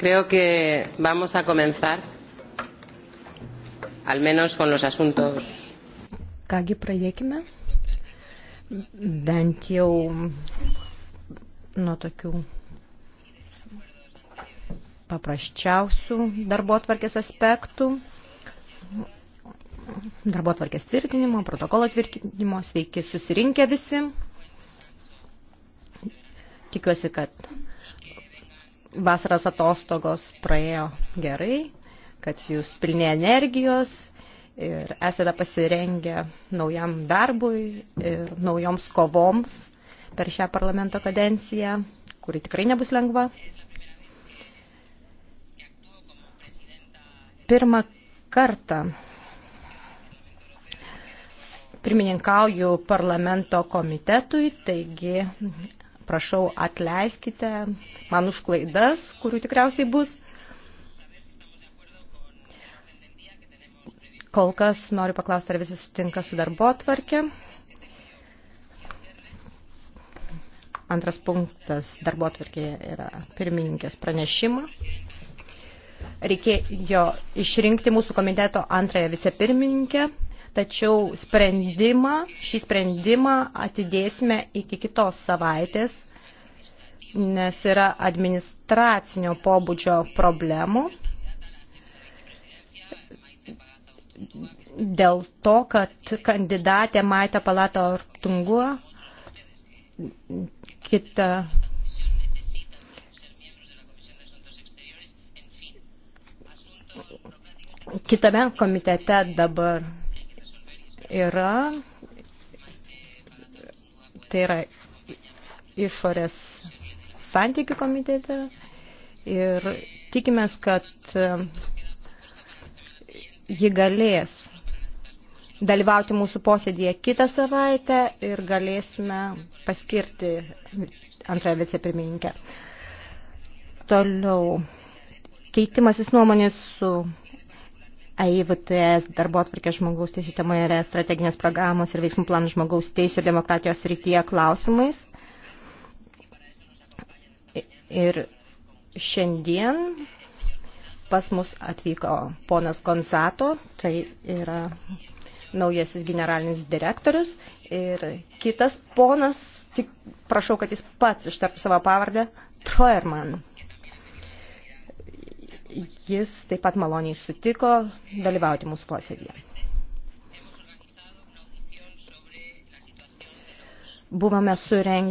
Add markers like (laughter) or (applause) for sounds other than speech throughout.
creo que vamos a comenzar, al menos con los asuntos. Kągi pradėkime, bent jau nuo tokių paprasčiausių darbo atvarkės aspektų, darbo atvarkės tvirtinimo, protokolo tvirtinimo, sveiki susirinkę visi. Tikiuosi, kad vasaros atostogos praėjo gerai, kad jūs pilni energijos ir esate pasirengę naujam darbui ir naujoms kovoms per šią parlamento kadenciją, kuri tikrai nebus lengva. Pirmą kartą pirmininkauju parlamento komitetui, taigi prašau atleiskite man už klaidas, kurių tikriausiai bus. Kol kas noriu paklausti, ar visi sutinka su darbo atvarkė. Antras punktas darbo atvarkėje yra pirmininkės pranešimą. Reikėjo išrinkti mūsų komiteto antrąją vicepirmininkę tačiau sprendimą, šį sprendimą atidėsime iki kitos savaitės, nes yra administracinio pobūdžio problemų. Dėl to, kad kandidatė Maita Palato Artungua kitą kitame komitete dabar yra, tai yra išorės santykių komitete ir tikimės, kad e, ji galės dalyvauti mūsų posėdėje kitą savaitę ir galėsime paskirti antrąją vicepirmininkę. Toliau keitimasis nuomonės su EIVTS darbo atvarkė žmogaus teisų temoje yra strateginės programos ir veiksmų planas žmogaus teisų ir demokratijos rytyje klausimais. Ir šiandien pas mus atvyko ponas Gonzato, tai yra naujasis generalinis direktorius ir kitas ponas, tik prašau, kad jis pats ištartų savo pavardę, Troerman. Jis taip pat maloniai sutiko dalyvauti mūsų posėdėje. Buvome sureng...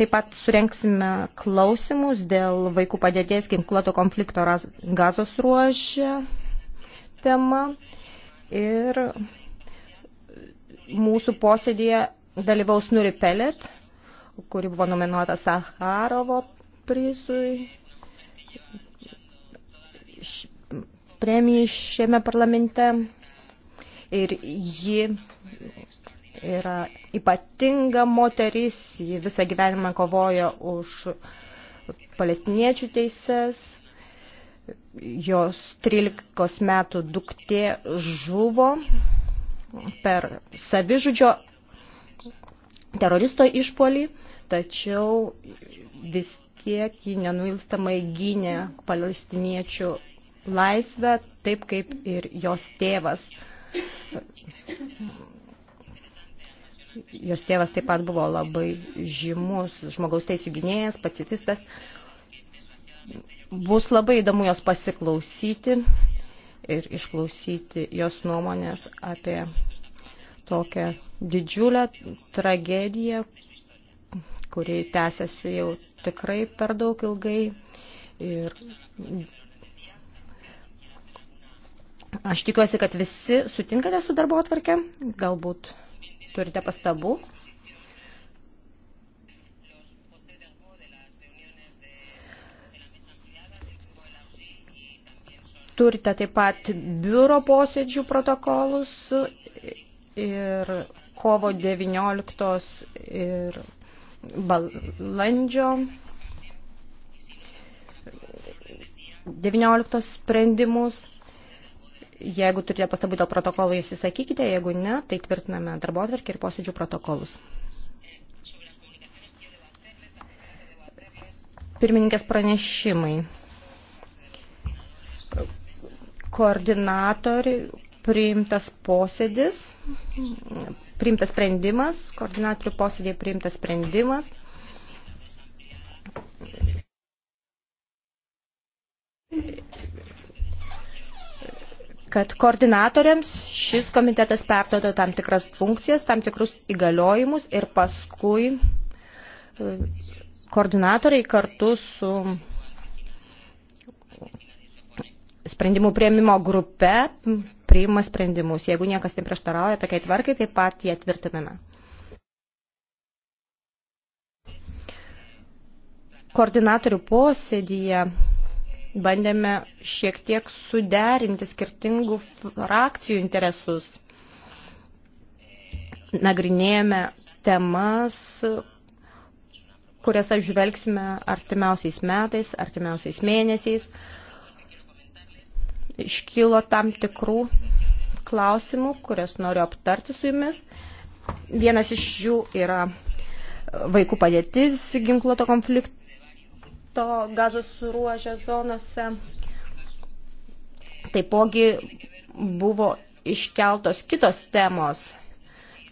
Taip pat surenksime klausimus dėl vaikų padėties ginkluoto konflikto gazos ruožė tema. Ir mūsų posėdėje dalyvaus Nuri Pelet, kuri buvo nominuota Sakharovo prizui premiją šiame parlamente ir ji yra ypatinga moteris, ji visą gyvenimą kovoja už palestiniečių teises, jos 13 metų duktė žuvo per savižudžio teroristo išpolį, tačiau vis tiek ji nenuilstamai gynė palestiniečių laisvę, taip kaip ir jos tėvas. Jos tėvas taip pat buvo labai žymus žmogaus teisų gynėjas, pacifistas. Bus labai įdomu jos pasiklausyti ir išklausyti jos nuomonės apie tokią didžiulę tragediją, kuri tęsiasi jau tikrai per daug ilgai ir Aš tikiuosi, kad visi sutinkate su darbo atvarkė, galbūt turite pastabų. Turite taip pat biuro posėdžių protokolus ir kovo 19 ir balandžio 19 sprendimus. Jeigu turite pastabų dėl protokolų, jas įsakykite, jeigu ne, tai tvirtiname darbo atvarkį ir posėdžių protokolus. Pirmininkės pranešimai. Koordinatorių priimtas posėdis, priimtas sprendimas, koordinatorių posėdėje priimtas sprendimas kad koordinatoriams šis komitetas perdodo tam tikras funkcijas, tam tikrus įgaliojimus ir paskui e, koordinatoriai kartu su sprendimų prieimimo grupe priima sprendimus. Jeigu niekas neprieštarauja tokiai tvarkai, taip pat jie tvirtiname. Koordinatorių posėdyje bandėme šiek tiek suderinti skirtingų frakcijų interesus. Nagrinėjame temas, kurias apžvelgsime artimiausiais metais, artimiausiais mėnesiais. Iškilo tam tikrų klausimų, kurias noriu aptarti su jumis. Vienas iš jų yra vaikų padėtis ginkluoto konflikto Egipto, gazos ruožio zonose. Taipogi buvo iškeltos kitos temos.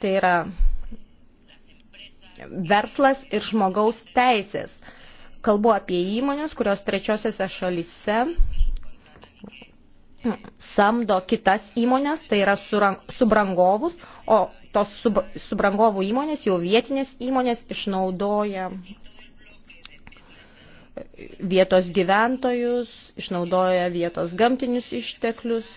Tai yra verslas ir žmogaus teisės. Kalbu apie įmonės, kurios trečiosiose šalise samdo kitas įmonės, tai yra subrangovus, o tos sub, subrangovų įmonės, jau vietinės įmonės išnaudoja vietos gyventojus, išnaudoja vietos gamtinius išteklius.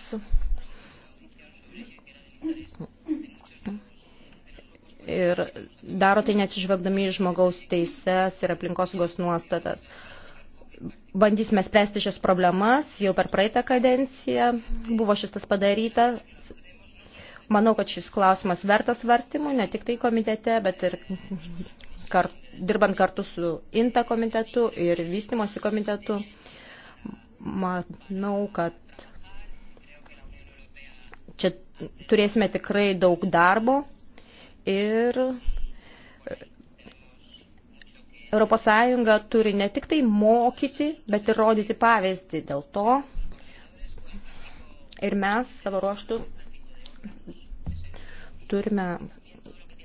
Ir daro tai neatsižvelgdami į žmogaus teises ir aplinkosaugos nuostatas. Bandysime spręsti šias problemas, jau per praeitą kadenciją buvo šis tas padaryta. Manau, kad šis klausimas vertas svarstymų, ne tik tai komitete, bet ir kart, dirbant kartu su INTA komitetu ir vystimosi komitetu, manau, kad čia turėsime tikrai daug darbo ir ES turi ne tik tai mokyti, bet ir rodyti pavyzdį dėl to. Ir mes savo ruoštų turime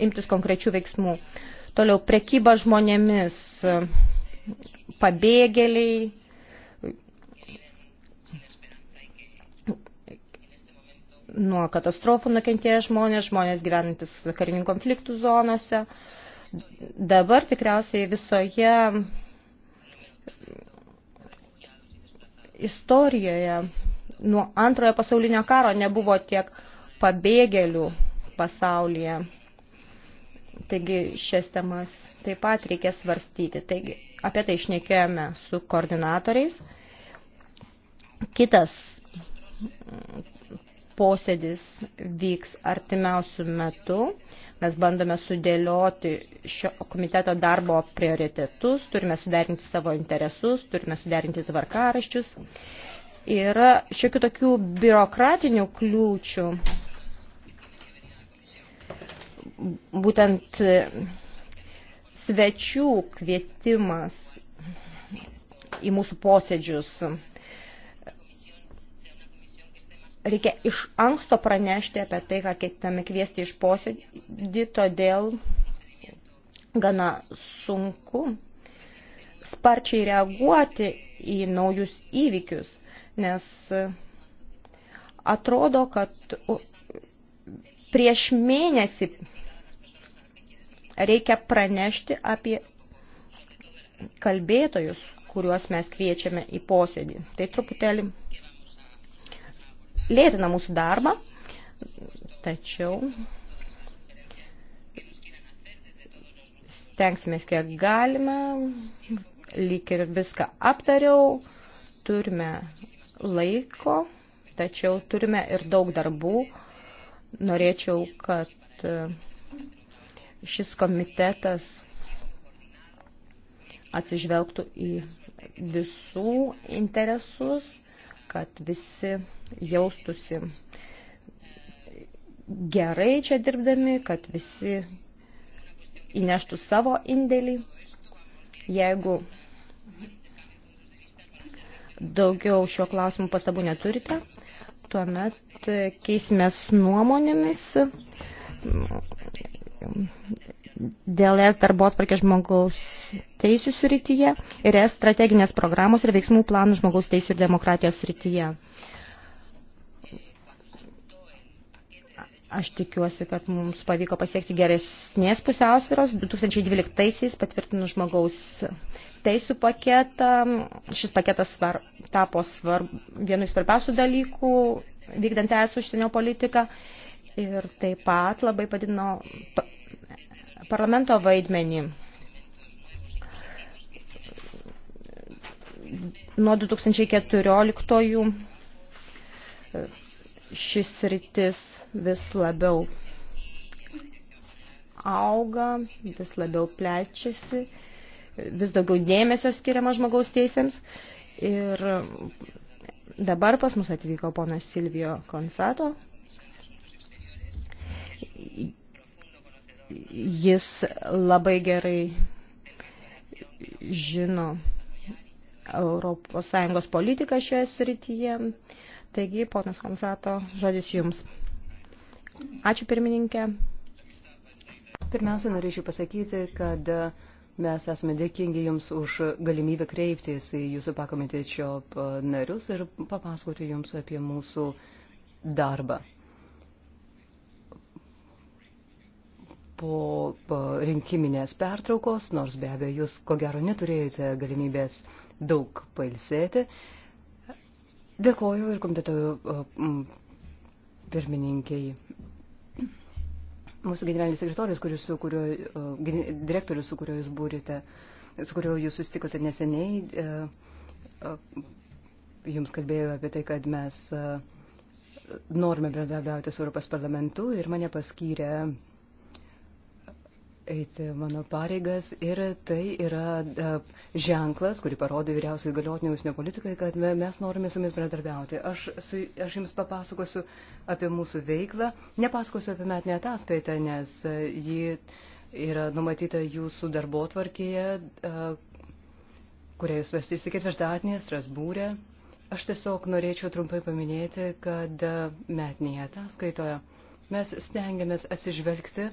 imtis konkrečių veiksmų. Uh, Toliau prekyba žmonėmis, pabėgėliai. Nuo katastrofų nukentėję žmonės, žmonės gyvenantis karinių konfliktų zonose. Dabar tikriausiai visoje istorijoje nuo antrojo pasaulinio karo nebuvo tiek pabėgėlių pasaulyje. Taigi šias temas taip pat reikia svarstyti. Taigi apie tai išnekėjome su koordinatoriais. Kitas posėdis vyks artimiausių metų. Mes bandome sudėlioti šio komiteto darbo prioritetus, turime suderinti savo interesus, turime suderinti tvarkaraščius. Yra šiokių tokių biurokratinių kliūčių būtent e, svečių kvietimas į mūsų posėdžius. Reikia iš anksto pranešti apie tai, ką ketiname kviesti iš posėdį, todėl gana sunku sparčiai reaguoti į naujus įvykius, nes atrodo, kad prieš mėnesį reikia pranešti apie kalbėtojus, kuriuos mes kviečiame į posėdį. Tai truputėlį lėtina mūsų darbą, tačiau stengsimės kiek galime, lyg ir viską aptariau, turime laiko, tačiau turime ir daug darbų. Norėčiau, kad šis komitetas atsižvelgtų į visų interesus, kad visi jaustusi gerai čia dirbdami, kad visi įneštų savo indėlį. Jeigu daugiau šiuo klausimu pastabų neturite, tuomet keisimės nuomonėmis dėl es darbo atvarkės žmogaus teisų srityje ir es strateginės programos ir veiksmų planų žmogaus teisų ir demokratijos srityje. Aš tikiuosi, kad mums pavyko pasiekti geresnės pusiausvyros. 2012-aisiais patvirtinu žmogaus teisų paketą. Šis paketas svar, tapo svar, vienu iš svarbiausių dalykų vykdant es užsienio politiką ir taip pat labai padidino parlamento vaidmenį. Nuo 2014 e, šis rytis vis labiau auga, vis labiau plečiasi, vis daugiau dėmesio skiriama žmogaus teisėms. Ir dabar pas mus atvyko ponas Silvijo Konsato, jis labai gerai žino ES politiką šioje srityje. Taigi, ponas Konsato, žodis jums. Ačiū pirmininkė. Pirmiausia, norėčiau pasakyti, kad mes esame dėkingi Jums už galimybę kreiptis į Jūsų pakomitečio narius ir papasakoti Jums apie mūsų darbą. po rinkiminės pertraukos, nors be abejo jūs ko gero neturėjote galimybės daug pailsėti. Dėkoju ir komiteto pirmininkiai. Mūsų generalinis sekretorius, kuris, su kurio, direktorius, su kuriuo jūs būrite, su kuriuo jūs susitikote neseniai, e, jums kalbėjo apie tai, kad mes e, norime bendradarbiauti su Europos parlamentu ir mane paskyrė eiti mano pareigas ir tai yra e, ženklas, kurį parodo vyriausiųjų galiotinių užsienio politikai, kad mes norime su jumis bendradarbiauti. Aš, su, aš jums papasakosiu apie mūsų veiklą, nepasakosiu apie metinę ataskaitą, nes e, ji yra numatyta jūsų darbo tvarkėje, e, kurią jūs vestysite ketvirtadienį Strasbūrė. Aš tiesiog norėčiau trumpai paminėti, kad metinėje ataskaitoje mes stengiamės atsižvelgti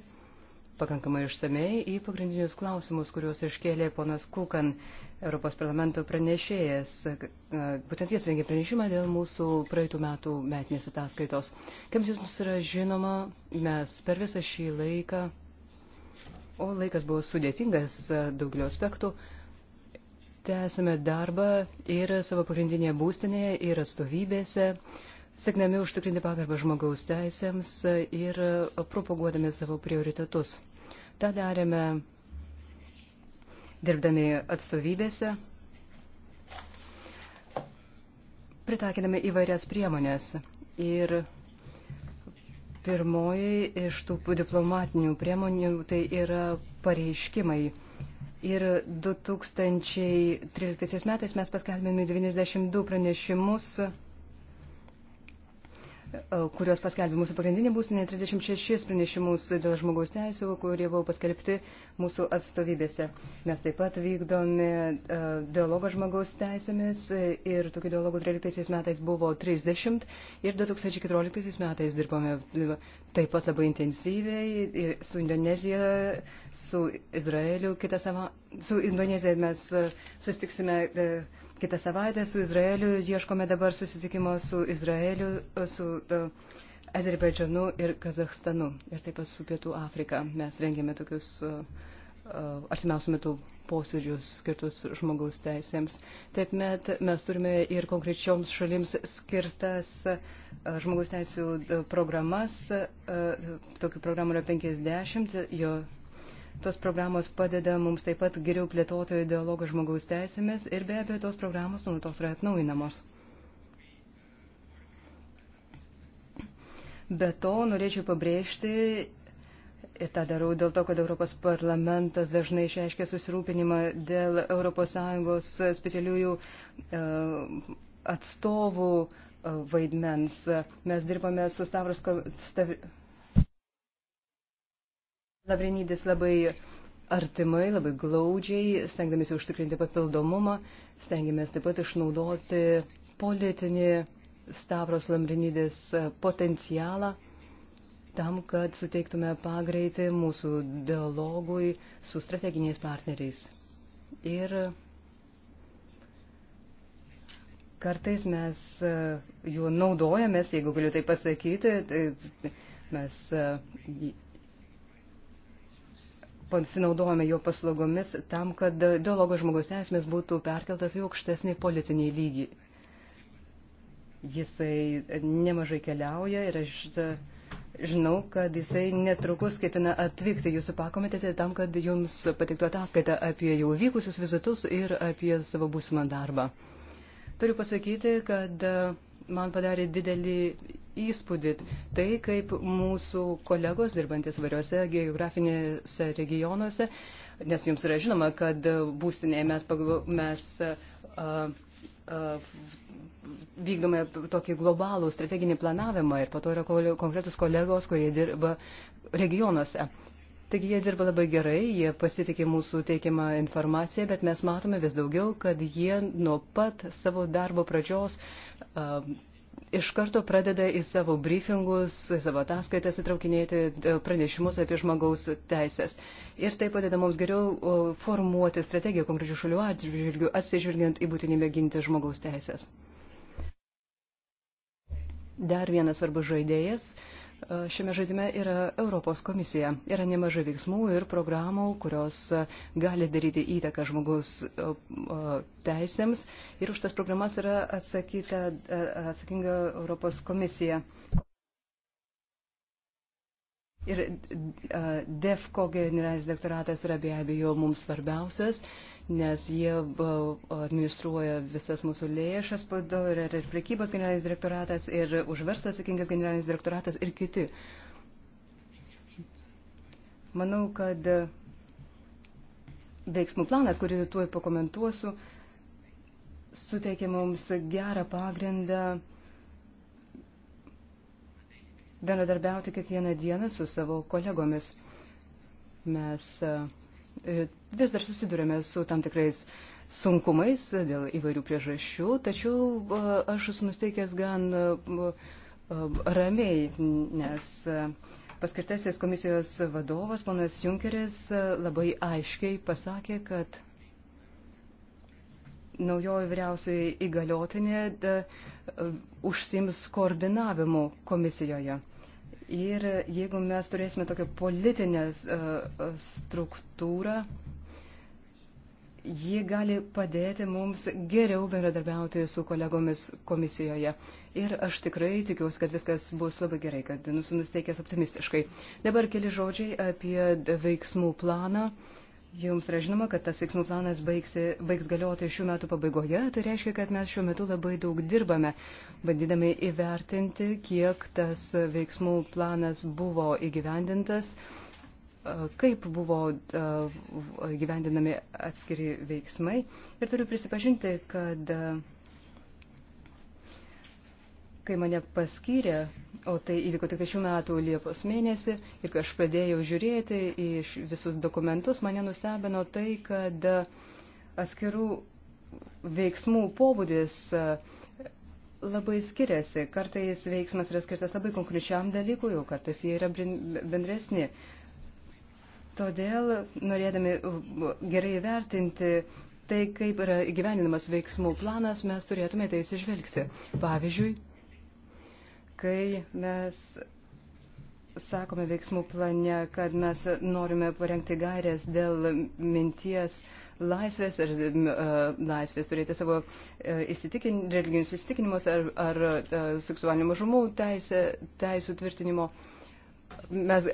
pakankamai išsamei į pagrindinius klausimus, kuriuos iškėlė ponas Kukan, Europos parlamento pranešėjas. Būtent jis rengė pranešimą dėl mūsų praeitų metų metinės ataskaitos. Kaip jums yra žinoma, mes per visą šį laiką, o laikas buvo sudėtingas daugelio aspektų, tęsame darbą ir savo pagrindinėje būstinėje, ir atstovybėse. Uh, siekdami užtikrinti pagarbą žmogaus teisėms ir propaguodami savo prioritetus. Ta darėme dirbdami atstovybėse, pritaikydami įvairias priemonės. Ir pirmoji iš tų diplomatinių priemonių tai yra pareiškimai. Ir 2013 metais mes paskelbėme 92 pranešimus kurios paskelbė mūsų pagrindinė būsinė 36 pranešimus dėl žmogaus teisų, kurie buvo paskelbti mūsų atstovybėse. Mes taip pat vykdome e, dialogą žmogaus teisėmis ir tokių dialogų 13 metais buvo 30 ir 2014 metais dirbome taip pat labai intensyviai su Indonezija, su Izraeliu kitą savaitę. Su Indonezija mes sustiksime e, Kitą savaitę su Izraeliu ieškome dabar susitikimo su Izraeliu, su uh, Azerbaidžanu ir Kazahstanu ir taip pat su Pietų Afrika. Mes rengėme tokius uh, artimiausių metų posėdžius skirtus žmogaus teisėms. Taip met mes turime ir konkrečioms šalims skirtas žmogaus teisų programas. Tokių programų yra 50, jo Tos programos padeda mums taip pat geriau plėtoti dialogą žmogaus teisėmis ir be abejo tos programos nuolatos yra atnaujinamos. Be to norėčiau pabrėžti ir tą darau dėl to, kad Europos parlamentas dažnai išreiškia susirūpinimą dėl ES specialiųjų e, atstovų e, vaidmens. Mes dirbame su Stavros Stav... Lavrinydis labai artimai, labai glaudžiai, stengiamės užtikrinti papildomumą, stengiamės taip pat išnaudoti politinį Stavros Lambrinidis e, potencialą tam, kad suteiktume pagreitį mūsų dialogui su strateginiais partneriais. Ir kartais mes e, juo naudojamės, jeigu galiu tai pasakyti, tai mes e, pasinaudojame jo paslaugomis tam, kad dialogo žmogaus esmės būtų perkeltas į aukštesnį politinį lygį. Jisai nemažai keliauja ir aš e, žinau, kad jisai netrukus ketina atvykti jūsų pakomitėte tam, kad jums patiktų ataskaitą apie jau vykusius vizitus ir apie savo būsimą darbą. Turiu pasakyti, kad uh, man padarė didelį įspūdį tai, kaip mūsų kolegos dirbantis variuose geografinėse regionuose, nes jums yra žinoma, kad būstinėje mes, mes uh, uh, vykdome tokį globalų strateginį planavimą ir po to yra konkretus kolegos, kurie dirba regionuose. Uh, Taigi jie dirba labai gerai, jie pasitikė mūsų teikiamą informaciją, bet mes matome vis daugiau, kad jie nuo pat savo darbo pradžios uh, iš karto pradeda į savo briefingus, į savo ataskaitas įtraukinėti uh, pranešimus apie žmogaus teisės. Ir tai padeda mums geriau uh, formuoti strategiją konkrečių šalių atžvilgių, atsižvelgiant į būtinybę ginti žmogaus teisės. Dar vienas svarbus žaidėjas E, šiame žaidime yra Europos komisija. Yra nemažai veiksmų ir programų, kurios e, gali daryti įtaką žmogus e, teisėms. Ir už tas programas yra atsakyta, atsakinga Europos komisija. Ir DEFCO generalinis direktoratas yra be abejo mums svarbiausias nes jie administruoja visas mūsų lėšas, yra ir prekybos generalinis direktoratas, ir už verslą atsakingas generalinis direktoratas, ir kiti. Manau, kad veiksmų planas, kurį tuoj pakomentuosiu, suteikia mums gerą pagrindą bendradarbiauti kiekvieną dieną su savo kolegomis. Mes uh, E, vis dar susidurėme su tam tikrais sunkumais dėl įvairių priežasčių, tačiau e, aš esu nusteikęs gan e, ramiai, nes paskirtasis komisijos vadovas, ponas Junkeris, labai aiškiai pasakė, kad naujoji vyriausioji įgaliotinė da, užsims koordinavimu komisijoje. Ir jeigu mes turėsime tokią politinę e, e, struktūrą, ji gali padėti mums geriau bendradarbiauti su kolegomis komisijoje. Ir aš tikrai tikiuosi, kad viskas bus labai gerai, kad nusinusteikęs optimistiškai. Dabar keli žodžiai apie veiksmų planą. Uh, Jums yra žinoma, kad tas veiksmų planas baigs, baigs galioti šių metų pabaigoje. Tai reiškia, kad mes šiuo metu labai daug dirbame, bandydami įvertinti, kiek tas veiksmų planas buvo įgyvendintas, kaip buvo įgyvendinami atskiri veiksmai. Ir turiu prisipažinti, kad. A, kai mane paskyrė, o tai įvyko tik tai šių metų Liepos mėnesį, ir kai aš pradėjau žiūrėti į visus dokumentus, mane nustebino tai, kad e, atskirų veiksmų pobūdis e, labai skiriasi. Kartais veiksmas yra skirtas labai konkrečiam dalykui, o kartais jie yra bendresni. Todėl, norėdami gerai vertinti tai, kaip yra gyveninamas veiksmų planas, mes turėtume tai atsižvelgti. Pavyzdžiui, kai mes sakome veiksmų plane, kad mes norime parengti gairės dėl minties laisvės ir uh, laisvės turėti savo uh, įsitikin, religinius įsitikinimus ar, ar uh, seksualinių mažumų teisė, teisų tvirtinimo. Mes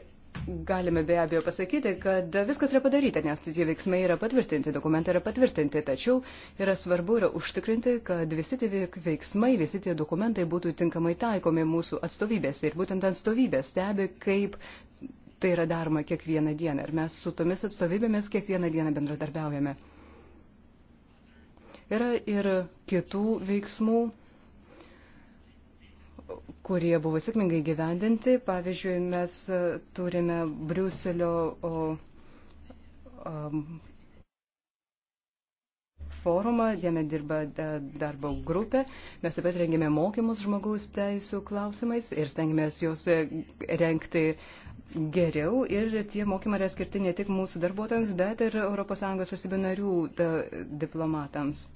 galime be abejo pasakyti, kad viskas yra padaryta, nes tie veiksmai yra patvirtinti, dokumentai yra patvirtinti, tačiau yra svarbu yra užtikrinti, kad visi tie veiksmai, visi tie dokumentai būtų tinkamai taikomi mūsų atstovybėse ir būtent atstovybė stebi, kaip tai yra daroma kiekvieną dieną ir mes su tomis atstovybėmis kiekvieną dieną bendradarbiaujame. Yra ir kitų veiksmų kurie buvo sėkmingai gyvendinti. Pavyzdžiui, mes e, turime Briuselio forumą, jame dirba darbo grupė. Mes taip pat rengėme mokymus žmogaus teisų klausimais ir stengiamės juos e, renkti geriau. Ir tie mokymai yra skirti ne tik mūsų darbuotojams, bet ir ES valstybių narių diplomatams.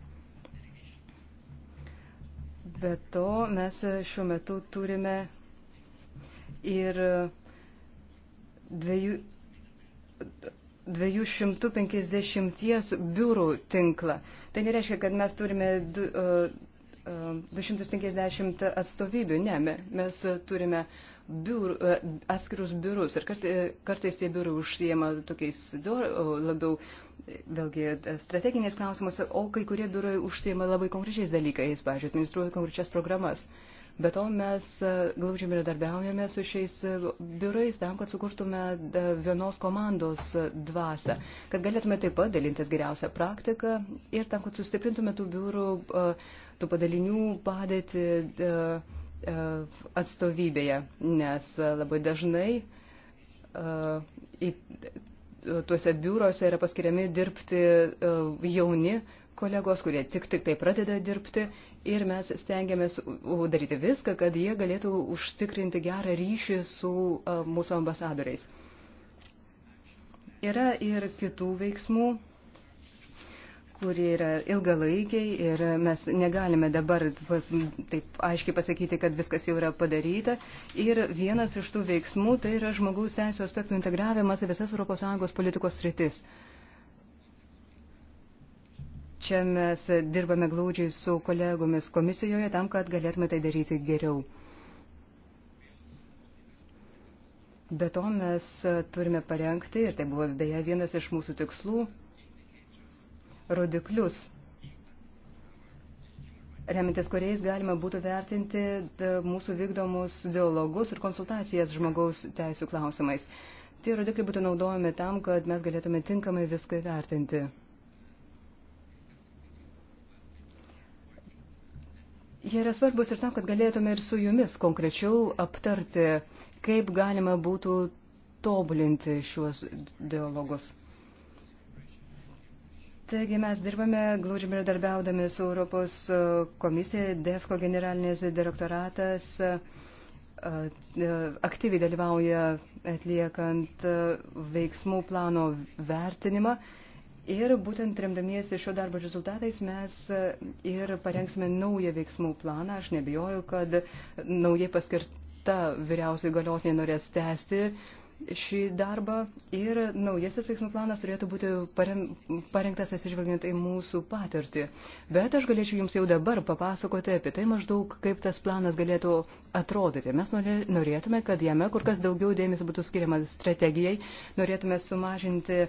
Bet to mes šiuo metu turime ir dviejų, 250 biurų tinklą. Tai nereiškia, kad mes turime du, uh, uh, 250 atstovybių. Ne, mes turime biur, uh, atskirus biurus ir kartais, kartais tie biurai užsiema tokiais labiau vėlgi strateginiais klausimus, o kai kurie biurai užsieima labai konkrečiais dalykais, pavyzdžiui, administruoja konkrečias programas. Be to mes e, glaudžiame ir darbiaujame su šiais e, biurais tam, kad sukurtume e, vienos komandos dvasę, kad galėtume taip pat dalintis geriausią praktiką ir tam, kad sustiprintume tų biurų, tų padalinių padėti atstovybėje, nes labai dažnai į tuose biuruose yra paskiriami dirbti e, jauni kolegos, kurie tik, tik tai pradeda dirbti ir mes stengiamės daryti viską, kad jie galėtų užtikrinti gerą ryšį su e, mūsų ambasadoriais. Yra ir kitų veiksmų kurie yra ilgalaikiai ir mes negalime dabar taip aiškiai pasakyti, kad viskas jau yra padaryta. Ir vienas iš tų veiksmų tai yra žmogaus teisų aspektų integravimas į visas ES politikos sritis. Čia mes dirbame glaudžiai su kolegomis komisijoje tam, kad galėtume tai daryti geriau. Be to mes turime parengti, ir tai buvo beje vienas iš mūsų tikslų, rodiklius, remintis kuriais galima būtų vertinti mūsų vykdomus dialogus ir konsultacijas žmogaus teisų klausimais. Tie rodikliai būtų naudojami tam, kad mes galėtume tinkamai viską vertinti. Jie yra svarbus ir tam, kad galėtume ir su jumis konkrečiau aptarti, kaip galima būtų tobulinti šiuos dialogus. Taigi mes dirbame glaudžiai bendradarbiaudami su Europos e, komisija, DEFCO generalinės direktoratas e, e, aktyviai dalyvauja atliekant veiksmų plano vertinimą. Ir būtent remdamiesi šio darbo rezultatais mes ir parengsime naują veiksmų planą. Aš nebijoju, kad naujai paskirta vyriausiai galiotinė norės tęsti uh, šį darbą ir naujasis veiksmų planas turėtų būti parengtas atsižvelgiant į mūsų patirtį. Bet aš galėčiau jums jau dabar papasakoti apie tai maždaug, kaip tas planas galėtų atrodyti. Mes norėtume, kad jame kur kas daugiau dėmesio būtų skiriama strategijai, norėtume sumažinti e,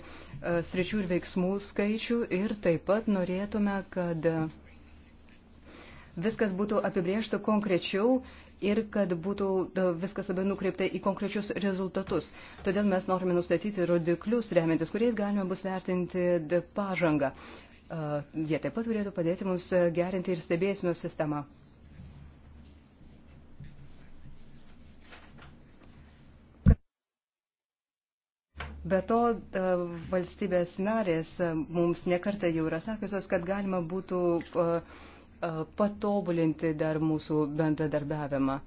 sričių ir veiksmų skaičių ir taip pat norėtume, kad viskas būtų apibriešta konkrečiau ir kad būtų viskas labiau nukreipta į konkrečius rezultatus. Todėl mes norime nustatyti rodiklius, remiantis kuriais galima bus vertinti pažangą. Jie taip pat turėtų padėti mums gerinti ir stebėsino sistemą. Be to, valstybės narės mums nekarta jau yra sakiusios, kad galima būtų uh, patobulinti dar mūsų bendradarbiavimą.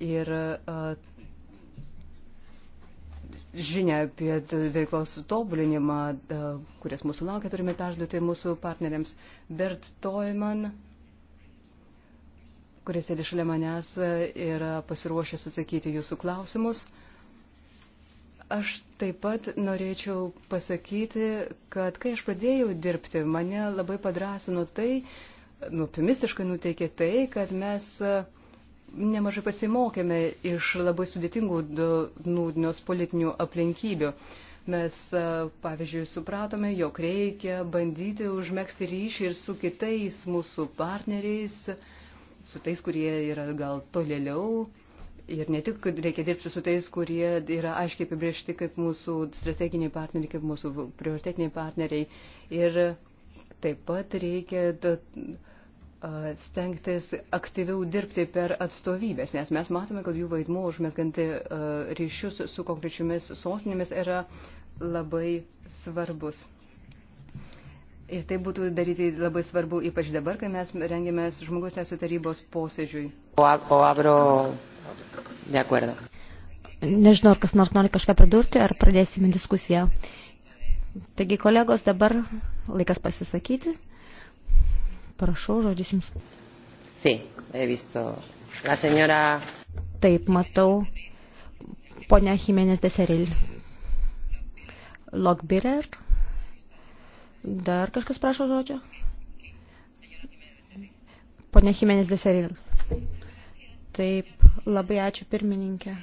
Ir žinia apie veiklos tobulinimą, kurias mūsų laukia, turime perduoti mūsų partneriams. Bert Toiman, kuris sėdi šalia manęs, yra pasiruošęs atsakyti jūsų klausimus. Aš taip pat norėčiau pasakyti, kad kai aš pradėjau dirbti, mane labai padrasino tai, nupimistiškai nuteikė tai, kad mes e, nemažai pasimokėme iš labai sudėtingų nūdnios politinių aplinkybių. Mes, e, pavyzdžiui, supratome, jog reikia bandyti užmėgsti ryšį ir su kitais mūsų partneriais, su tais, kurie yra gal tolėliau. Ir ne tik, kad reikia dirbti su tais, kurie yra aiškiai apibriežti kaip mūsų strateginiai partneriai, kaip mūsų prioritetiniai partneriai. Ir taip pat reikia. Da, stengtis aktyviau dirbti per atstovybės, nes mes matome, kad jų vaidmuo užmesganti e, ryšius su konkrečiomis sostinėmis yra labai svarbus. Ir tai būtų daryti labai svarbu, ypač dabar, kai mes rengiamės žmogus teisų tarybos posėdžiui. O, o abro... De acuerdo. Nežinau, ar kas nors nori kažką pridurti, ar pradėsime diskusiją. Taigi, kolegos, dabar laikas pasisakyti. Prašau, žodis jums. Sí, he visto. La señora... Taip, matau. Ponia Jimenez de Seril. Lokbirer. Dar kažkas prašo žodžio? Ponia Jimenez de Seril. Taip, labai ačiū pirmininkė.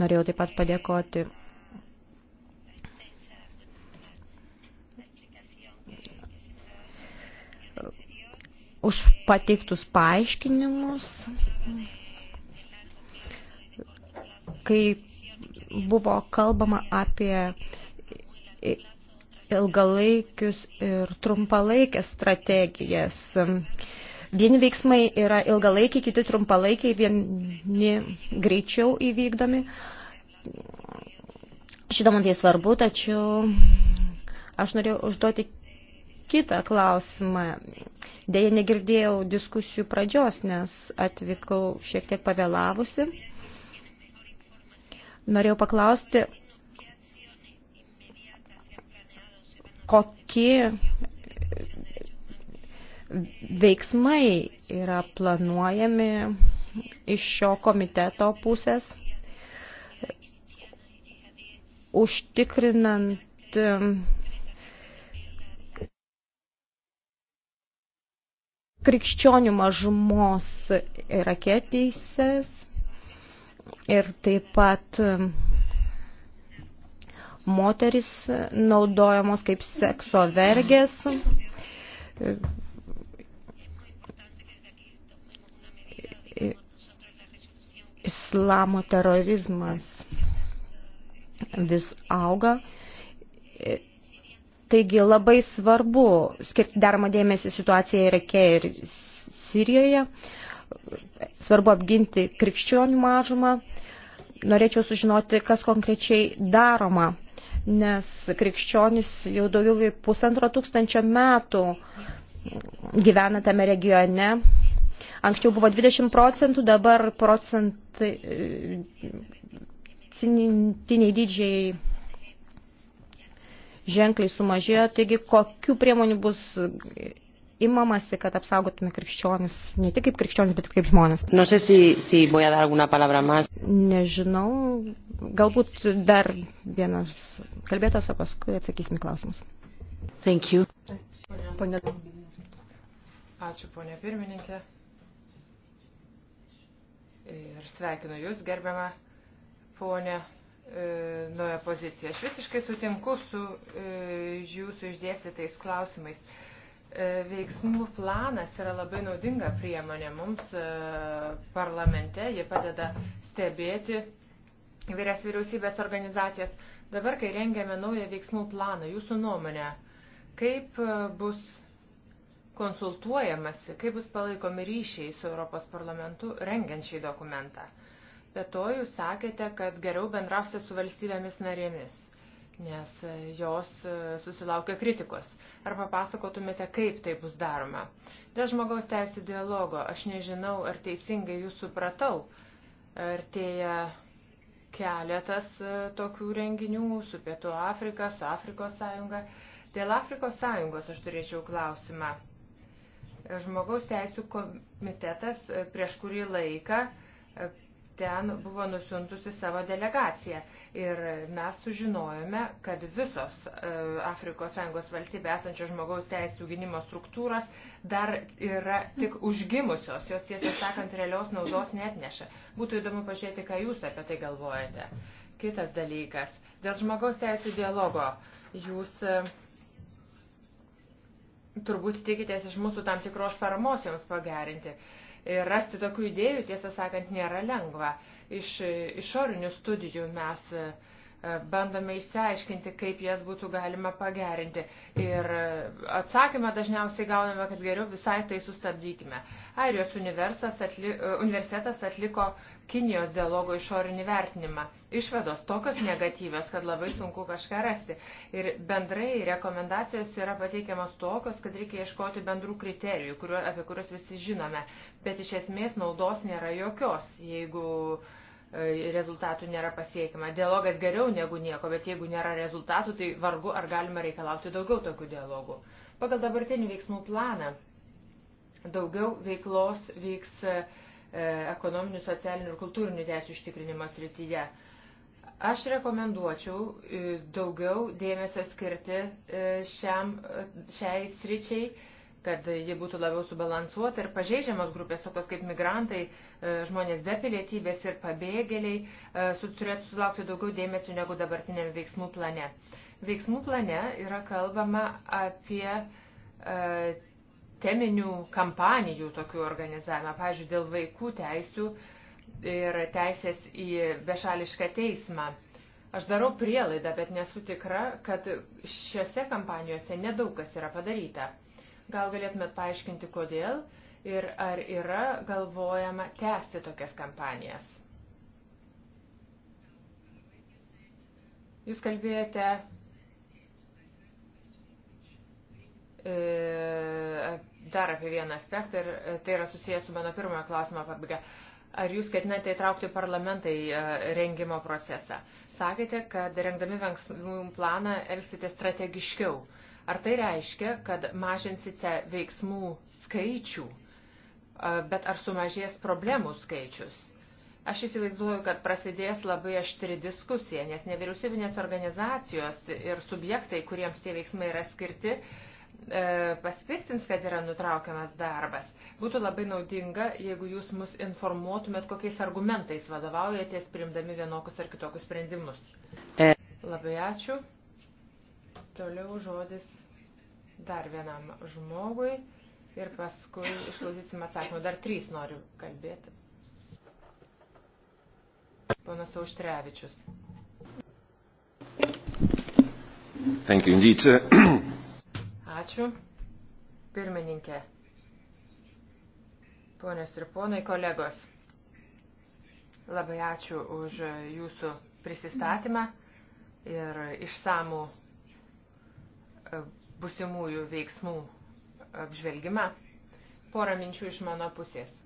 Norėjau taip pat padėkoti už pateiktus paaiškinimus. Kai buvo kalbama apie ilgalaikius ir trumpalaikės strategijas. Vieni veiksmai yra ilgalaikiai, kiti trumpalaikiai, vieni greičiau įvykdomi. Žinoma, tai svarbu, tačiau aš norėjau užduoti kitą klausimą. Deja, negirdėjau diskusijų pradžios, nes atvykau šiek tiek pavėlavusi. Norėjau paklausti, kokie veiksmai yra planuojami iš šio komiteto pusės, užtikrinant krikščionių mažumos Irake teises ir taip pat um, moteris naudojamos kaip sekso vergės. Islamo terorizmas vis auga. Taigi labai svarbu skirti daromą dėmesį situaciją Irake ir Sirijoje. Svarbu apginti krikščionių mažumą. Norėčiau sužinoti, kas konkrečiai daroma, nes krikščionis jau daugiau kaip pusantro tūkstančio metų gyvena tame regione. Anksčiau buvo 20 procentų, dabar procentai, e, cinintiniai dydžiai ženkliai sumažėjo. Taigi, kokiu priemonių bus imamasi, kad apsaugotume krikščionis, ne tik kaip krikščionis, bet ir kaip žmonės. No sé si, si voy a dar alguna palabra más. Nežinau, galbūt dar vienas kalbėtos, o paskui atsakysim klausimus. Thank you. Pone... Ačiū, ponė pirmininkė. Ir sveikinu Jūs, gerbiamą ponę E, naują poziciją. Aš visiškai sutinku su e, jūsų išdėstytais klausimais. E, veiksmų planas yra labai naudinga priemonė mums parlamente. Jie padeda stebėti vyrias vyriausybės organizacijas. Dabar, kai rengiame naują veiksmų planą, jūsų nuomonė, kaip bus konsultuojamasi, kaip bus palaikomi ryšiai su Europos parlamentu rengiant šį dokumentą? Bet to jūs sakėte, kad geriau bendrausite su valstybėmis narėmis, nes jos e, susilaukia kritikos. Ar papasakotumėte, kaip tai bus daroma? Dėl žmogaus teisų dialogo aš nežinau, ar teisingai jūs supratau. Artėja keletas e, tokių renginių su Pietų Afrika, su Afrikos sąjunga. Dėl Afrikos sąjungos aš turėčiau klausimą. Žmogaus teisų komitetas e, prieš kurį laiką ten buvo nusiuntusi savo delegaciją. Ir mes sužinojome, kad visos e, Afrikos Sąjungos valstybė esančios žmogaus teisų gynimo struktūros dar yra tik užgimusios, jos tiesą sakant realios naudos net neša. Būtų įdomu pažiūrėti, ką jūs apie tai galvojate. Kitas dalykas. Dėl žmogaus teisų dialogo jūs e, turbūt tikitės iš mūsų tam tikros paramos joms pagerinti. Uh, Ir rasti tokių idėjų, tiesą sakant, nėra lengva. Iš išorinių studijų mes e, bandome išsiaiškinti, kaip jas būtų galima pagerinti. Ir atsakymą dažniausiai gauname, kad geriau visai tai sustabdykime. Airijos atli, e, universitetas atliko Kinijos dialogo išorinį vertinimą. Išvados tokios negatyvios, kad labai sunku kažką rasti. Ir bendrai rekomendacijos yra pateikiamos tokios, kad reikia ieškoti bendrų kriterijų, kuriuo, apie kuriuos visi žinome. Bet iš esmės naudos nėra jokios, jeigu e, rezultatų nėra pasiekima. Dialogas geriau negu nieko, bet jeigu nėra rezultatų, tai vargu ar galima reikalauti daugiau tokių dialogų. Pagal dabartinį veiksmų planą daugiau veiklos vyks. Veiks E, ekonominių, socialinių ir kultūrinių teisų ištikrinimo srityje. Aš rekomenduočiau e, daugiau dėmesio skirti e, šiam, šiai sričiai, kad ji būtų labiau subalansuota ir pažeidžiamos grupės, tokios kaip migrantai, žmonės be pilietybės ir pabėgėliai, turėtų sulaukti daugiau dėmesio negu dabartiniam veiksmų plane. Veiksmų plane yra kalbama apie teminių kampanijų tokių organizavimą, pavyzdžiui, dėl vaikų teisių ir teisės į bešališką teismą. Aš darau prielaidą, bet nesu tikra, kad šiuose kampanijose nedaug kas yra padaryta. Gal galėtumėt paaiškinti, kodėl ir ar yra galvojama tęsti tokias kampanijas? Jūs kalbėjote e, dar apie vieną aspektą ir e, tai yra susijęs su mano pirmojo klausimo pabaiga. Ar jūs ketinate įtraukti parlamentą į e, rengimo procesą? Sakėte, kad rengdami veiksmų planą elgsite strategiškiau. Ar tai reiškia, kad mažinsite veiksmų skaičių, e, bet ar sumažės problemų skaičius? Aš įsivaizduoju, kad prasidės labai aštri diskusija, nes nevyriausybinės organizacijos ir subjektai, kuriems tie veiksmai yra skirti, uh, E, pasipiktins, kad yra nutraukiamas darbas. Būtų labai naudinga, jeigu jūs mus informuotumėt, kokiais argumentais vadovaujatės, primdami vienokius ar kitokius sprendimus. E. Labai ačiū. Toliau žodis dar vienam žmogui ir paskui išklausysim atsakymą. Dar trys noriu kalbėti. Ponas Auštrevičius. Thank you indeed. (clears throat) Ačiū. Pirmininkė. Ponios ir ponai, kolegos. Labai ačiū už jūsų prisistatymą ir išsamų e, busimųjų veiksmų apžvelgimą. Porą minčių iš mano pusės.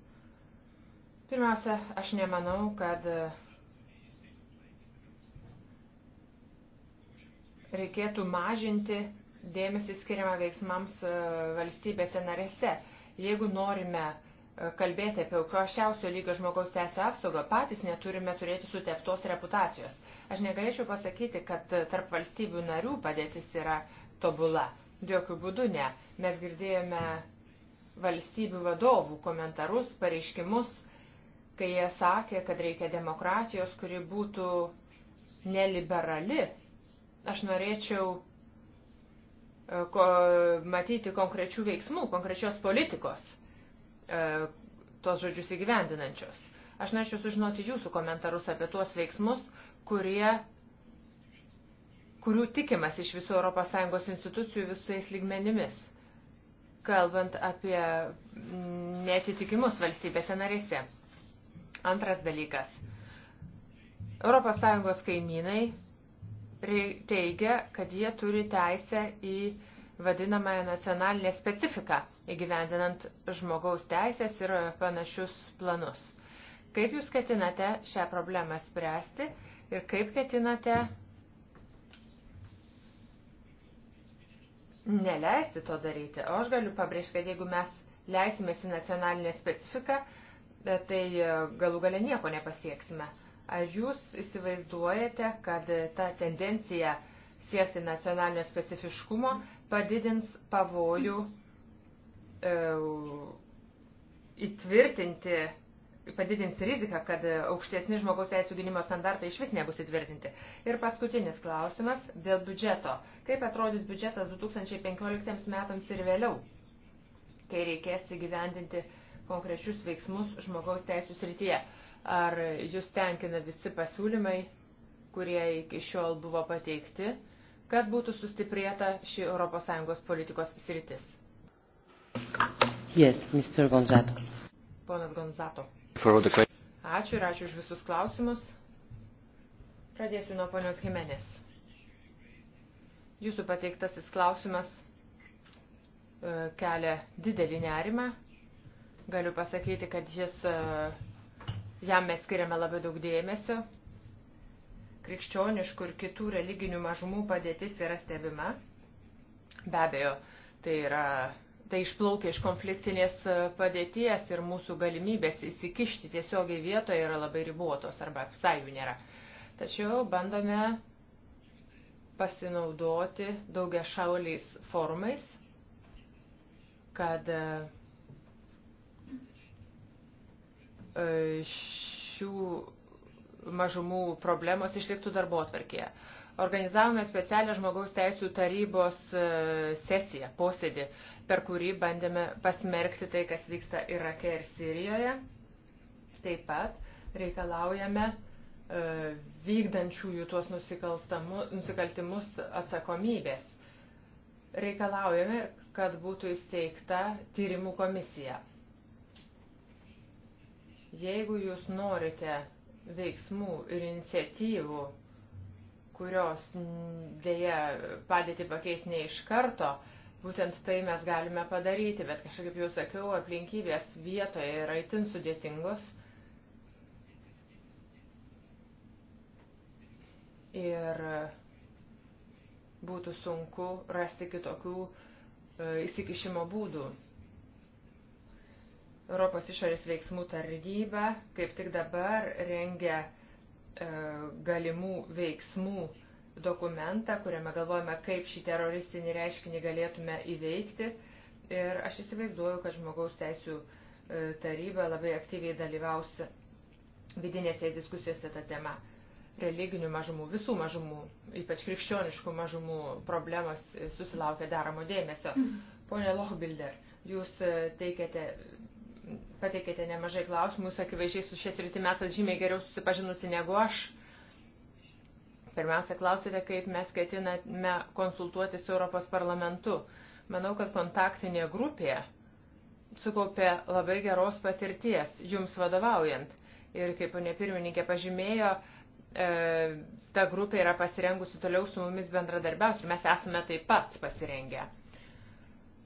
Pirmiausia, aš nemanau, kad e, reikėtų mažinti dėmesį skiriama veiksmams e, valstybėse narėse. Jeigu norime e, kalbėti apie aukščiausio lygio žmogaus teisų apsaugą, patys neturime turėti suteptos reputacijos. Aš negalėčiau pasakyti, kad e, tarp valstybių narių padėtis yra tobula. Jokių būdų ne. Mes girdėjome valstybių vadovų komentarus, pareiškimus, kai jie sakė, kad reikia demokratijos, kuri būtų neliberali. Aš norėčiau E, ko, matyti konkrečių veiksmų, konkrečios politikos, e, tos žodžius įgyvendinančios. Aš norėčiau sužinoti jūsų komentarus apie tuos veiksmus, kurie, kurių tikimas iš visų ES institucijų visais lygmenimis, kalbant apie netitikimus valstybėse narėse. Antras dalykas. ES kaimynai teigia, kad jie turi teisę į vadinamąją nacionalinę specifiką įgyvendinant žmogaus teisės ir panašius planus. Kaip jūs ketinate šią problemą spręsti ir kaip ketinate neleisti to daryti? O aš galiu pabrėžti, kad jeigu mes leisimės į nacionalinę specifiką, tai galų gale nieko nepasieksime. Ar jūs įsivaizduojate, kad ta tendencija siekti nacionalinio specifiškumo padidins pavojų e, įtvirtinti, padidins riziką, kad aukštesni žmogaus teisų gynimo standartai iš vis nebus įtvirtinti. Ir paskutinis klausimas dėl biudžeto. Kaip atrodys biudžetas 2015 metams ir vėliau, kai reikės įgyvendinti konkrečius veiksmus žmogaus teisų srityje? Ar jūs tenkina visi pasiūlymai, kurie iki šiol buvo pateikti, kad būtų sustiprėta ši ES politikos sritis? Yes, Mr. Gonzato. Ponas Gonzato. Ačiū ir ačiū už visus klausimus. Pradėsiu nuo ponios Jimenės. Jūsų pateiktasis klausimas e, kelia didelį nerimą. Galiu pasakyti, kad jis uh, Jam mes skiriame labai daug dėmesio. Krikščioniškų ir kitų religinių mažumų padėtis yra stebima. Be abejo, tai, yra, tai išplaukia iš konfliktinės e, padėties ir mūsų galimybės įsikišti tiesiogiai vietoje yra labai ribotos arba visai jų nėra. Tačiau bandome pasinaudoti daugia šauliais formais, kad e, E, šių mažumų problemos išliktų darbo atvarkėje. Organizavome specialią žmogaus teisų tarybos e, sesiją, posėdį, per kurį bandėme pasmerkti tai, kas vyksta Irake ir Sirijoje. Taip pat reikalaujame e, vykdančiųjų tuos nusikaltimus atsakomybės. Reikalaujame, kad būtų įsteigta tyrimų komisija. Jeigu jūs norite veiksmų ir iniciatyvų, kurios dėja padėti pakeis ne iš karto, būtent tai mes galime padaryti, bet kažkaip jau sakiau, aplinkybės vietoje yra itin sudėtingos. Ir būtų sunku rasti kitokių e, įsikišimo būdų. Europos išorės veiksmų tarnyba kaip tik dabar rengia e, galimų veiksmų dokumentą, kuriame galvojame, kaip šį teroristinį reiškinį galėtume įveikti. Ir aš įsivaizduoju, kad žmogaus teisų e, taryba labai aktyviai dalyvaus vidinėse diskusijose tą temą. Religinių mažumų, visų mažumų, ypač krikščioniškų mažumų problemos e, susilaukia daramo dėmesio. Mhm. Pone Lohbilder, jūs e, teikiate pateikėte nemažai klausimų, jūs akivaizdžiai su šias rytimi esat žymiai geriau susipažinusi negu aš. Pirmiausia, klausėte, kaip mes ketiname konsultuoti su Europos parlamentu. Manau, kad kontaktinė grupė sukaupė labai geros patirties jums vadovaujant. Ir kaip ponė pirmininkė pažymėjo, e, ta grupė yra pasirengusi toliau su mumis bendradarbiauti ir mes esame taip pat pasirengę.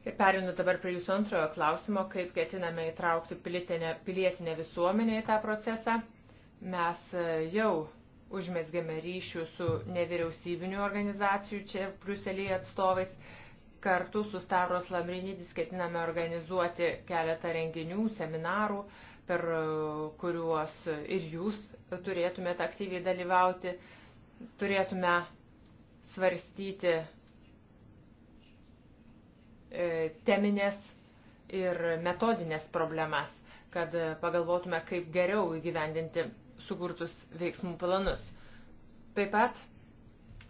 Perinu dabar prie jūsų antrojo klausimo, kaip ketiname įtraukti pilietinę, pilietinę visuomenę į tą procesą. Mes e, jau užmėsgėme ryšių su nevyriausybinių organizacijų čia Bruselėje atstovais. Kartu su Staros Lamrinidis ketiname organizuoti keletą renginių, seminarų, per e, kuriuos ir jūs turėtumėte aktyviai dalyvauti. Turėtume svarstyti E, teminės ir metodinės problemas, kad pagalvotume, kaip geriau įgyvendinti sukurtus veiksmų planus. Taip pat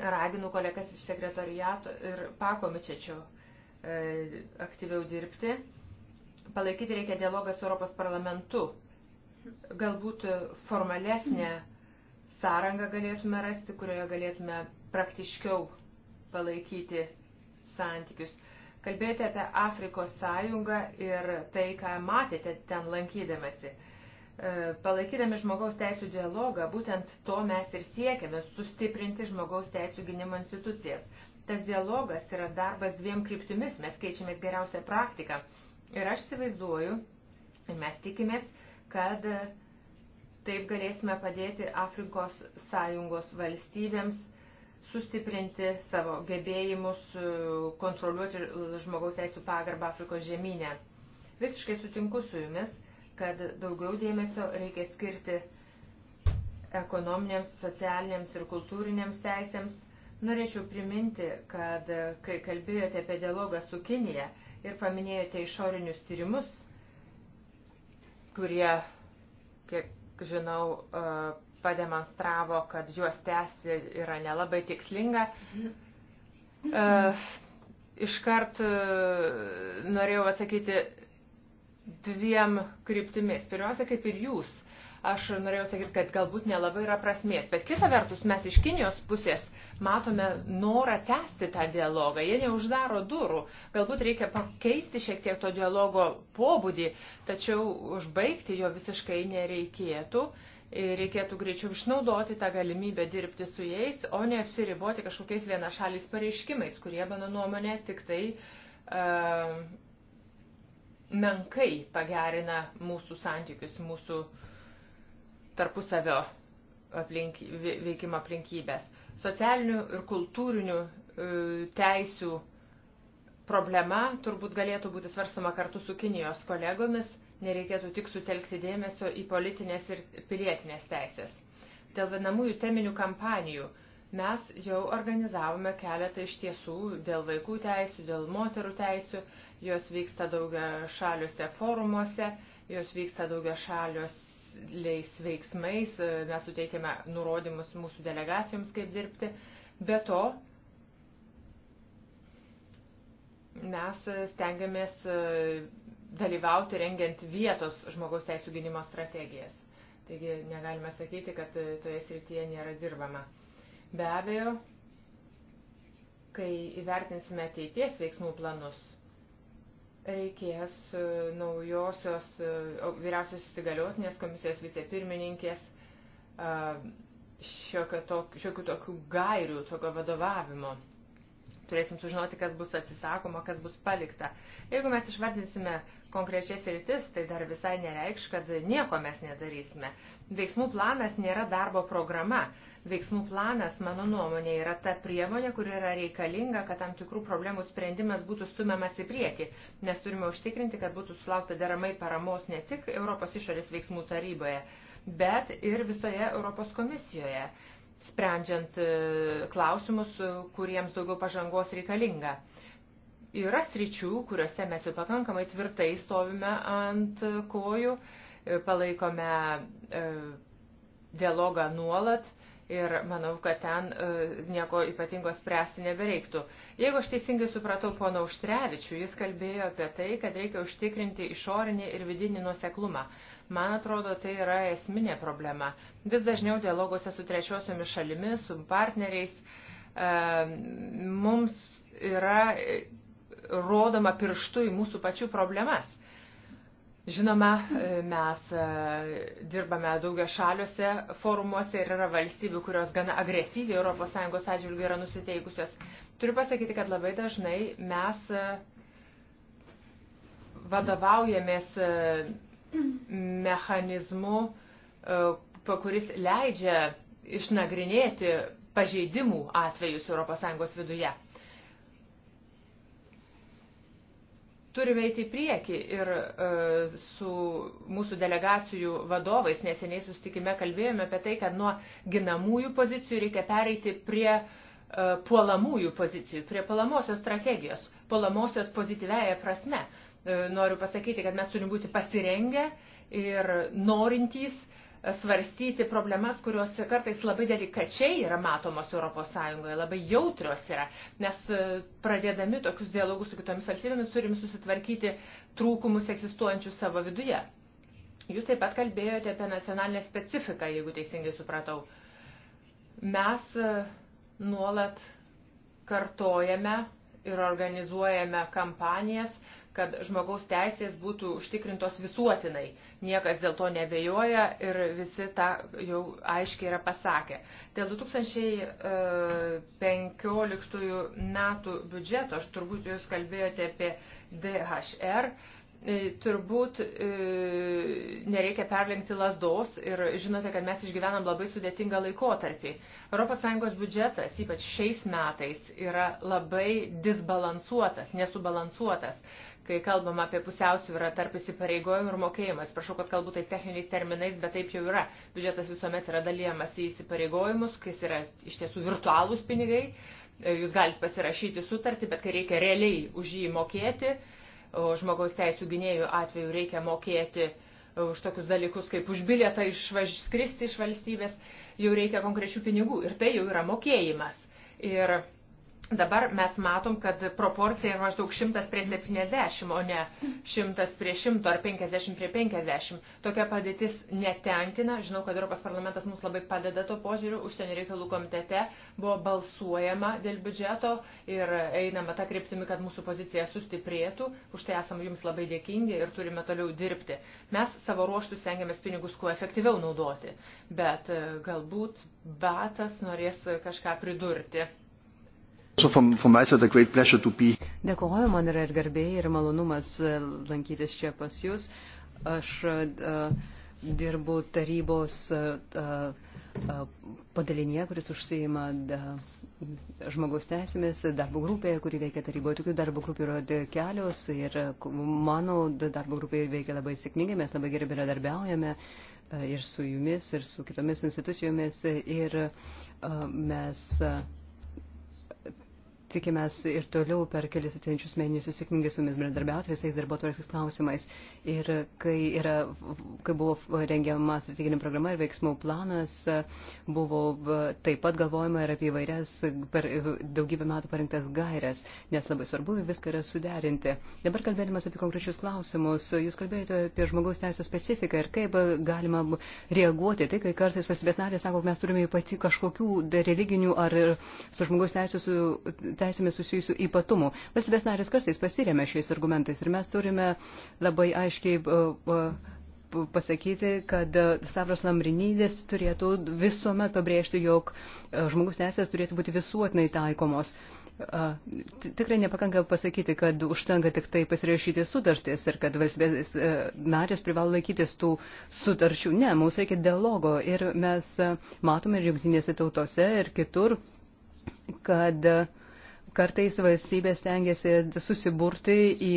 raginu kolegas iš sekretoriato ir pakomičečio e, aktyviau dirbti. Palaikyti reikia dialogą su Europos parlamentu. Galbūt formalesnė sąrangą galėtume rasti, kurioje galėtume praktiškiau palaikyti santykius. Kalbėjote apie Afrikos sąjungą ir tai, ką matėte ten lankydamasi. E, palaikydami žmogaus teisų dialogą, būtent to mes ir siekiame - sustiprinti žmogaus teisų gynimo institucijas. Tas dialogas yra darbas dviem kryptimis, mes keičiamės geriausią praktiką. Ir aš įsivaizduoju, ir mes tikimės, kad taip galėsime padėti Afrikos sąjungos valstybėms sustiprinti savo gebėjimus e, kontroliuoti e, žmogaus teisų pagarbą Afrikos žemynę. Visiškai sutinku su jumis, kad daugiau dėmesio reikia skirti ekonominėms, socialinėms ir kultūrinėms teisėms. Norėčiau priminti, kad e, kai kalbėjote apie dialogą su Kinija ir paminėjote išorinius tyrimus, kurie, kiek žinau, pademonstravo, kad juos tęsti yra nelabai tikslinga. Mhm. E, iškart e, norėjau atsakyti dviem kryptimis. Pirmiausia, kaip ir jūs, aš norėjau sakyti, kad galbūt nelabai yra prasmės. Bet kita vertus, mes iš Kinijos pusės matome norą tęsti tą dialogą. Jie neuždaro durų. Galbūt reikia pakeisti šiek tiek to dialogo pobūdį, tačiau užbaigti jo visiškai nereikėtų reikėtų greičiau išnaudoti tą galimybę dirbti su jais, o ne apsiriboti kažkokiais vienašaliais pareiškimais, kurie, mano nuomonė, tik tai uh, menkai pagerina mūsų santykius, mūsų tarpusavio aplink, veikimo aplinkybės. Socialinių ir kultūrinių uh, teisių problema turbūt galėtų būti svarstoma kartu su Kinijos kolegomis nereikėtų tik sutelkti dėmesio į politinės ir pilietinės teisės. Dėl vienamųjų teminių kampanijų mes jau organizavome keletą iš tiesų dėl vaikų teisų, dėl moterų teisų, jos vyksta daugia šaliuose forumuose, jos vyksta daugia šaliuose veiksmais, mes suteikiame nurodymus mūsų delegacijoms, kaip dirbti. Be to, mes stengiamės dalyvauti rengiant vietos žmogaus teisų gynimo strategijas. Taigi negalime sakyti, kad e, toje srityje nėra dirbama. Be abejo, kai įvertinsime ateities veiksmų planus, reikės e, naujosios e, vyriausios įsigaliotinės komisijos vicepirmininkės šiokių tokių gairių, tokio vadovavimo turėsim sužinoti, kas bus atsisakoma, kas bus palikta. Jeigu mes išvardinsime konkrečias rytis, tai dar visai nereikš, kad nieko mes nedarysime. Veiksmų planas nėra darbo programa. Veiksmų planas, mano nuomonė, yra ta priemonė, kur yra reikalinga, kad tam tikrų problemų sprendimas būtų stumiamas į priekį, nes turime užtikrinti, kad būtų sulaukta deramai paramos ne tik Europos išorės veiksmų taryboje, bet ir visoje Europos komisijoje sprendžiant e, klausimus, e, kuriems daugiau pažangos reikalinga. Yra sričių, kuriuose mes jau pakankamai tvirtai stovime ant e, kojų, palaikome dialogą nuolat ir manau, kad ten nieko ypatingo spręsti nebereiktų. Jeigu aš teisingai supratau pono Užtrevičių, jis kalbėjo apie tai, kad reikia užtikrinti išorinį ir vidinį nuseklumą. Man atrodo, tai yra esminė problema. Vis dažniau dialoguose su trečiosiomis šalimis, su partneriais, mums yra e, rodoma pirštu į mūsų pačių problemas. Žinoma, e, mes e, dirbame daugia šaliuose forumuose ir yra valstybių, kurios gana agresyviai ES atžvilgių yra nusiteikusios. Turiu pasakyti, kad labai dažnai mes vadovaujamės mechanizmu, e, kuris leidžia išnagrinėti pažeidimų atvejus ES viduje. turime eiti į priekį ir uh, su mūsų delegacijų vadovais neseniai sustikime kalbėjome apie tai, kad nuo ginamųjų pozicijų reikia pereiti prie uh, puolamųjų pozicijų, prie puolamosios strategijos, puolamosios pozityvėje prasme. E, noriu pasakyti, kad mes turim būti pasirengę ir norintys svarstyti problemas, kurios kartais labai delikačiai yra matomos ES, labai jautrios yra, nes e, pradėdami tokius dialogus su kitomis valstybėmis turim susitvarkyti trūkumus egzistuojančius savo viduje. Jūs taip pat kalbėjote apie nacionalinę specifiką, jeigu teisingai supratau. Mes e, nuolat kartojame ir organizuojame kampanijas, kad žmogaus teisės būtų užtikrintos visuotinai. Niekas dėl to nebejoja ir visi tą jau aiškiai yra pasakę. Dėl 2015 e, metų biudžeto, aš turbūt jūs kalbėjote apie DHR, e, turbūt e, nereikia perlenkti lasdos ir žinote, kad mes išgyvenam labai sudėtingą laikotarpį. ES biudžetas, ypač šiais metais, yra labai disbalansuotas, nesubalansuotas kai kalbam apie pusiausvyrą tarp įsipareigojimų ir mokėjimas. Prašau, kad kalbu tais techniniais terminais, bet taip jau yra. Biudžetas visuomet yra dalyjamas į įsipareigojimus, kas yra iš tiesų virtualūs pinigai. E, Jūs galite pasirašyti sutartį, bet kai reikia realiai už jį mokėti, o žmogaus teisų gynėjų atveju reikia mokėti e, už tokius dalykus kaip už bilietą išskristi iš valstybės, jau reikia konkrečių pinigų ir tai jau yra mokėjimas. Ir Dabar mes matom, kad proporcija yra maždaug 100 prie 70, o ne 100 prie 100 ar 50 prie 50. Tokia padėtis netenkina. Žinau, kad Europos parlamentas mums labai padeda to požiūriu. Užsienio reikalų komitete buvo balsuojama dėl biudžeto ir einama tą kryptimį, kad mūsų pozicija sustiprėtų. Už tai esame jums labai dėkingi ir turime toliau dirbti. Mes savo ruoštų stengiamės pinigus kuo efektyviau naudoti, bet e, galbūt batas norės kažką pridurti. Dėkuoju, man yra ir garbė, ir malonumas e, lankytis čia pas Jūs. Aš uh, dirbu tarybos uh, e, uh, padalinėje, kuris užsieima žmogaus teisėmis, darbo grupėje, kuri veikia taryboje. Tokių darbo grupių yra kelios ir mano darbo grupė veikia labai sėkmingai, mes labai gerai bendradarbiaujame ir su Jumis, ir su kitomis institucijomis. Ir mes. Uh, tikimės ir toliau per kelis atėjančius mėnesius sėkmingai su jumis bendradarbiauti visais darbotvarkės klausimais. Ir kai, yra, kai buvo rengiama strateginė programa ir veiksmų planas, buvo taip pat galvojama ir apie įvairias per daugybę metų parinktas gairias, nes labai svarbu viską yra suderinti. Dabar kalbėdamas apie konkrečius klausimus, jūs kalbėjote apie žmogaus teisų specifiką ir kaip galima reaguoti. Tai, kai kartais valstybės narės sako, mes turime ypatingų kažkokių religinių ar su žmogaus teisų su teisėmis susijusių ypatumų. Valstybės narės kartais pasirėmė šiais argumentais ir mes turime labai aiškiai e, e, pasakyti, kad e, Stavros Lamrinydės turėtų visuomet pabrėžti, jog žmogus teisės turėtų būti visuotinai taikomos. Tikrai nepakanka pasakyti, kad užtenka tik tai pasirašyti sutartis ir kad valstybės narės privalo laikytis tų sutarčių. Ne, mums reikia dialogo ir mes matome ir jungtinėse tautose ir kitur, kad uh, Kartais valstybės tengiasi susiburti į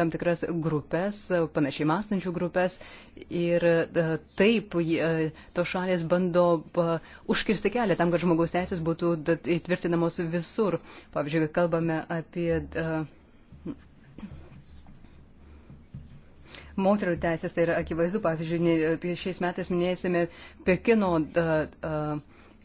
tam tikras grupės, panašiai mąstančių grupės ir e, taip e, to šalės bando e, užkirsti kelią tam, kad žmogaus teisės būtų įtvirtinamos visur. Pavyzdžiui, kalbame apie moterų teisės, tai yra akivaizdu, pavyzdžiui, tai šiais metais minėsime Pekino. Da, da,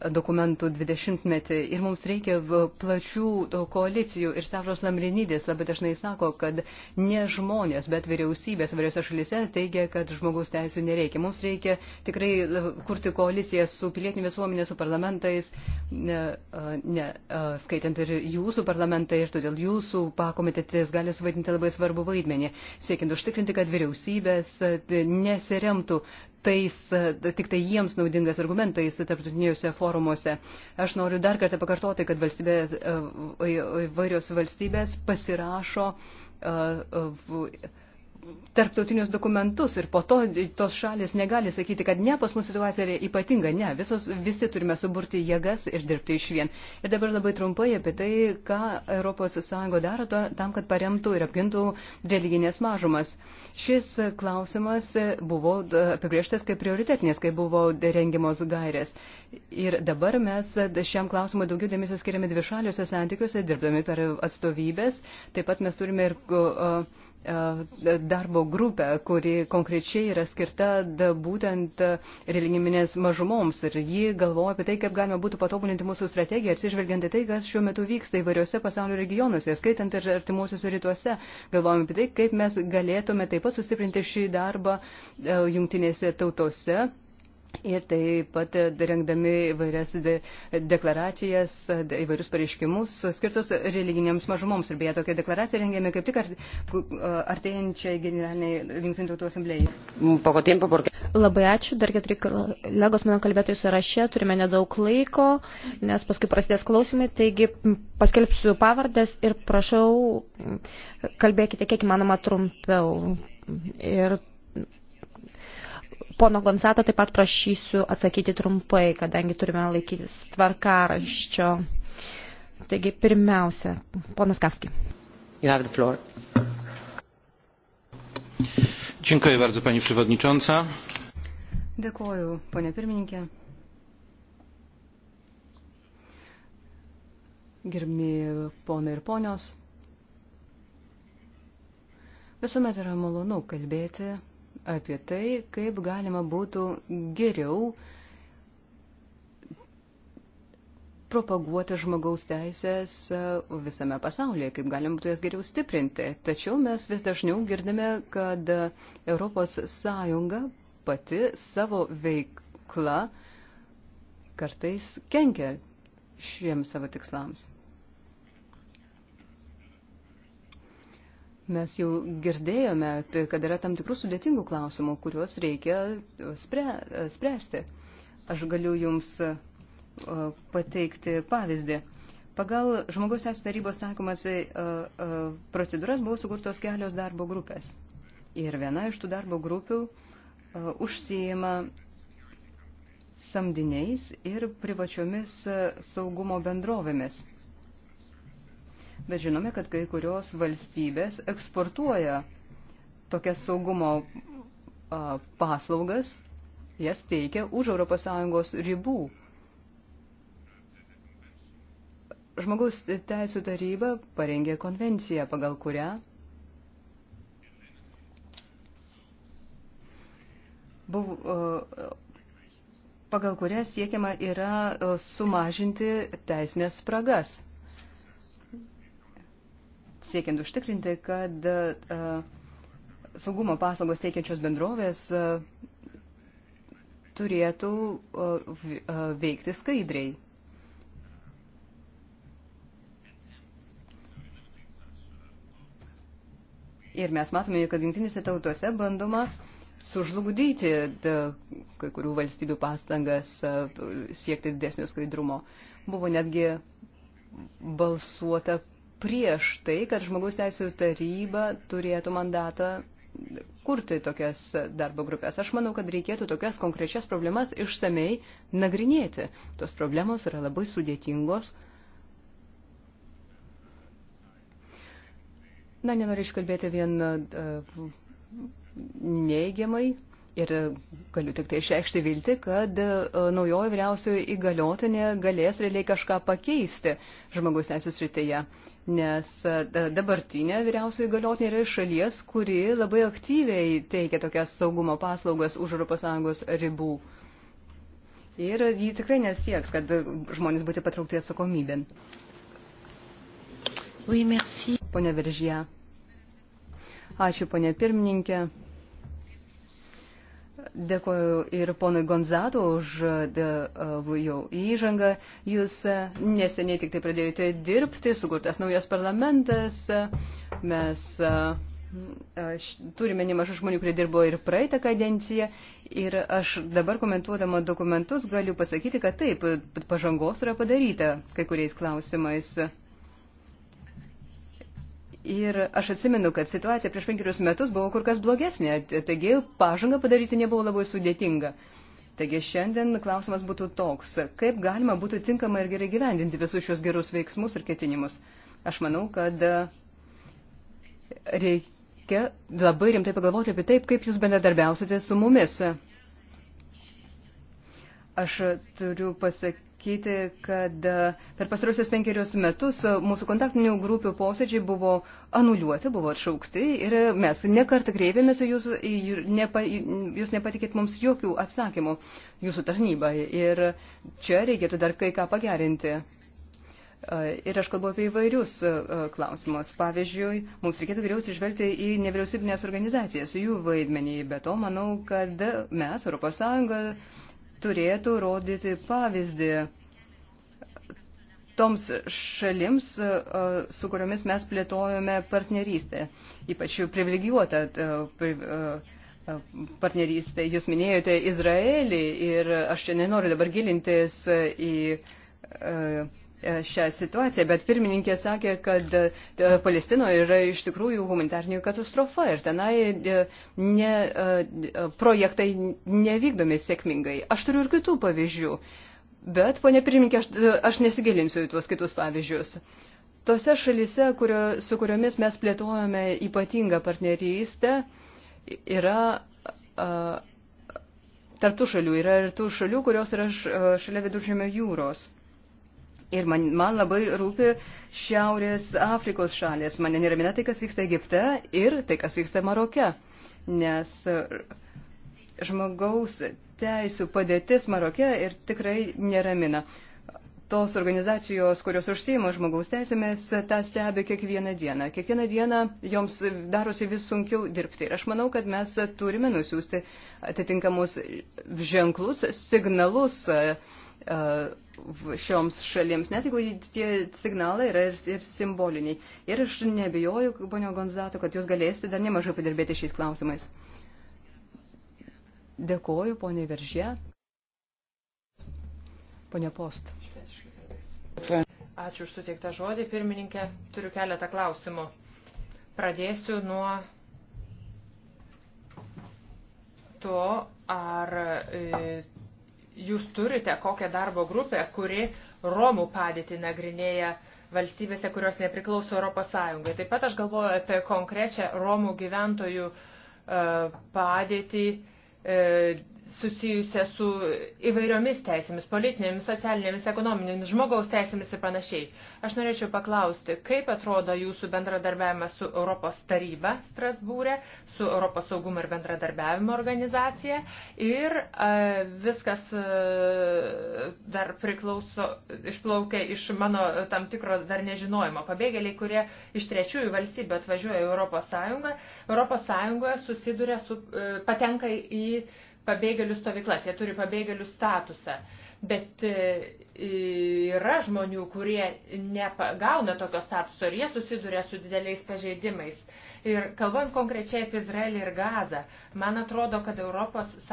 dokumentų 20-metį ir mums reikia plačių koalicijų. Ir Stavros Lamrinydės labai dažnai sako, kad ne žmonės, bet vyriausybės variose šalyse teigia, kad žmogaus teisų nereikia. Mums reikia tikrai kurti koaliciją su pilietinė visuomenė, su parlamentais, ne, ne, skaitant ir jūsų parlamentai, ir todėl jūsų pakomitetės gali suvaidinti labai svarbu vaidmenį, siekiant užtikrinti, kad vyriausybės nesiremtų tais, e, tik tai jiems naudingas argumentais tarptautiniuose forumuose. Aš noriu dar kartą pakartoti, kad valstybės, e, e, įvairios valstybės pasirašo tarptautinius dokumentus ir po to tos šalis negali sakyti, kad ne, pas mus situacija yra ypatinga, ne, visos, visi turime suburti jėgas ir dirbti iš vien. Ir dabar labai trumpai apie tai, ką ES daro to, tam, kad paremtų ir apgintų religinės mažumas. Šis klausimas buvo apibrieštas kaip prioritetinės, kai buvo rengimos gairės. Ir dabar mes šiam klausimui daugiau dėmesio skiriame dvišaliuose santykiuose, dirbdami per atstovybės. Taip pat mes turime ir uh, E, darbo grupę, kuri konkrečiai yra skirta būtent e, religiminės mažumoms ir ji galvoja apie tai, kaip galima būtų patobulinti mūsų strategiją, atsižvelgiant į tai, kas šiuo metu vyksta įvairiuose pasaulio regionuose, skaitant ir artimuosiuose rytuose. Galvojame apie tai, kaip mes galėtume taip pat sustiprinti šį darbą e, jungtinėse tautose Ir taip pat e, rengdami įvairias deklaracijas, įvairius pareiškimus skirtus religinėms mažumoms. Ir beje, tokią deklaraciją rengėme kaip tik artėjančiai generaliniai Junktinių tautų asamblėjai. Mm, Labai ačiū, dar keturi kolegos mano kalbėtojų sąraše, turime nedaug laiko, nes paskui prasidės klausimai, taigi paskelbsiu pavardės ir prašau, kalbėkite kiek įmanoma trumpiau. Ir pono Gonzato taip pat prašysiu atsakyti trumpai, kadangi turime laikytis tvarkaraščio. Taigi, pirmiausia, ponas Kaski. You have the floor. Dziękuję bardzo, pani przewodnicząca. Dėkuoju, ponė pirmininkė. Gerbimi ponai ir ponios. Visuomet yra malonu kalbėti apie tai, kaip galima būtų geriau propaguoti žmogaus teisės uh, visame pasaulyje, kaip galim būtų jas geriau stiprinti. Tačiau mes vis dažniau girdime, kad uh, ES pati savo veikla kartais kenkia šiems savo tikslams. Mes jau girdėjome, tai, kad yra tam tikrų sudėtingų klausimų, kuriuos reikia e, spre, e, spręsti. Aš galiu Jums e, pateikti pavyzdį. Pagal žmogus teisų tarybos taikomas procedūras buvo sukurtos kelios darbo grupės. Ir viena iš tų darbo grupių užsijima samdiniais ir privačiomis saugumo bendrovėmis bet žinome, kad kai kurios valstybės eksportuoja tokias saugumo paslaugas, jas teikia už ES ribų. Žmogaus teisų taryba parengė konvenciją, pagal kurią buvo, pagal kurią siekiama yra sumažinti teisinės spragas siekiant užtikrinti, kad e, saugumo paslaugos teikiančios bendrovės e, turėtų e, veikti skaidriai. Ir mes matome, kad jungtinėse tautose bandoma sužlugdyti kai kurių valstybių pastangas siekti didesnio skaidrumo. Buvo netgi balsuota prieš tai, kad žmogaus teisų taryba turėtų mandatą kurti tokias darbo grupės. Aš manau, kad reikėtų tokias konkrečias problemas išsamei nagrinėti. Tos problemos yra labai sudėtingos. Na, nenorėčiau kalbėti vien uh, neigiamai ir galiu tik tai išreikšti vilti, kad uh, naujoji vyriausioji įgaliotinė galės realiai kažką pakeisti žmogaus teisų srityje. Uh, nes e, dabartinė vyriausioji galiotinė yra šalies, kuri labai aktyviai teikia tokias saugumo paslaugas už ES ribų. Ir jį tikrai nesieks, kad žmonės būtų patraukti atsakomybėn. Oui, merci. Pone Veržė. Ačiū, ponė pirmininkė. Dėkoju ir ponui Gonzato už de, uh, jo įžangą. Jūs uh, neseniai tik tai pradėjote dirbti, sukurtas naujas parlamentas. Mes uh, turime nemažai žmonių, kurie dirbo ir praeitą kadenciją. Ir aš dabar komentuodama dokumentus galiu pasakyti, kad taip, pažangos yra padaryta kai kuriais klausimais. Ir aš atsimenu, kad situacija prieš penkerius metus buvo kur kas blogesnė, taigi pažanga padaryti nebuvo labai sudėtinga. Taigi šiandien klausimas būtų toks, kaip galima būtų tinkamai ir gerai gyvendinti visus šios gerus veiksmus ir ketinimus. Aš manau, kad e, reikia labai rimtai pagalvoti apie taip, kaip jūs bendradarbiausite su mumis. Aš turiu pasakyti pasakyti, kad e, per pasarusius penkerius metus e, mūsų kontaktinių grupių posėdžiai buvo anuliuoti, buvo atšaukti ir mes nekartą kreipėmės, jūs, nepa, jūs nepatikėt mums jokių atsakymų jūsų tarnybai ir čia reikėtų dar kai ką pagerinti. E, ir aš kalbu apie įvairius klausimus. Pavyzdžiui, mums reikėtų geriau atsižvelgti į nevyriausybinės organizacijas, jų vaidmenį. Be to, manau, kad mes, ES, turėtų rodyti pavyzdį toms šalims, e, e, su kuriomis mes plėtojame partnerystę, ypač privilegijuotą e, partnerystę. Jūs minėjote Izraelį ir aš čia nenoriu dabar gilintis į E, šią situaciją, bet pirmininkė sakė, kad e, Palestinoje yra iš tikrųjų humanitarnė katastrofa ir tenai e, ne, projektai nevykdomi sėkmingai. Aš turiu ir kitų pavyzdžių, bet, ponė pirmininkė, aš, aš nesigilinsiu į tuos kitus pavyzdžius. Tose šalise, kurio, su kuriomis mes plėtojame ypatingą partnerystę, yra. A, Tarptų šalių yra ir tų šalių, kurios yra šalia viduržėmio jūros. Ir man, man labai rūpi Šiaurės Afrikos šalės. Mane neramina tai, kas vyksta Egipte ir tai, kas vyksta Maroke. Nes e, žmogaus teisų padėtis Maroke ir tikrai neramina. Tos organizacijos, kurios užsima žmogaus teisėmis, tą stebi kiekvieną dieną. Kiekvieną dieną joms darosi vis sunkiau dirbti. Ir aš manau, kad mes turime nusiųsti atitinkamus ženklus, signalus. Uh, šioms šalims, net jeigu tie signalai yra ir, ir simboliniai. Ir aš nebejoju, ponio Gonzato, kad jūs galėsite dar nemažai padirbėti šiais klausimais. Dėkoju, ponė Veržė. Pone Post. Ačiū už suteiktą žodį, pirmininkė. Turiu keletą klausimų. Pradėsiu nuo to, ar e, jūs turite kokią darbo grupę, kuri Romų padėtį nagrinėja valstybėse, kurios nepriklauso Europos Sąjungai. Taip pat aš galvoju apie konkrečią Romų gyventojų e, padėtį e, susijusią su įvairiomis teisėmis, politinėmis, socialinėmis, ekonominėmis, žmogaus teisėmis ir panašiai. Aš norėčiau paklausti, kaip atrodo jūsų bendradarbiavimas su Europos taryba Strasbūrė, su Europos saugumo ir bendradarbiavimo organizacija ir e, viskas e, dar priklauso, išplaukia iš mano tam tikro dar nežinojimo. Pabėgėliai, kurie iš trečiųjų valstybių atvažiuoja į Europos Sąjungą, Europos Sąjungoje susiduria su, e, patenka į e, pabėgėlių stovyklas, jie turi pabėgėlių statusą. Bet e, e, yra žmonių, kurie nepagauna tokio statuso ir jie susiduria su dideliais pažeidimais. Ir kalbant konkrečiai apie Izraelį ir Gazą, man atrodo, kad ES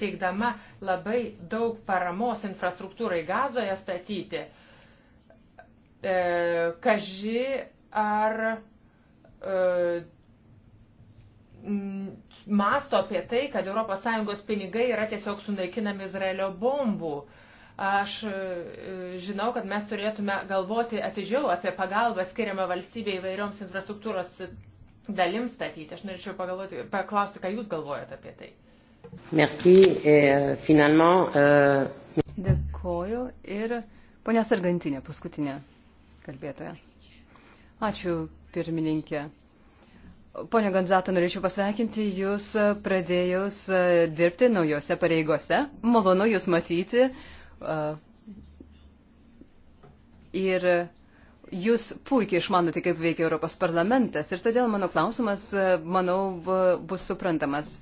teikdama labai daug paramos infrastruktūrai Gazoje statyti, e, kaži ar e, m, masto apie tai, kad ES pinigai yra tiesiog sunaikinami Izraelio bombų. Aš e, žinau, kad mes turėtume galvoti atidžiau apie pagalbą skiriamą valstybę įvairioms infrastruktūros dalims statyti. Aš norėčiau pagalvoti, paklausti, ką Jūs galvojate apie tai. Merci. Et, euh, finalement, euh... Dėkoju. Ir ponia Sargantinė, paskutinė kalbėtoja. Ačiū, pirmininkė. Pone Gonzato, norėčiau pasveikinti Jūs e, pradėjus e, dirbti naujose pareigose. Malonu Jūs matyti. E, ir Jūs puikiai išmanote, kaip veikia Europos parlamentas. Ir todėl mano klausimas, manau, bus suprantamas.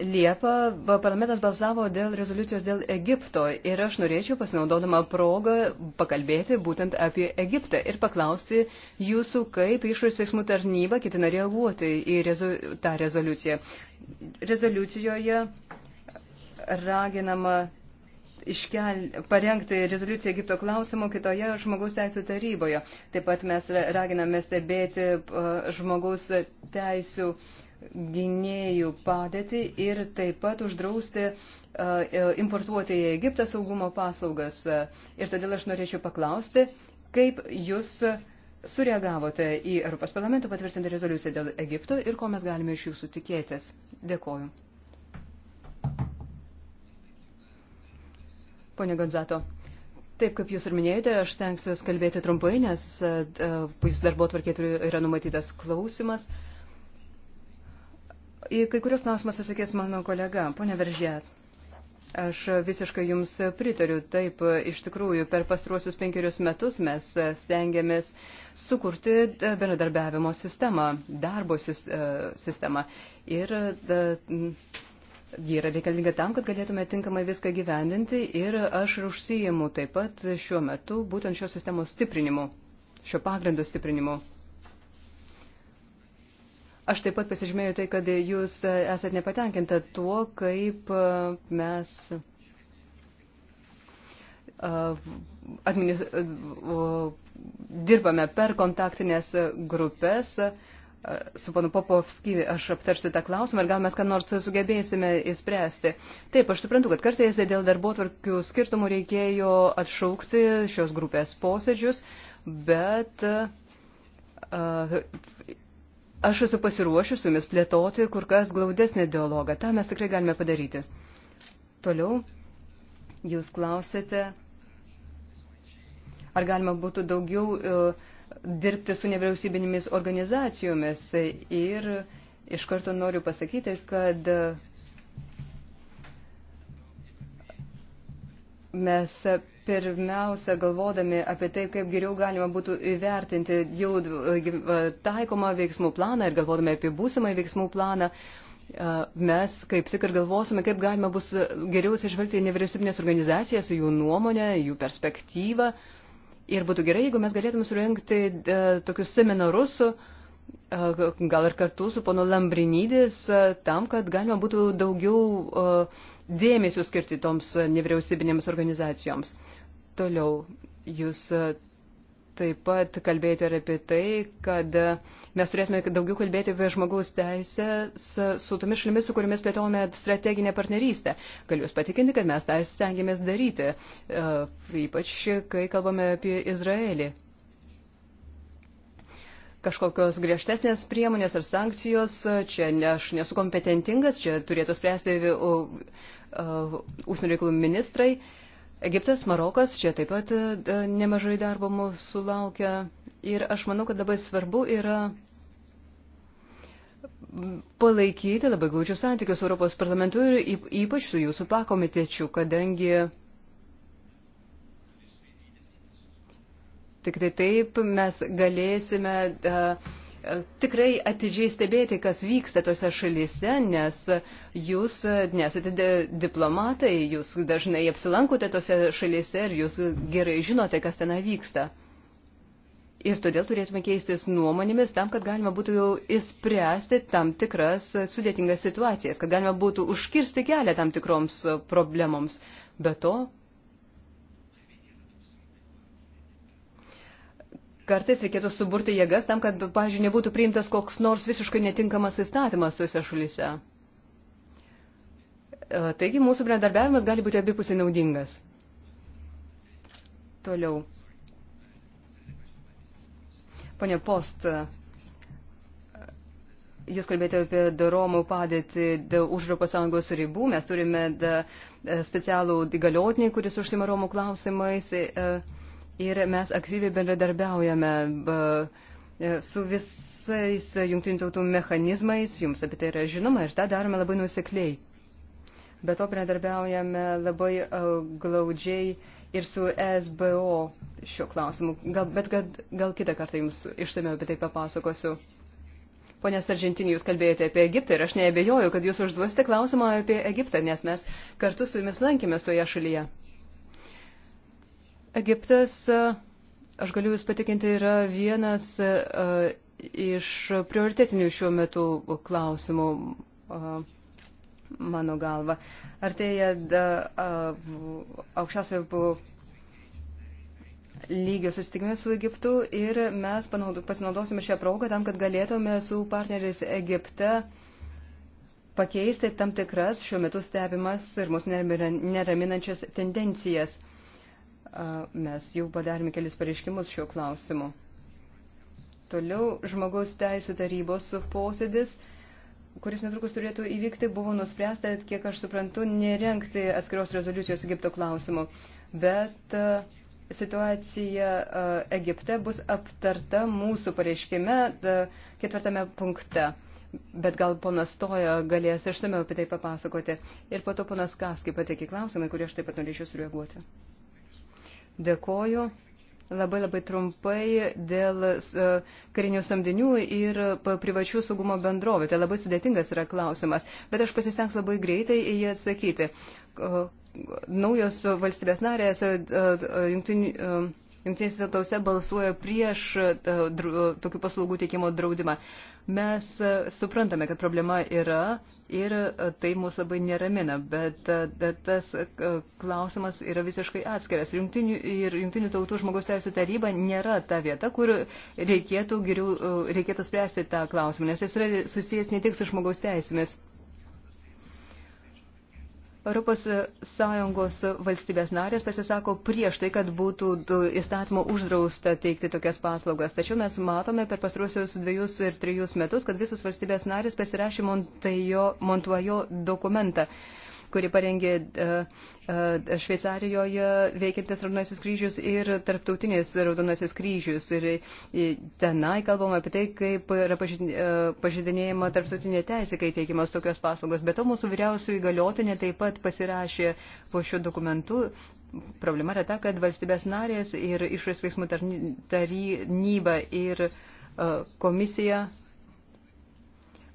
Liepa parlamentas balsavo dėl rezoliucijos dėl Egipto ir aš norėčiau pasinaudodama progą pakalbėti būtent apie Egiptą ir paklausti jūsų, kaip išorės veiksmų tarnyba ketina reaguoti į rezo, tą rezoliuciją. Rezoliucijoje raginama iškel, parengti rezoliuciją Egipto klausimų kitoje žmogaus teisų taryboje. Taip pat mes raginame stebėti žmogaus teisų. Uh, gynėjų padėtį ir taip pat uždrausti importuoti į Egiptą saugumo paslaugas. Ir todėl aš norėčiau paklausti, kaip jūs sureagavote į Europos parlamento patvirtintą rezoliuciją dėl Egipto ir ko mes galime iš jūsų tikėtis. Dėkoju. Pone Gonzato. Taip, kaip jūs ir minėjote, aš tenksiuosi kalbėti trumpai, nes uh, jūsų darbo tvarkė yra numatytas klausimas. Uh, Į kai kurios klausimas atsakys mano kolega, ponia Veržėt. Aš visiškai Jums pritariu. Taip, iš tikrųjų, per pastruosius penkerius metus mes stengiamės sukurti bendradarbiavimo sistemą, darbo e, sistemą. Ir e, ji yra reikalinga tam, kad galėtume tinkamai viską gyvendinti. Ir aš ir užsijimu taip pat šiuo metu būtent šios sistemos stiprinimu, šio pagrindo stiprinimu. Aš taip pat pasižymėjau tai, kad jūs e, esate nepatenkinta tuo, kaip e, mes e, administ... dirbame per kontaktinės grupės. Su panu Popovskivi aš aptarsiu tą klausimą ir gal mes ką nors sugebėsime įspręsti. Taip, aš suprantu, kad kartais dėl darbotvarkių skirtumų reikėjo atšaukti šios grupės posėdžius, bet Aš esu pasiruošęs su jumis plėtoti kur kas glaudesnį dialogą. Ta mes tikrai galime padaryti. Toliau, jūs klausėte, ar galima būtų daugiau uh, dirbti su nevyriausybinėmis organizacijomis. Ir iš karto noriu pasakyti, kad e, mes pirmiausia, galvodami apie tai, kaip geriau galima būtų įvertinti jau e, e, taikomą veiksmų planą ir galvodami apie būsimą veiksmų planą, e, mes kaip tik ir galvosime, kaip galima bus geriau atsižvelgti į nevyriausybinės organizacijas, jų nuomonę, jų perspektyvą. Ir būtų gerai, jeigu mes galėtume surinkti tokius seminarus, gal ir kartu su pono Lambrinydis, tam, kad galima būtų daugiau dėmesio skirti toms nevyriausybinėms organizacijoms. Toliau jūs e, taip pat kalbėjote ir apie tai, kad e, mes turėtume daugiau kalbėti apie žmogaus teisės e, su tomis šalimis, su kuriomis plėtojame strateginę partnerystę. Galiu Jūs patikinti, kad mes tą stengiamės daryti, ypač kai kalbame apie Izraelį. Kažkokios griežtesnės priemonės ar sankcijos, čia ne, aš nesu kompetentingas, čia turėtų spręsti užsienio reikalų ministrai. Uh, Egiptas, Marokas, čia taip pat e, nemažai darbo mūsų laukia. Ir aš manau, kad labai svarbu yra palaikyti labai glaučius santykius Europos parlamentu ir ypač su jūsų pakomitečiu, kadangi tik tai taip mes galėsime. Uh, tikrai atidžiai stebėti, kas vyksta tose šalyse, nes jūs nesate diplomatai, jūs dažnai apsilankote tose šalyse ir jūs gerai žinote, kas ten vyksta. Ir todėl turėtume keistis nuomonėmis tam, kad galima būtų jau įspręsti tam tikras sudėtingas situacijas, kad galima būtų užkirsti kelią tam tikroms problemoms. Be to, kartais reikėtų suburti jėgas tam, kad, pažiūrėjau, nebūtų priimtas koks nors visiškai netinkamas įstatymas tose šalyse. E, taigi mūsų bendradarbiavimas gali būti abipusiai naudingas. Toliau. Pone Post, e, jūs kalbėjote apie Romų padėtį už Europos Sąjungos ribų. Mes turime e, specialų įgaliotinį, kuris užsima Romų klausimais. E, ir mes aktyviai bendradarbiaujame e, su visais jungtinių tautų mechanizmais, jums apie tai yra žinoma ir tą darome labai nusekliai. Be to bendradarbiaujame labai e, glaudžiai ir su SBO šiuo klausimu, gal, bet gal, gal kitą kartą jums išsameu apie tai papasakosiu. Pone Sargentinį, jūs kalbėjote apie Egiptą ir aš neabejoju, kad jūs užduosite klausimą apie Egiptą, nes mes kartu su jumis lankėmės toje šalyje. Egiptas, aš galiu Jūs patikinti, yra vienas iš prioritetinių šiuo metu klausimų mano galva. Artėja aukščiausio lygio susitikime su Egiptu ir mes pasinaudosime šią progą tam, kad galėtume su partneriais Egipte pakeisti tam tikras šiuo metu stebimas ir mus neraminančias tendencijas. Mes jau padarėme kelis pareiškimus šiuo klausimu. Toliau žmogaus teisų tarybos posėdis, kuris netrukus turėtų įvykti, buvo nuspręsta, kiek aš suprantu, nerenkti atskiros rezoliucijos Egipto klausimu. Bet situacija Egipte bus aptarta mūsų pareiškime ketvirtame punkte. Bet gal ponas Toja galės išsameu apie tai papasakoti. Ir po to ponas Kaskai pateikė klausimai, kurie aš taip pat norėčiau sureaguoti. Dėkoju. Labai labai trumpai dėl e, karinių samdinių ir privačių saugumo bendrovių. Tai labai sudėtingas yra klausimas, bet aš pasistengsiu labai greitai į jį atsakyti. Naujos valstybės narės e, e, jungtinių. Jungtinėse tautose balsuoja prieš tokių paslaugų teikimo draudimą. Mes e, suprantame, kad problema yra ir e, tai mus labai neramina, bet e, tas klausimas yra visiškai atskiras. Jungtinių, ir Junktinių tautų žmogaus teisų taryba nėra ta vieta, kur reikėtų, geriau, reikėtų spręsti tą klausimą, nes jis yra susijęs ne tik su žmogaus teisėmis. ES valstybės narės pasisako prieš tai, kad būtų įstatymo uždrausta teikti tokias paslaugas. Tačiau mes matome per pastaruosius dviejus ir trijus metus, kad visos valstybės narės pasirašė Montejo, Montuojo dokumentą kurį parengė e, e, Šveicarijoje veikiantis Raudonasis kryžius ir tarptautinis Raudonasis kryžius. Ir e, tenai kalbama apie tai, kaip yra pažydinėjama tarptautinė teisė, kai teikiamas tokios paslaugos. Bet to mūsų vyriausių įgaliotinė taip pat pasirašė po šiuo dokumentu problema yra ta, kad valstybės narės ir išorės veiksmų tarnyba ir komisija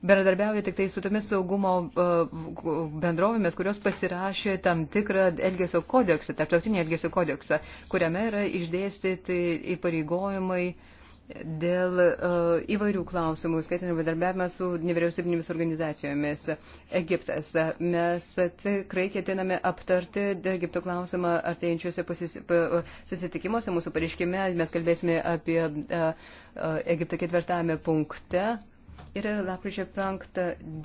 bendradarbiauja tik tai su tomis saugumo e, bendrovėmis, kurios pasirašė tam tikrą elgesio kodeksą, tarptautinį elgesio kodeksą, kuriame yra išdėstyti įpareigojimai dėl uh, įvairių klausimų, skaitant bendarbiavimą su nevyriausybinėmis organizacijomis. Egiptas. Mes tikrai ketiname aptarti Egipto klausimą artėjančiuose susitikimuose. Mūsų pareiškime mes kalbėsime apie uh, uh, Egipto ketvirtame punkte. Ir lapkričio 5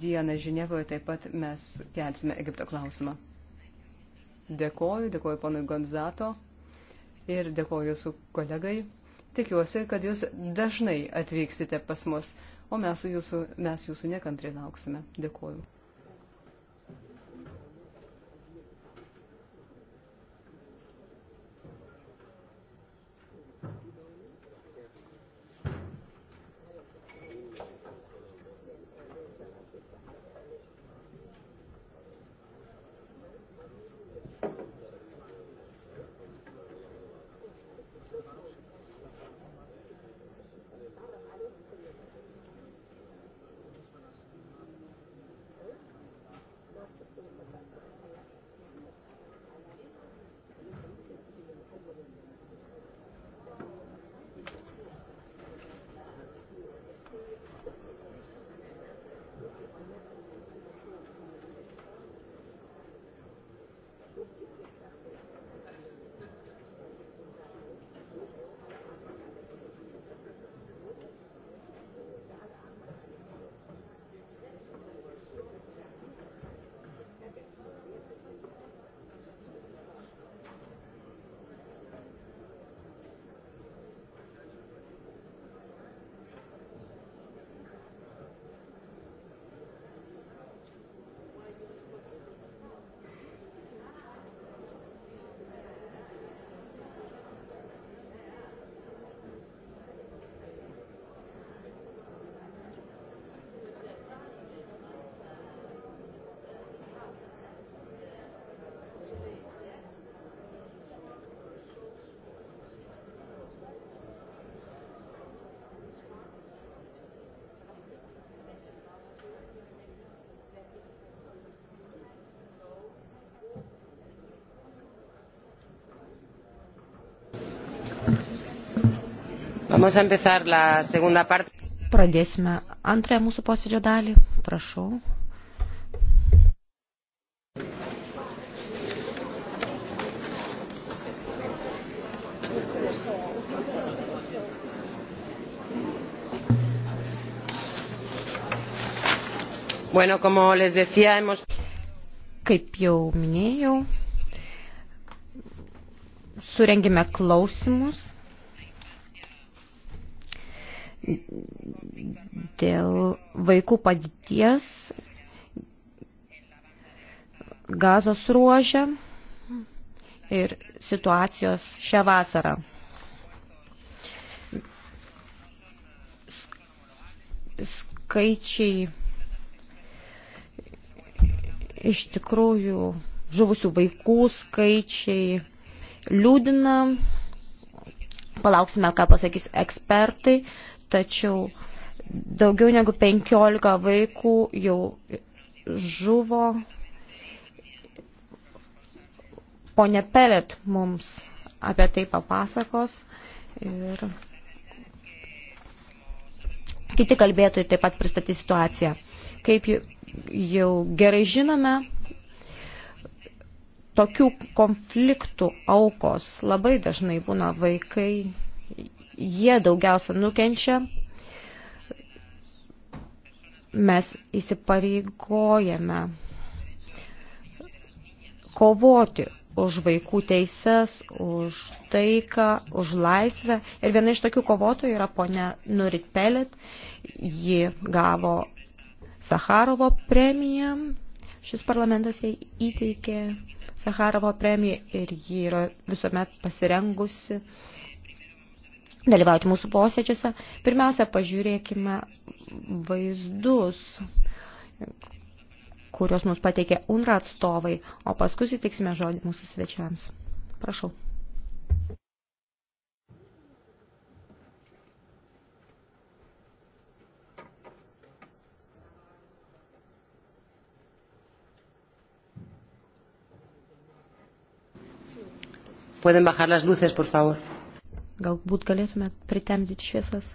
dieną Ženevoje taip pat mes kelsime Egipto klausimą. Dėkoju, dėkoju ponui Gonzato ir dėkoju jūsų kolegai. Tikiuosi, kad jūs dažnai atvyksite pas mus, o mes jūsų, mes jūsų nekantriai lauksime. Dėkoju. Pradėsime antrąją mūsų posėdžio dalį. Prašau. Bueno, como les decía, hemos... Kaip jau minėjau, surengime klausimus dėl vaikų padėties gazos ruožę ir situacijos šią vasarą. Skaičiai iš tikrųjų žuvusių vaikų skaičiai liūdina. Palauksime, ką pasakys ekspertai. Uh, tačiau daugiau negu 15 vaikų jau žuvo. Pone Pelet mums apie tai papasakos ir kiti kalbėtojai taip pat pristatys situaciją. Kaip jau gerai žinome, tokių konfliktų aukos labai dažnai būna vaikai jie daugiausia nukenčia. Mes įsipareigojame kovoti už vaikų teises, už taiką, už laisvę. Ir viena iš tokių kovotojų yra ponia Nurit Pelet. Ji gavo Sakharovo premiją. Šis parlamentas jai įteikė Sakharovo premiją ir ji yra visuomet pasirengusi uh, dalyvauti mūsų posėdžiuose. Pirmiausia, pažiūrėkime vaizdus, kuriuos mums pateikė UNRA atstovai, o paskui sutiksime žodį mūsų svečiams. Prašau. pueden bajar las luces por favor? Galbūt galėtumėt pritemdyti šviesas.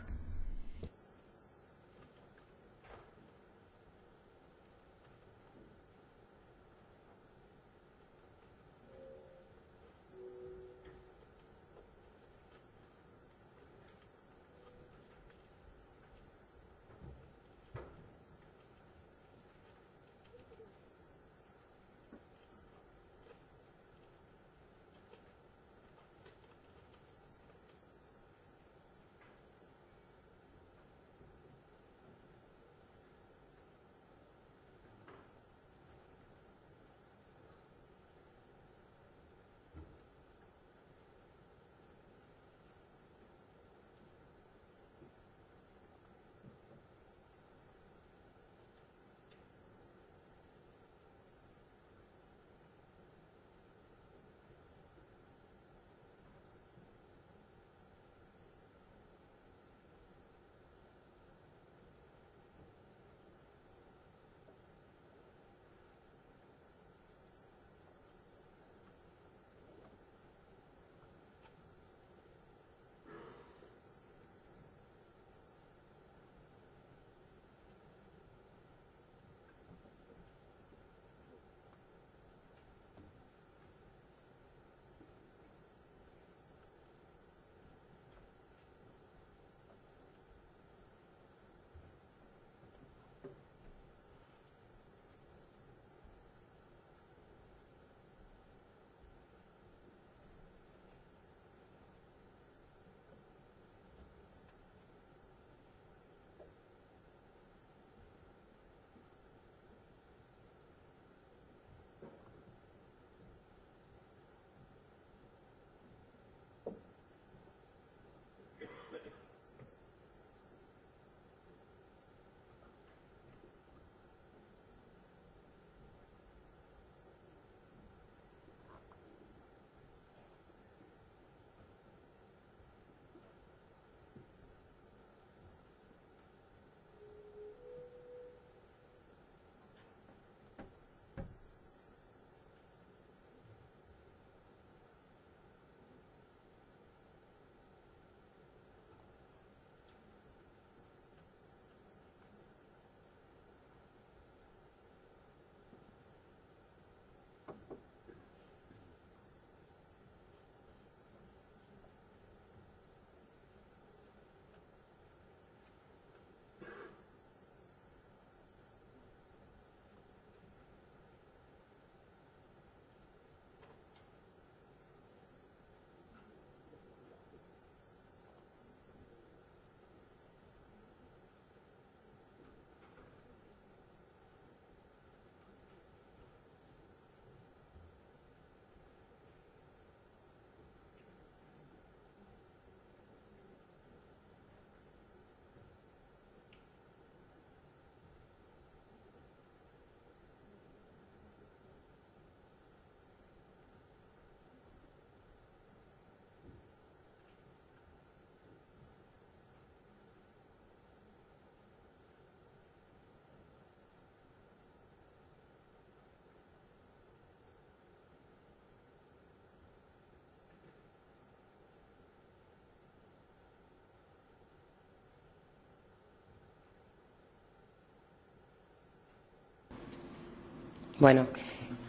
Bueno,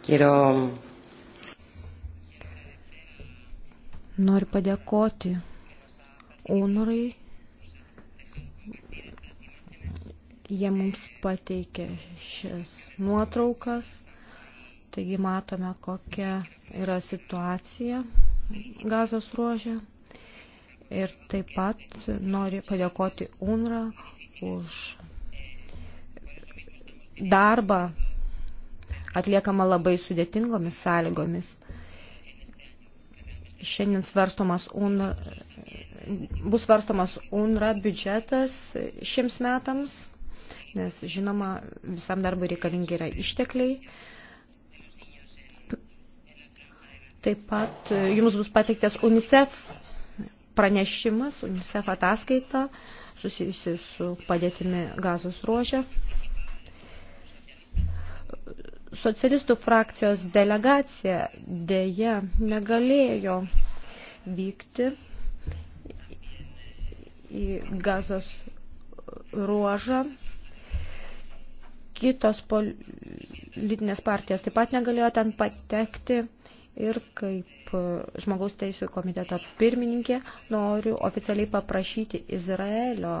quiero. Noriu padėkoti UNRAI. Jie mums pateikė šias nuotraukas, taigi matome, kokia yra situacija gazos ruožė. Ir taip pat noriu padėkoti UNRA už darbą atliekama labai sudėtingomis sąlygomis. Šiandien svarstomas UNRA, bus svarstomas UNRA biudžetas šiems metams, nes žinoma, visam darbui reikalingi yra ištekliai. Taip pat e, jums bus pateiktas UNICEF pranešimas, UNICEF ataskaita susijusi su padėtimi gazos ruožė socialistų frakcijos delegacija dėja negalėjo vykti į gazos ruožą. Kitos politinės partijos taip pat negalėjo ten patekti ir kaip žmogaus teisų komiteto pirmininkė noriu oficialiai paprašyti Izraelio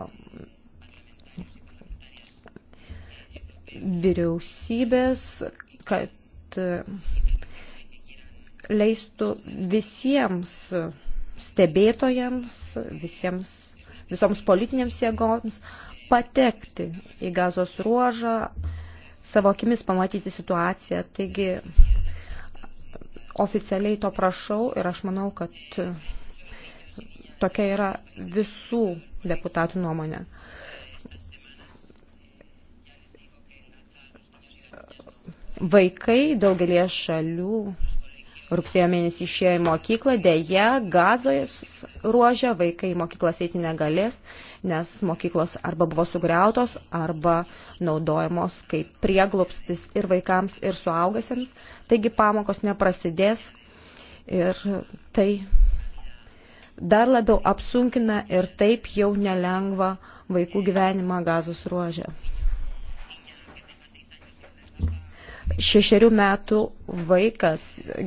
vyriausybės, kad e, leistų visiems stebėtojams, visiems, visoms politinėms jėgoms patekti į gazos ruožą, savo akimis pamatyti situaciją. Taigi oficialiai to prašau ir aš manau, kad tokia yra visų deputatų nuomonė. Vaikai daugelie šalių rugsėjo mėnesį išėjo į mokyklą, dėja gazojos ruožę vaikai į mokyklas eiti negalės, nes mokyklos arba buvo sugriautos, arba naudojamos kaip prieglopstis ir vaikams, ir suaugusiems, taigi pamokos neprasidės ir tai dar labiau apsunkina ir taip jau nelengva vaikų gyvenimą gazos ruožę. Šešerių metų vaikas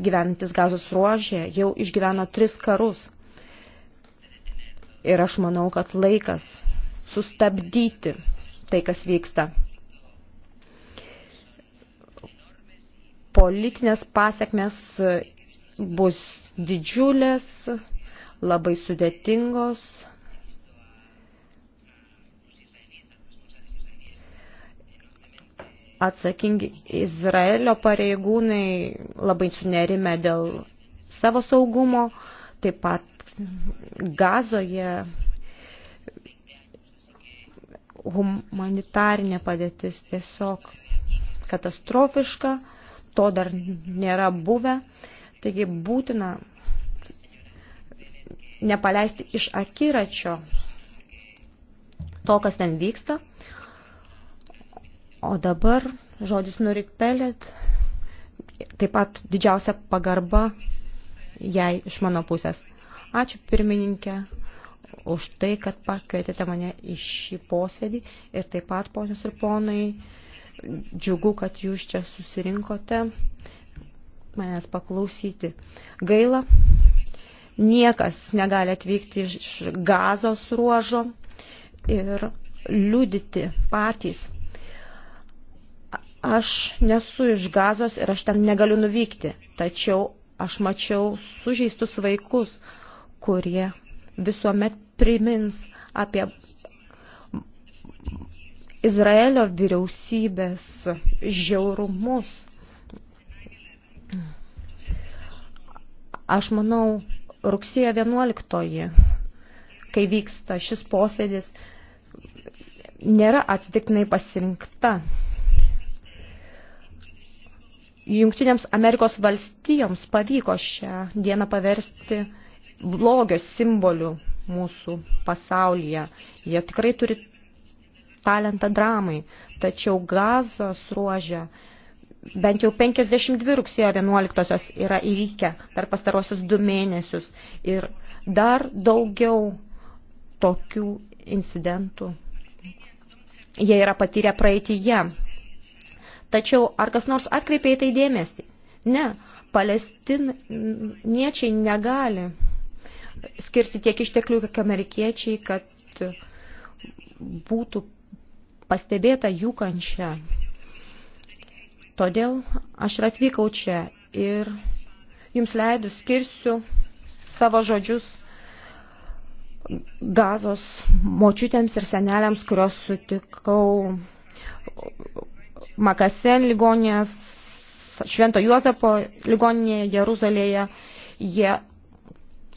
gyvenantis gazos ruožė jau išgyveno tris karus. Ir aš manau, kad laikas sustabdyti tai, kas vyksta. Politinės pasiekmes bus didžiulės, labai sudėtingos Atsakingi Izraelio pareigūnai labai sunerime dėl savo saugumo, taip pat gazoje humanitarinė padėtis tiesiog katastrofiška, to dar nėra buvę, taigi būtina nepaleisti iš akiračio to, kas ten vyksta. O dabar žodis Nurik Pelet, taip pat didžiausia pagarba jai iš mano pusės. Ačiū pirmininkė už tai, kad pakvietėte mane į šį posėdį ir taip pat, ponios ir ponai, džiugu, kad jūs čia susirinkote manęs paklausyti. Gaila, niekas negali atvykti iš gazos ruožo ir liudyti patys Aš nesu iš gazos ir aš ten negaliu nuvykti, tačiau aš mačiau sužeistus vaikus, kurie visuomet primins apie Izraelio vyriausybės žiaurumus. Aš manau, rugsėjo 11, kai vyksta šis posėdis, nėra atsitiktinai pasirinkta Jungtinėms Amerikos valstijoms pavyko šią dieną paversti blogio simboliu mūsų pasaulyje. Jie tikrai turi talentą dramai, tačiau gazos ruožė bent jau 52 rugsėjo 11 yra įvykę per pastarosius du mėnesius ir dar daugiau tokių incidentų jie yra patyrę praeitįje. Tačiau ar kas nors atkreipė į tai dėmesį? Ne, palestiniečiai negali skirti tiek išteklių, kiek amerikiečiai, kad būtų pastebėta jų kančia. Todėl aš ir atvykau čia ir jums leidus skirsiu savo žodžius gazos močiutėms ir seneliams, kurios sutikau Makasen ligoninės, Švento Juozapo ligoninėje Jeruzalėje. Jie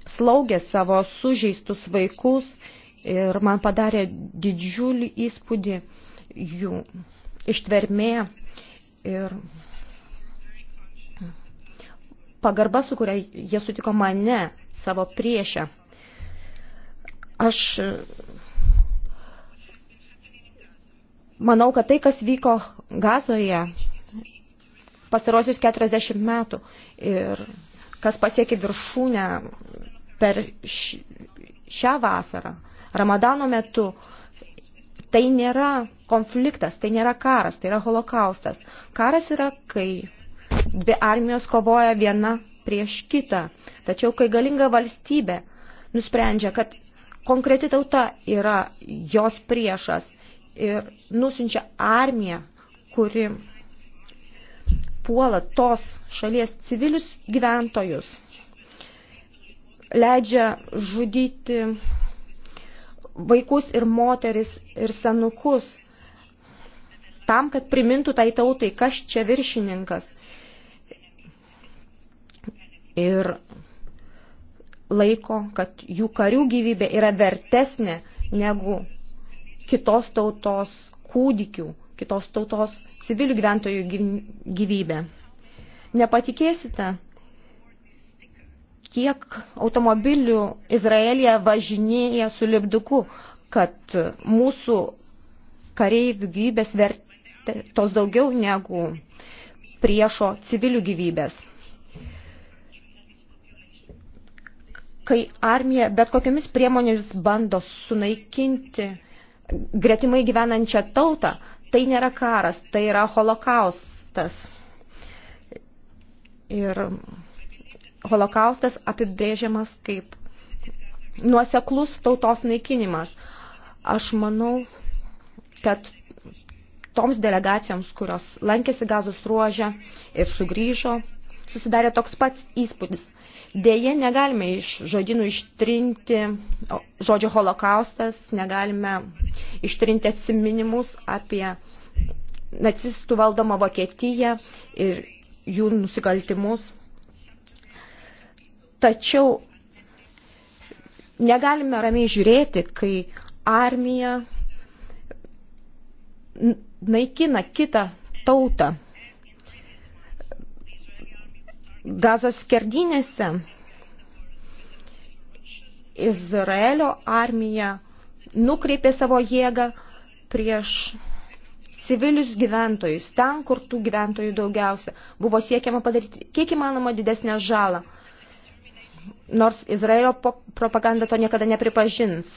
slaugė savo sužeistus vaikus ir man padarė didžiulį įspūdį jų ištvermė ir pagarba, su kuria jie sutiko mane, savo priešę. Aš Manau, kad tai, kas vyko Gazoje pasirosius 40 metų ir kas pasiekė viršūnę per šią vasarą, Ramadano metu, tai nėra konfliktas, tai nėra karas, tai yra holokaustas. Karas yra, kai dvi armijos kovoja viena prieš kitą. Tačiau, kai galinga valstybė nusprendžia, kad konkreti tauta yra jos priešas ir nusinčia armiją, kuri puola tos šalies civilius gyventojus, leidžia žudyti vaikus ir moteris ir senukus, tam, kad primintų tai tautai, kas čia viršininkas. Ir laiko, kad jų karių gyvybė yra vertesnė negu kitos tautos kūdikių, kitos tautos civilių gyventojų gyvybę. Nepatikėsite, kiek automobilių Izraelija važinėja su lipduku, kad mūsų kareivių gyvybės vertė tos daugiau negu priešo civilių gyvybės. Kai armija bet kokiamis priemonėmis bando sunaikinti gretimai gyvenančią tautą, tai nėra karas, tai yra holokaustas. Ir holokaustas apibrėžiamas kaip nuoseklus tautos naikinimas. Aš manau, kad toms delegacijoms, kurios lankėsi gazos ruožę ir sugrįžo, susidarė toks pats įspūdis – Deja, negalime iš žodinų ištrinti žodžio holokaustas, negalime ištrinti atsiminimus apie nacistų valdomą Vokietiją ir jų nusikaltimus. Tačiau negalime ramiai žiūrėti, kai armija naikina kitą tautą. Gazos skerdinėse Izraelio armija nukreipė savo jėgą prieš civilius gyventojus, ten, kur tų gyventojų daugiausia. Buvo siekiama padaryti kiek įmanoma didesnę žalą. Nors Izraelio propaganda to niekada nepripažins.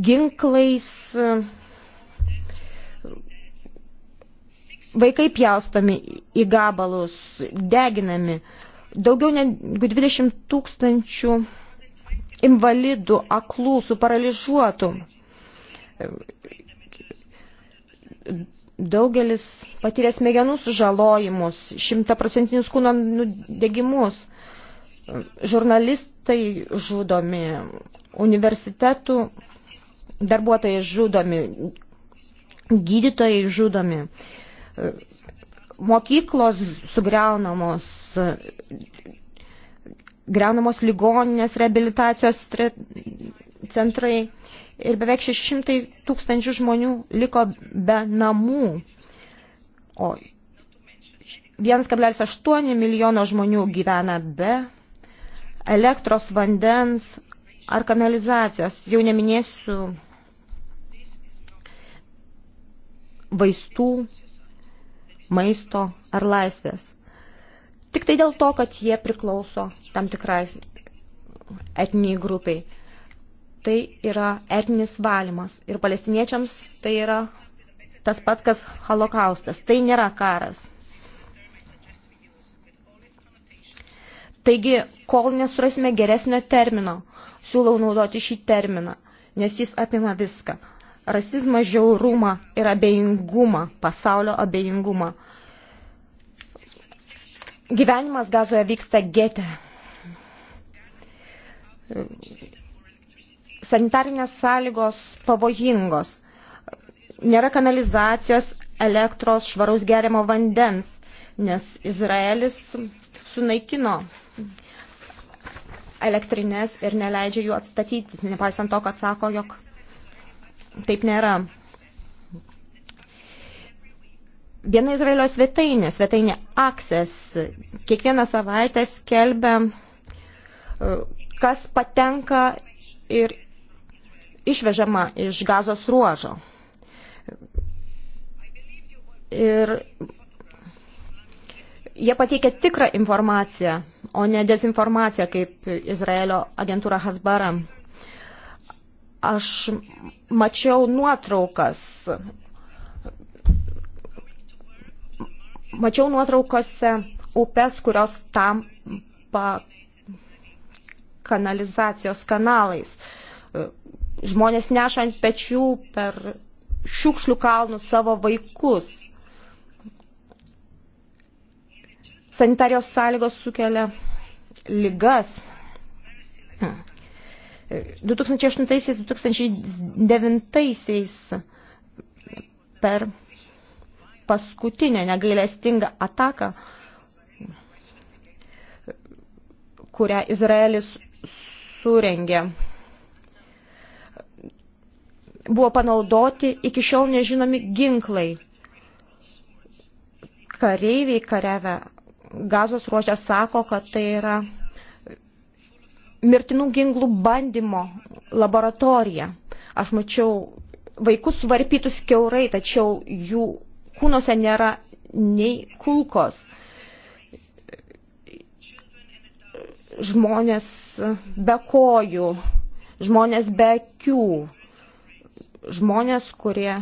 Ginklais Vaikai pjaustomi į gabalus, deginami. Daugiau negu 20 tūkstančių invalidų, aklų, suparaližuotų. Daugelis patyrė smegenų sužalojimus, šimtaprocentinius kūno nudegimus. Žurnalistai žudomi, universitetų darbuotojai žudomi, gydytojai žudomi mokyklos sugriaunamos, greunamos ligoninės reabilitacijos centrai ir beveik 600 tūkstančių žmonių liko be namų. O 1,8 milijono žmonių gyvena be elektros, vandens ar kanalizacijos. Jau neminėsiu vaistų maisto ar laisvės. Tik tai dėl to, kad jie priklauso tam tikrai etniniai grupiai. Tai yra etninis valymas ir palestiniečiams tai yra tas pats, kas holokaustas. Tai nėra karas. Taigi, kol nesurasime geresnio termino, siūlau naudoti šį terminą, nes jis apima viską – rasizmą, žiaurumą ir abejingumą, pasaulio abejingumą. Gyvenimas gazoje vyksta gete. Sanitarinės sąlygos pavojingos. Nėra kanalizacijos, elektros, švaraus geriamo vandens, nes Izraelis sunaikino elektrinės ir neleidžia jų atstatyti, nepaisant to, kad sako, jog Taip nėra. Viena Izraelio svetainė, svetainė Access, kiekvieną savaitę skelbia, e, kas patenka ir išvežama iš gazos ruožo. Ir jie pateikia tikrą informaciją, o ne dezinformaciją, kaip Izraelio agentūra Hasbara. Aš mačiau nuotraukas. Mačiau nuotraukose upes, kurios tampa kanalizacijos kanalais. Žmonės neša ant pečių per šiukšlių kalnus savo vaikus. Sanitarijos sąlygos sukelia lygas. 2008-2009 per paskutinę negailestingą ataką, kurią Izraelis surengė, buvo panaudoti iki šiol nežinomi ginklai. Kareiviai kariavę gazos ruožę sako, kad tai yra mirtinų ginklų bandymo laboratoriją. Aš mačiau vaikus suvarpytus keurai, tačiau jų kūnuose nėra nei kulkos. Žmonės be kojų, žmonės be akių, žmonės, kurie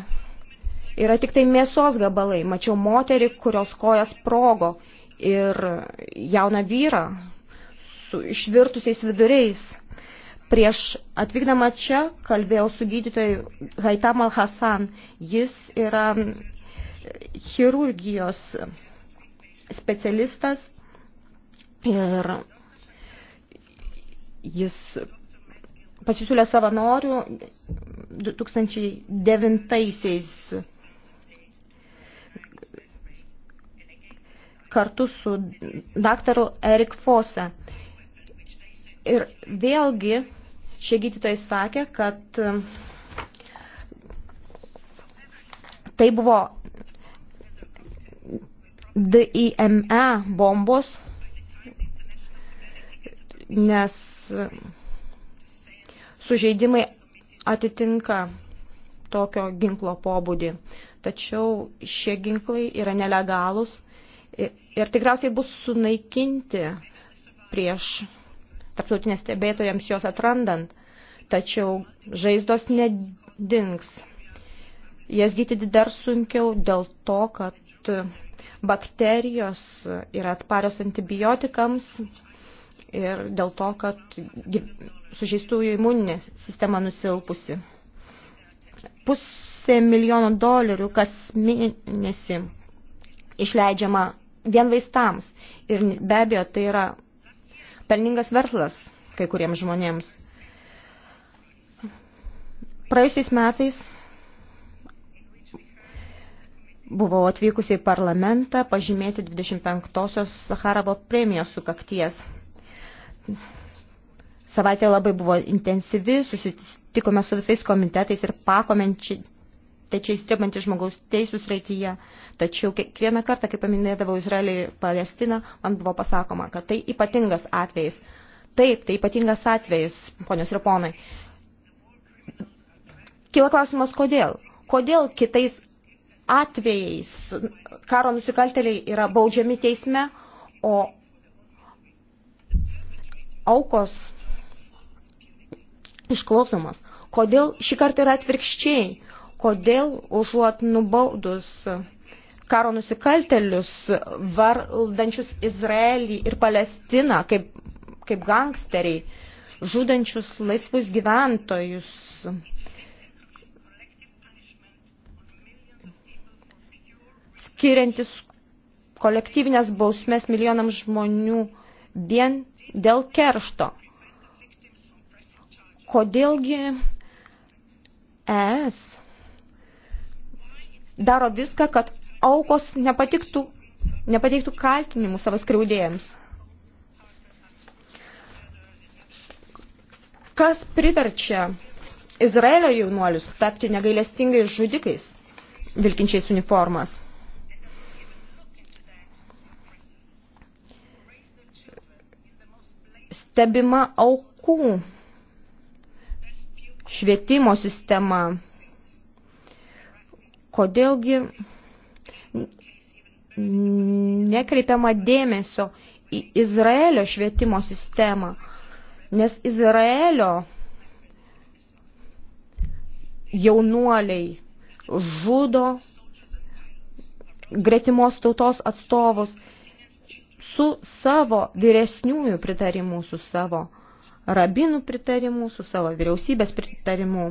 yra tik tai mėsos gabalai. Mačiau moterį, kurios kojas progo ir jauną vyrą, su išvirtusiais viduriais. Prieš atvykdama čia kalbėjau su gydytoju Haitam Al-Hasan. Jis yra chirurgijos specialistas ir jis pasisiūlė savanorių 2009-aisiais kartu su daktaru Erik Fose. Ir vėlgi šie gydytojai sakė, kad e, tai buvo DIME bombos, nes sužeidimai atitinka tokio ginklo pobūdį. Tačiau šie ginklai yra nelegalūs ir tikriausiai bus sunaikinti prieš tarptautinės stebėtojams jos atrandant, tačiau žaizdos nedings. Jas gydyti dar sunkiau dėl to, kad bakterijos yra atsparios antibiotikams ir dėl to, kad sužeistųjų imuninė sistema nusilpusi. Pusė milijono dolerių kas mėnesį išleidžiama vien vaistams. Ir be abejo, tai yra pelningas verslas kai kuriems žmonėms. Praėjusiais metais buvau atvykusi į parlamentą pažymėti 25-osios Saharavo premijos sukakties. Savaitė labai buvo intensyvi, susitikome su visais komitetais ir pakomenčiai tečiai stebantys žmogaus teisų sraityje. Tačiau kiekvieną kartą, kai paminėdavau Izraelį ir Palestiną, man buvo pasakoma, kad tai ypatingas atvejis. Taip, tai ypatingas atvejis, ponios ir ponai. Kila klausimas, kodėl? Kodėl kitais atvejais karo nusikalteliai yra baudžiami teisme, o aukos išklausomas. Kodėl šį kartą yra atvirkščiai? kodėl užuot nubaudus karo nusikaltelius, valdančius Izraelį ir Palestiną kaip, kaip gangsteriai, žudančius laisvus gyventojus. skiriantis kolektyvinės bausmės milijonams žmonių vien dėl keršto. Kodėlgi ES daro viską, kad aukos nepatiktų, nepateiktų kaltinimų savo skriaudėjams. Kas priverčia Izraelio jaunuolius tapti negailestingais žudikais, vilkinčiais uniformas? Stebima aukų švietimo sistema kodėlgi nekreipiama dėmesio į Izraelio švietimo sistemą, nes Izraelio jaunuoliai žudo gretimos tautos atstovus su savo vyresniųjų pritarimu, su savo rabinų pritarimu, su savo vyriausybės pritarimu.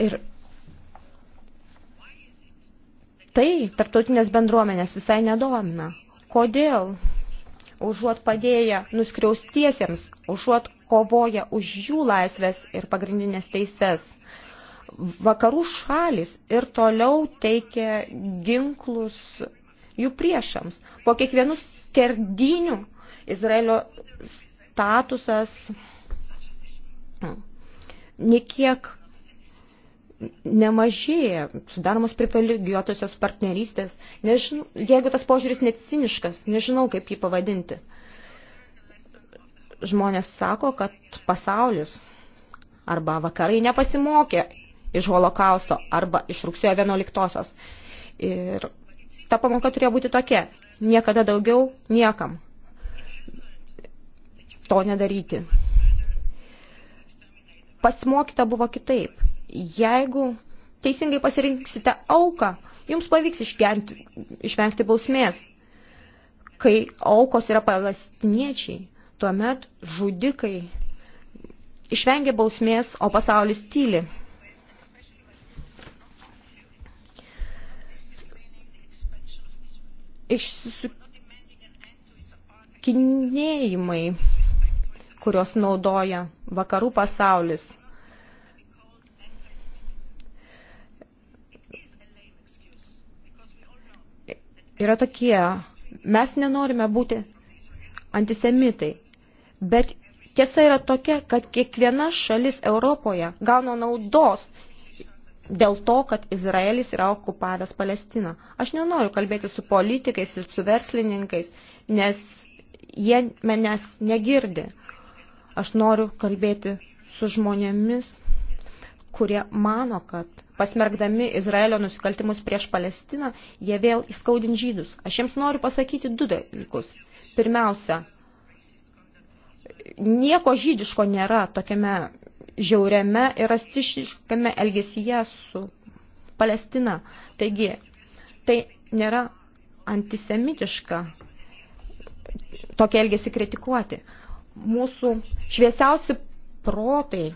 Ir Tai tarptautinės bendruomenės visai nedomina. Kodėl? Užuot padėję nuskriaustiesiems, užuot kovoja už jų laisvės ir pagrindinės teises. Vakarų šalis ir toliau teikia ginklus jų priešams. Po kiekvienų skerdinių Izraelio statusas niekiek nemažėja, sudaromos privilegijuotosios partnerystės. Nežinau, jeigu tas požiūris net ciniškas, nežinau, kaip jį pavadinti. Žmonės sako, kad pasaulis arba vakarai nepasimokė iš holokausto arba iš rugsėjo 11-osios. Ir ta pamoka turėjo būti tokia. Niekada daugiau niekam to nedaryti. Pasmokyta buvo kitaip Jeigu teisingai pasirinksite auką, jums pavyks išgenti, išvengti bausmės. Kai aukos yra palestiniečiai, tuomet žudikai išvengia bausmės, o pasaulis tyli. Išsukinėjimai, kurios naudoja vakarų pasaulis – yra tokie. Mes nenorime būti antisemitai, bet tiesa yra tokia, kad kiekviena šalis Europoje gauna naudos dėl to, kad Izraelis yra okupavęs Palestiną. Aš nenoriu kalbėti su politikais ir su verslininkais, nes jie manęs negirdi. Aš noriu kalbėti su žmonėmis, kurie mano, kad pasmergdami Izraelio nusikaltimus prieš Palestiną, jie vėl įskaudin žydus. Aš jiems noriu pasakyti du dalykus. Pirmiausia, nieko žydiško nėra tokiame žiauriame ir rastiškame elgesyje su Palestina. Taigi, tai nėra antisemitiška tokia elgesi kritikuoti. Mūsų šviesiausi protai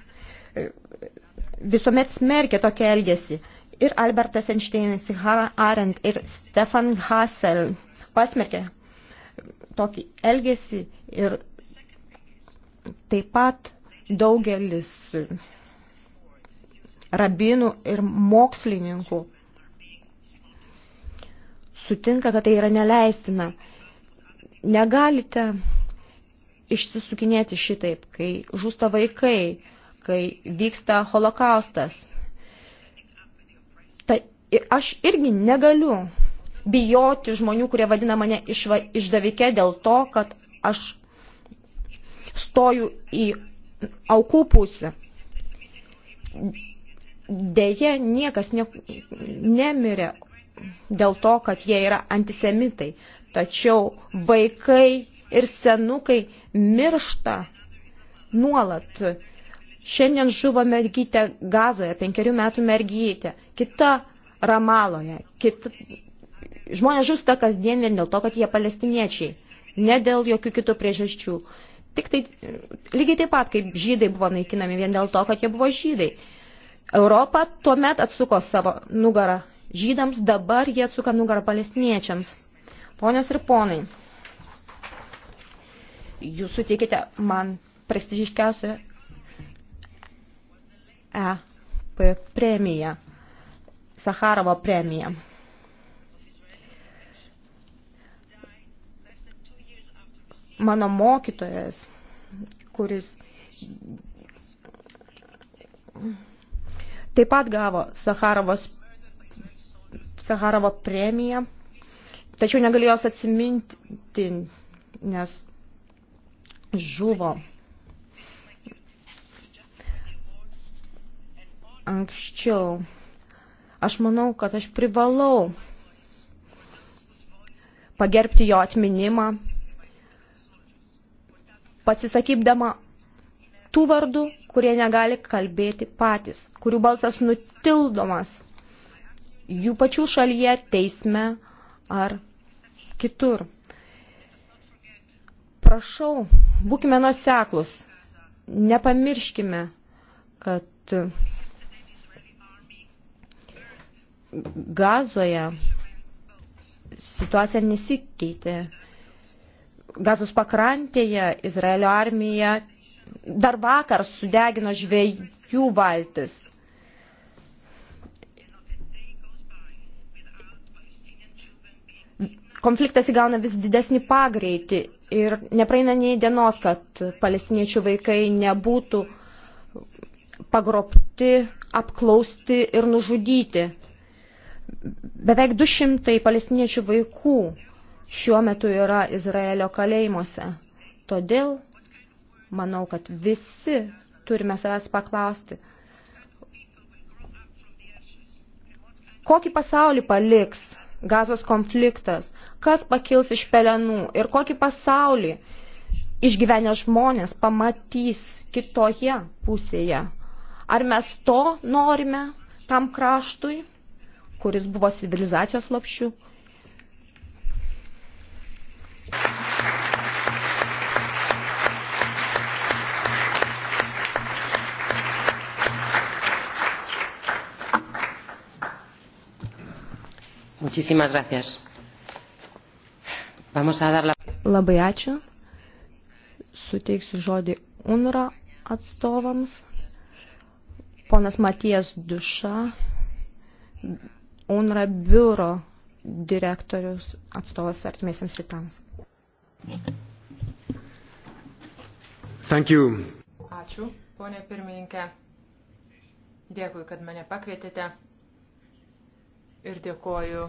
visuomet smerkė tokią elgesį. Ir Albertas Einšteinas, Arendt ir Stefan Hassel pasmerkė tokį elgesį ir taip pat daugelis rabinų ir mokslininkų sutinka, kad tai yra neleistina. Negalite išsisukinėti šitaip, kai žūsta vaikai, kai vyksta holokaustas. Tai aš irgi negaliu bijoti žmonių, kurie vadina mane išva, išdavike dėl to, kad aš stoju į aukų pusę. Deja, niekas ne, nemirė dėl to, kad jie yra antisemitai. Tačiau vaikai ir senukai miršta nuolat Šiandien žuvo mergytė Gazoje, penkerių metų mergytė, kita Ramaloje. Kita... Žmonės žūsta kasdien vien dėl to, kad jie palestiniečiai, ne dėl jokių kitų priežasčių. Tik tai lygiai taip pat, kaip žydai buvo naikinami vien dėl to, kad jie buvo žydai. Europa tuomet atsuko savo nugarą žydams, dabar jie atsuka nugarą palestiniečiams. Ponios ir ponai, jūs suteikite man prestižiškiausią EP premiją, Saharovo premiją. Mano mokytojas, kuris taip pat gavo Saharovos, Saharovo premiją, tačiau negalėjo jos atsiminti, nes žuvo anksčiau. Aš manau, kad aš privalau pagerbti jo atminimą, pasisakydama tų vardų, kurie negali kalbėti patys, kurių balsas nutildomas jų pačių šalyje, teisme ar kitur. Prašau, būkime nuoseklus, nepamirškime, kad gazoje situacija nesikeitė. Gazos pakrantėje Izraelio armija dar vakar sudegino žvėjų valtis. Konfliktas įgauna vis didesnį pagreitį ir nepraeina nei dienos, kad palestiniečių vaikai nebūtų pagrobti, apklausti ir nužudyti. Beveik 200 palestiniečių vaikų šiuo metu yra Izraelio kalėjimuose. Todėl manau, kad visi turime savęs paklausti, kokį pasaulį paliks gazos konfliktas, kas pakils iš pelenų ir kokį pasaulį išgyvenę žmonės pamatys kitoje pusėje. Ar mes to norime tam kraštui? kuris buvo civilizacijos lopšių. Muchísimas gracias. Vamos a dar la... Labai ačiū. Suteiksiu žodį UNRA atstovams. Ponas Matijas Duša, UNRA biuro direktorius atstovas artimiesiams rytams. Thank you. Ačiū, ponė pirmininkė. Dėkui, kad mane pakvietėte. Ir dėkoju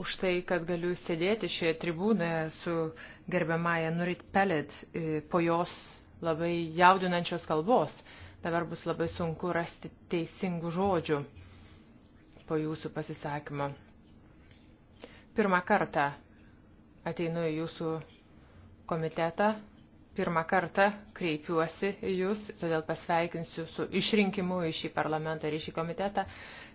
už tai, kad galiu sėdėti šioje tribūnoje su gerbiamąją Nurit Pelet e, po jos labai jaudinančios kalbos. Dabar bus labai sunku rasti teisingų žodžių po jūsų pasisakymo. Pirmą kartą ateinu į jūsų komitetą, pirmą kartą kreipiuosi į jūs, todėl pasveikinsiu su išrinkimu į šį parlamentą ir į šį komitetą.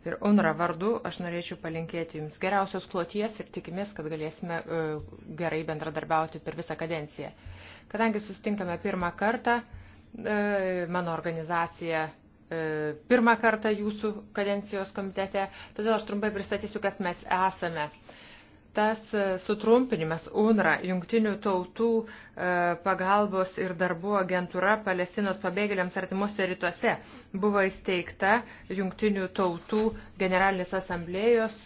Ir UNRA vardu aš norėčiau palinkėti jums geriausios kloties ir tikimės, kad galėsime e, gerai bendradarbiauti per visą kadenciją. Kadangi sustinkame pirmą kartą, e, mano organizacija E, pirmą kartą jūsų kadencijos komitete, todėl aš trumpai pristatysiu, kas mes esame. Tas e, sutrumpinimas UNRA, Junktinių tautų e, pagalbos ir darbų agentūra Palestinos pabėgėliams artimuose rytuose, buvo įsteigta Junktinių tautų generalinės asamblėjos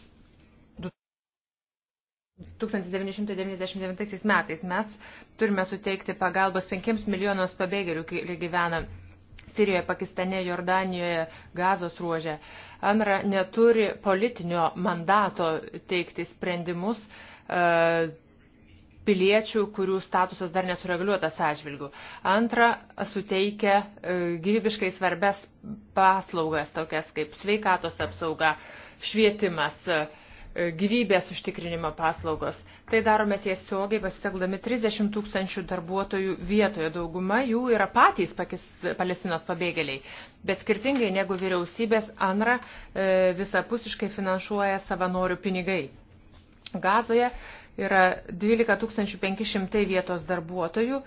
1999 metais. Mes turime suteikti pagalbos 5 milijonams pabėgėlių, kai gyvena Sirijoje, Pakistane, Jordanijoje, Gazos ruožė. Anra neturi politinio mandato teikti sprendimus e, piliečių, kurių statusas dar nesureguliuotas atžvilgių. Antra, suteikia e, gyvybiškai svarbes paslaugas, tokias kaip sveikatos apsauga, švietimas. E, E, gyvybės užtikrinimo paslaugos. Tai darome tiesiogiai pasitelkdami 30 tūkstančių darbuotojų vietoje. Dauguma jų yra patys pakis, palestinos pabėgėliai. Bet skirtingai negu vyriausybės, ANRA e, visapusiškai finansuoja savanorių pinigai. Gazoje yra 12 500 vietos darbuotojų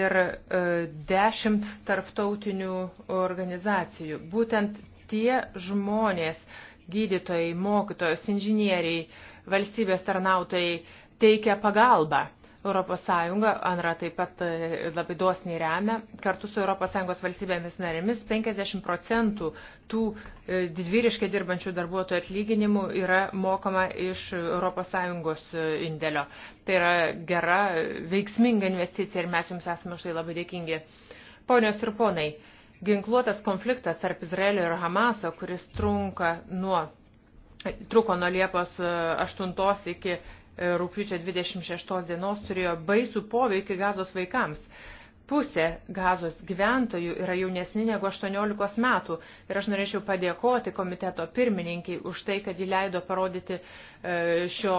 ir 10 e, tarptautinių organizacijų. Būtent tie žmonės, gydytojai, mokytojos, inžinieriai, valstybės tarnautojai teikia pagalbą. ES antra taip pat e, labai dosniai remia kartu su ES valstybėmis narėmis 50 procentų tų e, didvyriškai dirbančių darbuotojų atlyginimų yra mokama iš ES e, indėlio. Tai yra gera, veiksminga investicija ir mes jums esame už tai labai dėkingi. Ponios ir ponai, Ginkluotas konfliktas tarp Izraelio ir Hamaso, kuris trunka nuo, truko nuo Liepos 8 e, iki e, rūpiučio 26 dienos, turėjo baisų poveikį gazos vaikams pusė gazos gyventojų yra jaunesni negu 18 metų. Ir aš norėčiau padėkoti komiteto pirmininkiai už tai, kad jį leido parodyti e, šio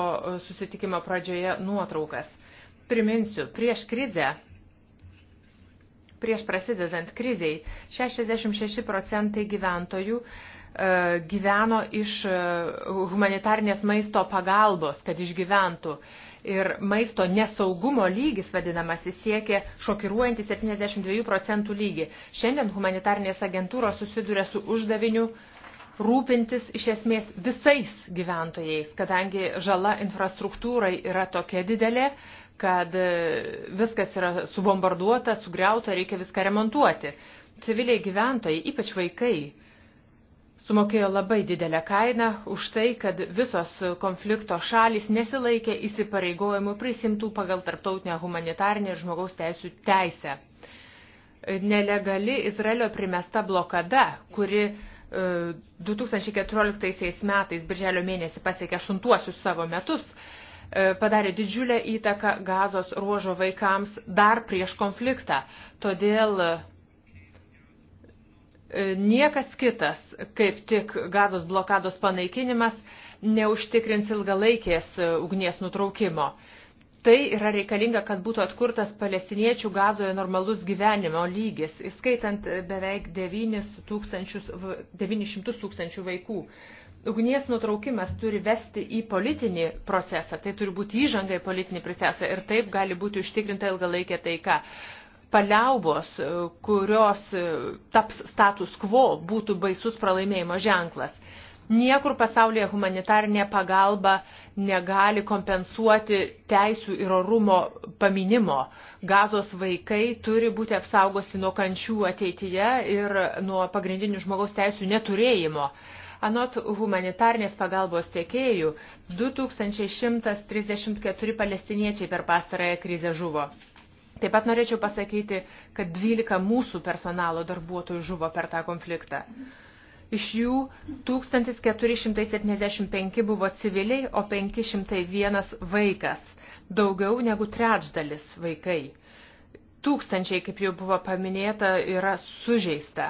susitikimo pradžioje nuotraukas. Priminsiu, prieš krizę prieš prasidedant kriziai 66 procentai gyventojų e, gyveno iš e, humanitarnės maisto pagalbos, kad išgyventų. Ir maisto nesaugumo lygis, vadinamas, siekė šokiruojantį 72 procentų lygį. Šiandien humanitarnės agentūros susiduria su uždaviniu rūpintis iš esmės visais gyventojais, kadangi žala infrastruktūrai yra tokia didelė, uh, kad e, viskas yra subombarduota, sugriauta, reikia viską remontuoti. Civiliai gyventojai, ypač vaikai, sumokėjo labai didelę kainą už tai, kad visos konflikto šalys nesilaikė įsipareigojimų prisimtų pagal tarptautinę humanitarinę ir žmogaus teisų teisę. Nelegali Izraelio primesta blokada, kuri 2014 e, metais, birželio mėnesį, pasiekė aštuntuosius savo metus, E, padarė didžiulę įtaką gazos ruožo vaikams dar prieš konfliktą. Todėl e, niekas kitas, kaip tik gazos blokados panaikinimas, neužtikrins ilgalaikės e, ugnies nutraukimo. Tai yra reikalinga, kad būtų atkurtas palestiniečių gazoje normalus gyvenimo lygis, įskaitant beveik 900 tūkstančių vaikų ugnies nutraukimas turi vesti į politinį procesą, tai turi būti įžanga į politinį procesą ir taip gali būti užtikrinta ilgalaikė taika. Paliaubos, kurios e, taps status quo, būtų baisus pralaimėjimo ženklas. Niekur pasaulyje humanitarinė pagalba negali kompensuoti teisų ir orumo paminimo. Gazos vaikai turi būti apsaugosi nuo kančių ateityje ir nuo pagrindinių žmogaus teisų neturėjimo. Uh, Anot humanitarnės pagalbos tiekėjų, 2134 palestiniečiai per pastarąją krizę žuvo. Taip pat norėčiau pasakyti, kad 12 mūsų personalo darbuotojų žuvo per tą konfliktą. Iš jų 1475 buvo civiliai, o 501 vaikas, daugiau negu trečdalis vaikai. Tūkstančiai, kaip jau buvo paminėta, yra sužeista.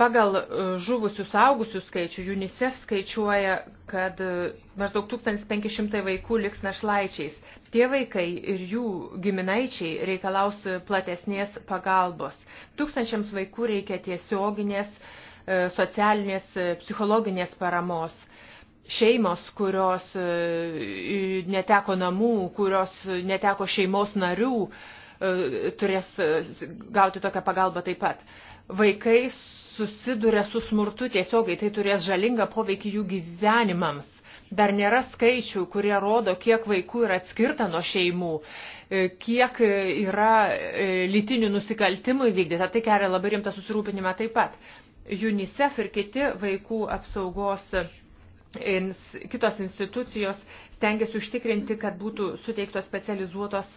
Pagal e, žuvusių saugusių skaičių UNICEF skaičiuoja, kad e, maždaug 1500 vaikų liks našlaičiais. Tie vaikai ir jų giminaičiai reikalaus platesnės pagalbos. Tūkstančiams vaikų reikia tiesioginės e, socialinės, psichologinės paramos. Šeimos, kurios neteko namų, kurios neteko šeimos narių, turės gauti tokią pagalbą taip pat. Vaikais susiduria su smurtu tiesiogiai, tai turės žalingą poveikį jų gyvenimams. Dar nėra skaičių, kurie rodo, kiek vaikų yra atskirta nuo šeimų, e, kiek yra e, lytinių nusikaltimų įvykdyta. Tai kelia labai rimtą susirūpinimą taip pat. UNICEF ir kiti vaikų apsaugos e, ins, kitos institucijos stengiasi užtikrinti, kad būtų suteiktos specializuotos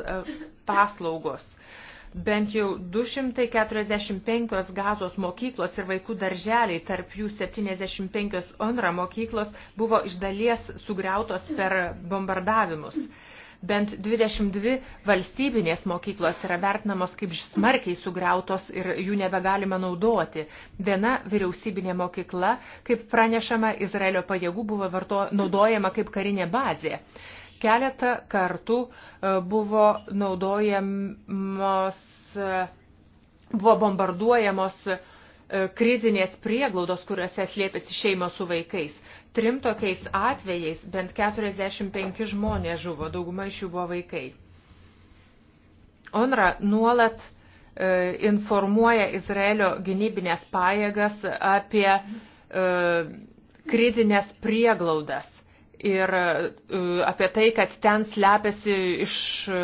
paslaugos. Uh, Bent jau 245 gazos mokyklos ir vaikų darželiai, tarp jų 75 onra mokyklos, buvo iš dalies sugriautos per bombardavimus. Bent 22 valstybinės mokyklos yra vertinamos kaip smarkiai sugriautos ir jų nebegalima naudoti. Viena vyriausybinė mokykla, kaip pranešama, Izraelio pajėgų buvo varto, naudojama kaip karinė bazė. Keletą kartų e, buvo naudojamos, e, buvo bombarduojamos e, krizinės prieglaudos, kuriuose slėpėsi šeimos su vaikais. Trim tokiais atvejais bent 45 žmonės žuvo, dauguma iš jų buvo vaikai. Onra nuolat e, informuoja Izraelio gynybinės pajėgas apie e, krizinės prieglaudas ir e, apie tai, kad ten slepiasi iš e,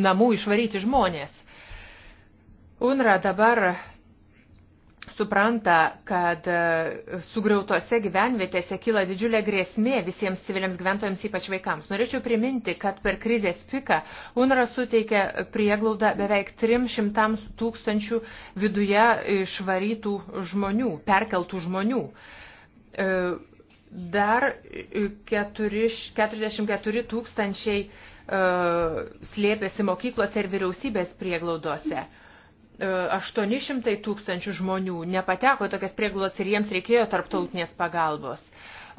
namų išvaryti žmonės. UNRA dabar supranta, kad e, sugriautose gyvenvietėse kyla didžiulė grėsmė visiems civiliams gyventojams, ypač vaikams. Norėčiau priminti, kad per krizės piką UNRA suteikė prieglaudą beveik 300 tūkstančių viduje išvarytų žmonių, perkeltų žmonių dar 44 e, tūkstančiai e, slėpėsi mokyklose ir vyriausybės prieglaudose. 800 e, tūkstančių žmonių nepateko tokias prieglaudas ir jiems reikėjo tarptautinės pagalbos.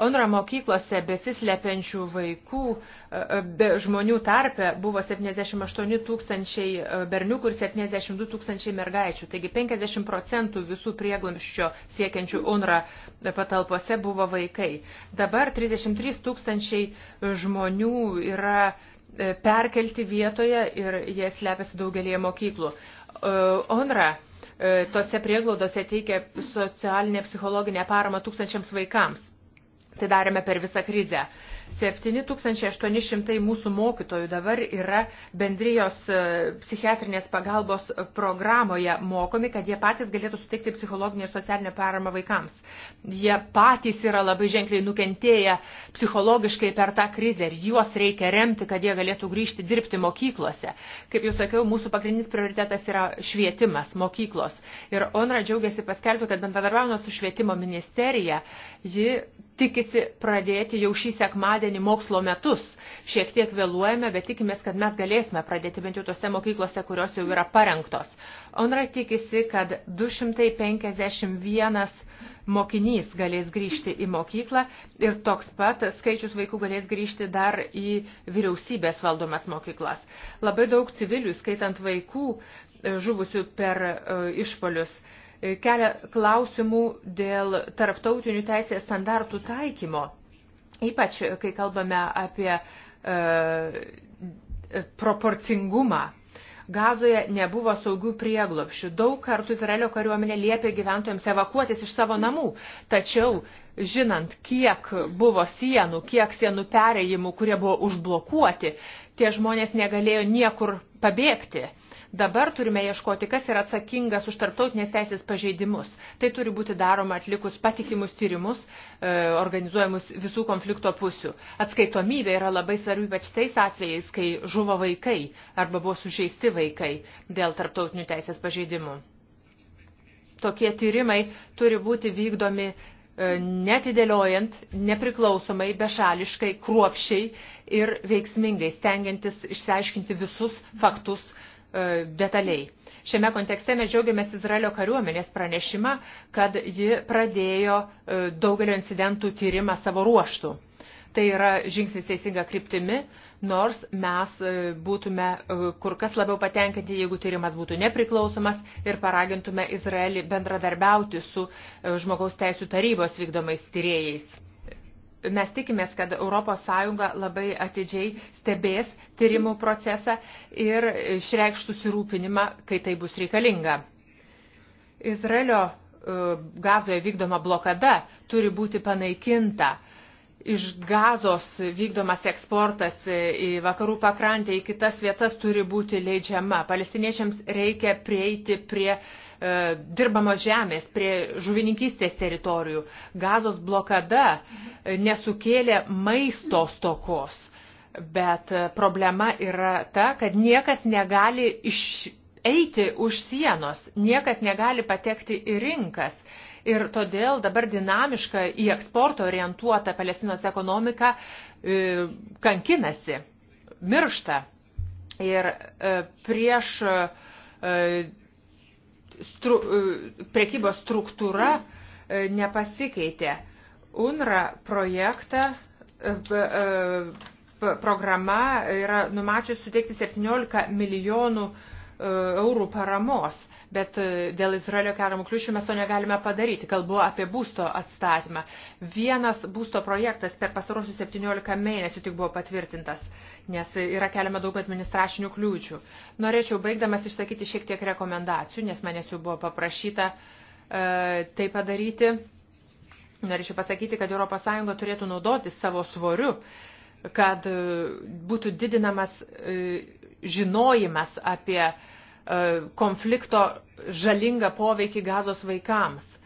UNRWA mokyklose besislepiančių vaikų e, e, be žmonių tarpe buvo 78 tūkstančiai e, berniukų ir 72 tūkstančiai mergaičių. Taigi 50 procentų visų prieglamščio siekiančių UNRWA patalpose buvo vaikai. Dabar 33 tūkstančiai žmonių yra perkelti vietoje ir jie slepiasi daugelėje mokyklų. UNRWA tose prieglaudose teikia socialinę psichologinę paramą tūkstančiams vaikams. Tai darėme per visą krizę. 7800 mūsų mokytojų dabar yra bendrijos e, psichiatrinės pagalbos programoje mokomi, kad jie patys galėtų suteikti psichologinę ir socialinę paramą vaikams. Jie patys yra labai ženkliai nukentėję psichologiškai per tą krizę ir juos reikia remti, kad jie galėtų grįžti dirbti mokyklose. Kaip jau sakiau, mūsų pagrindinis prioritetas yra švietimas, mokyklos. Ir ONRA džiaugiasi paskelbti, kad bendradarbiavimo su švietimo ministerija ji tikisi pradėti jau šį sekmadienį mokslo metus. Šiek tiek vėluojame, bet tikimės, kad mes galėsime pradėti bent jau tose mokyklose, kurios jau yra parengtos. Onra tikisi, kad 251 mokinys galės grįžti į mokyklą ir toks pat skaičius vaikų galės grįžti dar į vyriausybės valdomas mokyklas. Labai daug civilių, skaitant vaikų, žuvusių per e, išpolius kelia klausimų dėl tarptautinių teisės standartų taikymo, ypač e, kai kalbame apie e, proporcingumą. Gazoje nebuvo saugių prieglopšių. Daug kartų Izraelio kariuomenė liepė gyventojams evakuotis iš savo namų. Tačiau, žinant, kiek buvo sienų, kiek sienų perėjimų, kurie buvo užblokuoti, tie žmonės negalėjo niekur pabėgti. Dabar turime ieškoti, kas yra atsakingas už tarptautinės teisės pažeidimus. Tai turi būti daroma atlikus patikimus tyrimus, e, organizuojamus visų konflikto pusių. Atskaitomybė yra labai svarbi, ypač tais atvejais, kai žuvo vaikai arba buvo sužeisti vaikai dėl tarptautinių teisės pažeidimų. Tokie tyrimai turi būti vykdomi e, netidėliojant, nepriklausomai, bešališkai, kruopšiai ir veiksmingai, stengiantis išsiaiškinti visus faktus, E, detaliai. Šiame kontekste mes džiaugiamės Izraelio kariuomenės pranešimą, kad ji pradėjo e, daugelio incidentų tyrimą savo ruoštų. Tai yra žingsnis teisinga kryptimi, nors mes e, būtume kur kas labiau patenkinti, jeigu tyrimas būtų nepriklausomas ir paragintume Izraelį bendradarbiauti su žmogaus teisų tarybos vykdomais tyrėjais mes tikimės, kad ES labai atidžiai stebės tyrimų procesą ir išreikš susirūpinimą, kai tai bus reikalinga. Izraelio e, gazoje vykdoma blokada turi būti panaikinta. Iš gazos vykdomas eksportas e, į vakarų pakrantę, į kitas vietas turi būti leidžiama. Palestiniečiams reikia prieiti prie uh, E, dirbamos žemės, prie žuvininkystės teritorijų. Gazos blokada e, nesukėlė maisto stokos, bet e, problema yra ta, kad niekas negali eiti už sienos, niekas negali patekti į rinkas. Ir todėl dabar dinamiška į eksportą orientuota Palestinos ekonomika kankinasi, miršta. Ir prieš stru, e, prekybos struktūra e, nepasikeitė. UNRA projektą e, programa yra numačius suteikti 17 milijonų eurų paramos, bet dėl Izraelio keliamų kliūčių mes to negalime padaryti. Kalbu apie būsto atstatymą. Vienas būsto projektas per pasarosius 17 mėnesių tik buvo patvirtintas nes yra keliama daug administracinių kliūčių. Norėčiau baigdamas išsakyti šiek tiek rekomendacijų, nes manęs jau buvo paprašyta e, tai padaryti. Norėčiau pasakyti, kad ES turėtų naudoti savo svoriu, kad e, būtų didinamas e, žinojimas apie e, konflikto žalingą poveikį gazos vaikams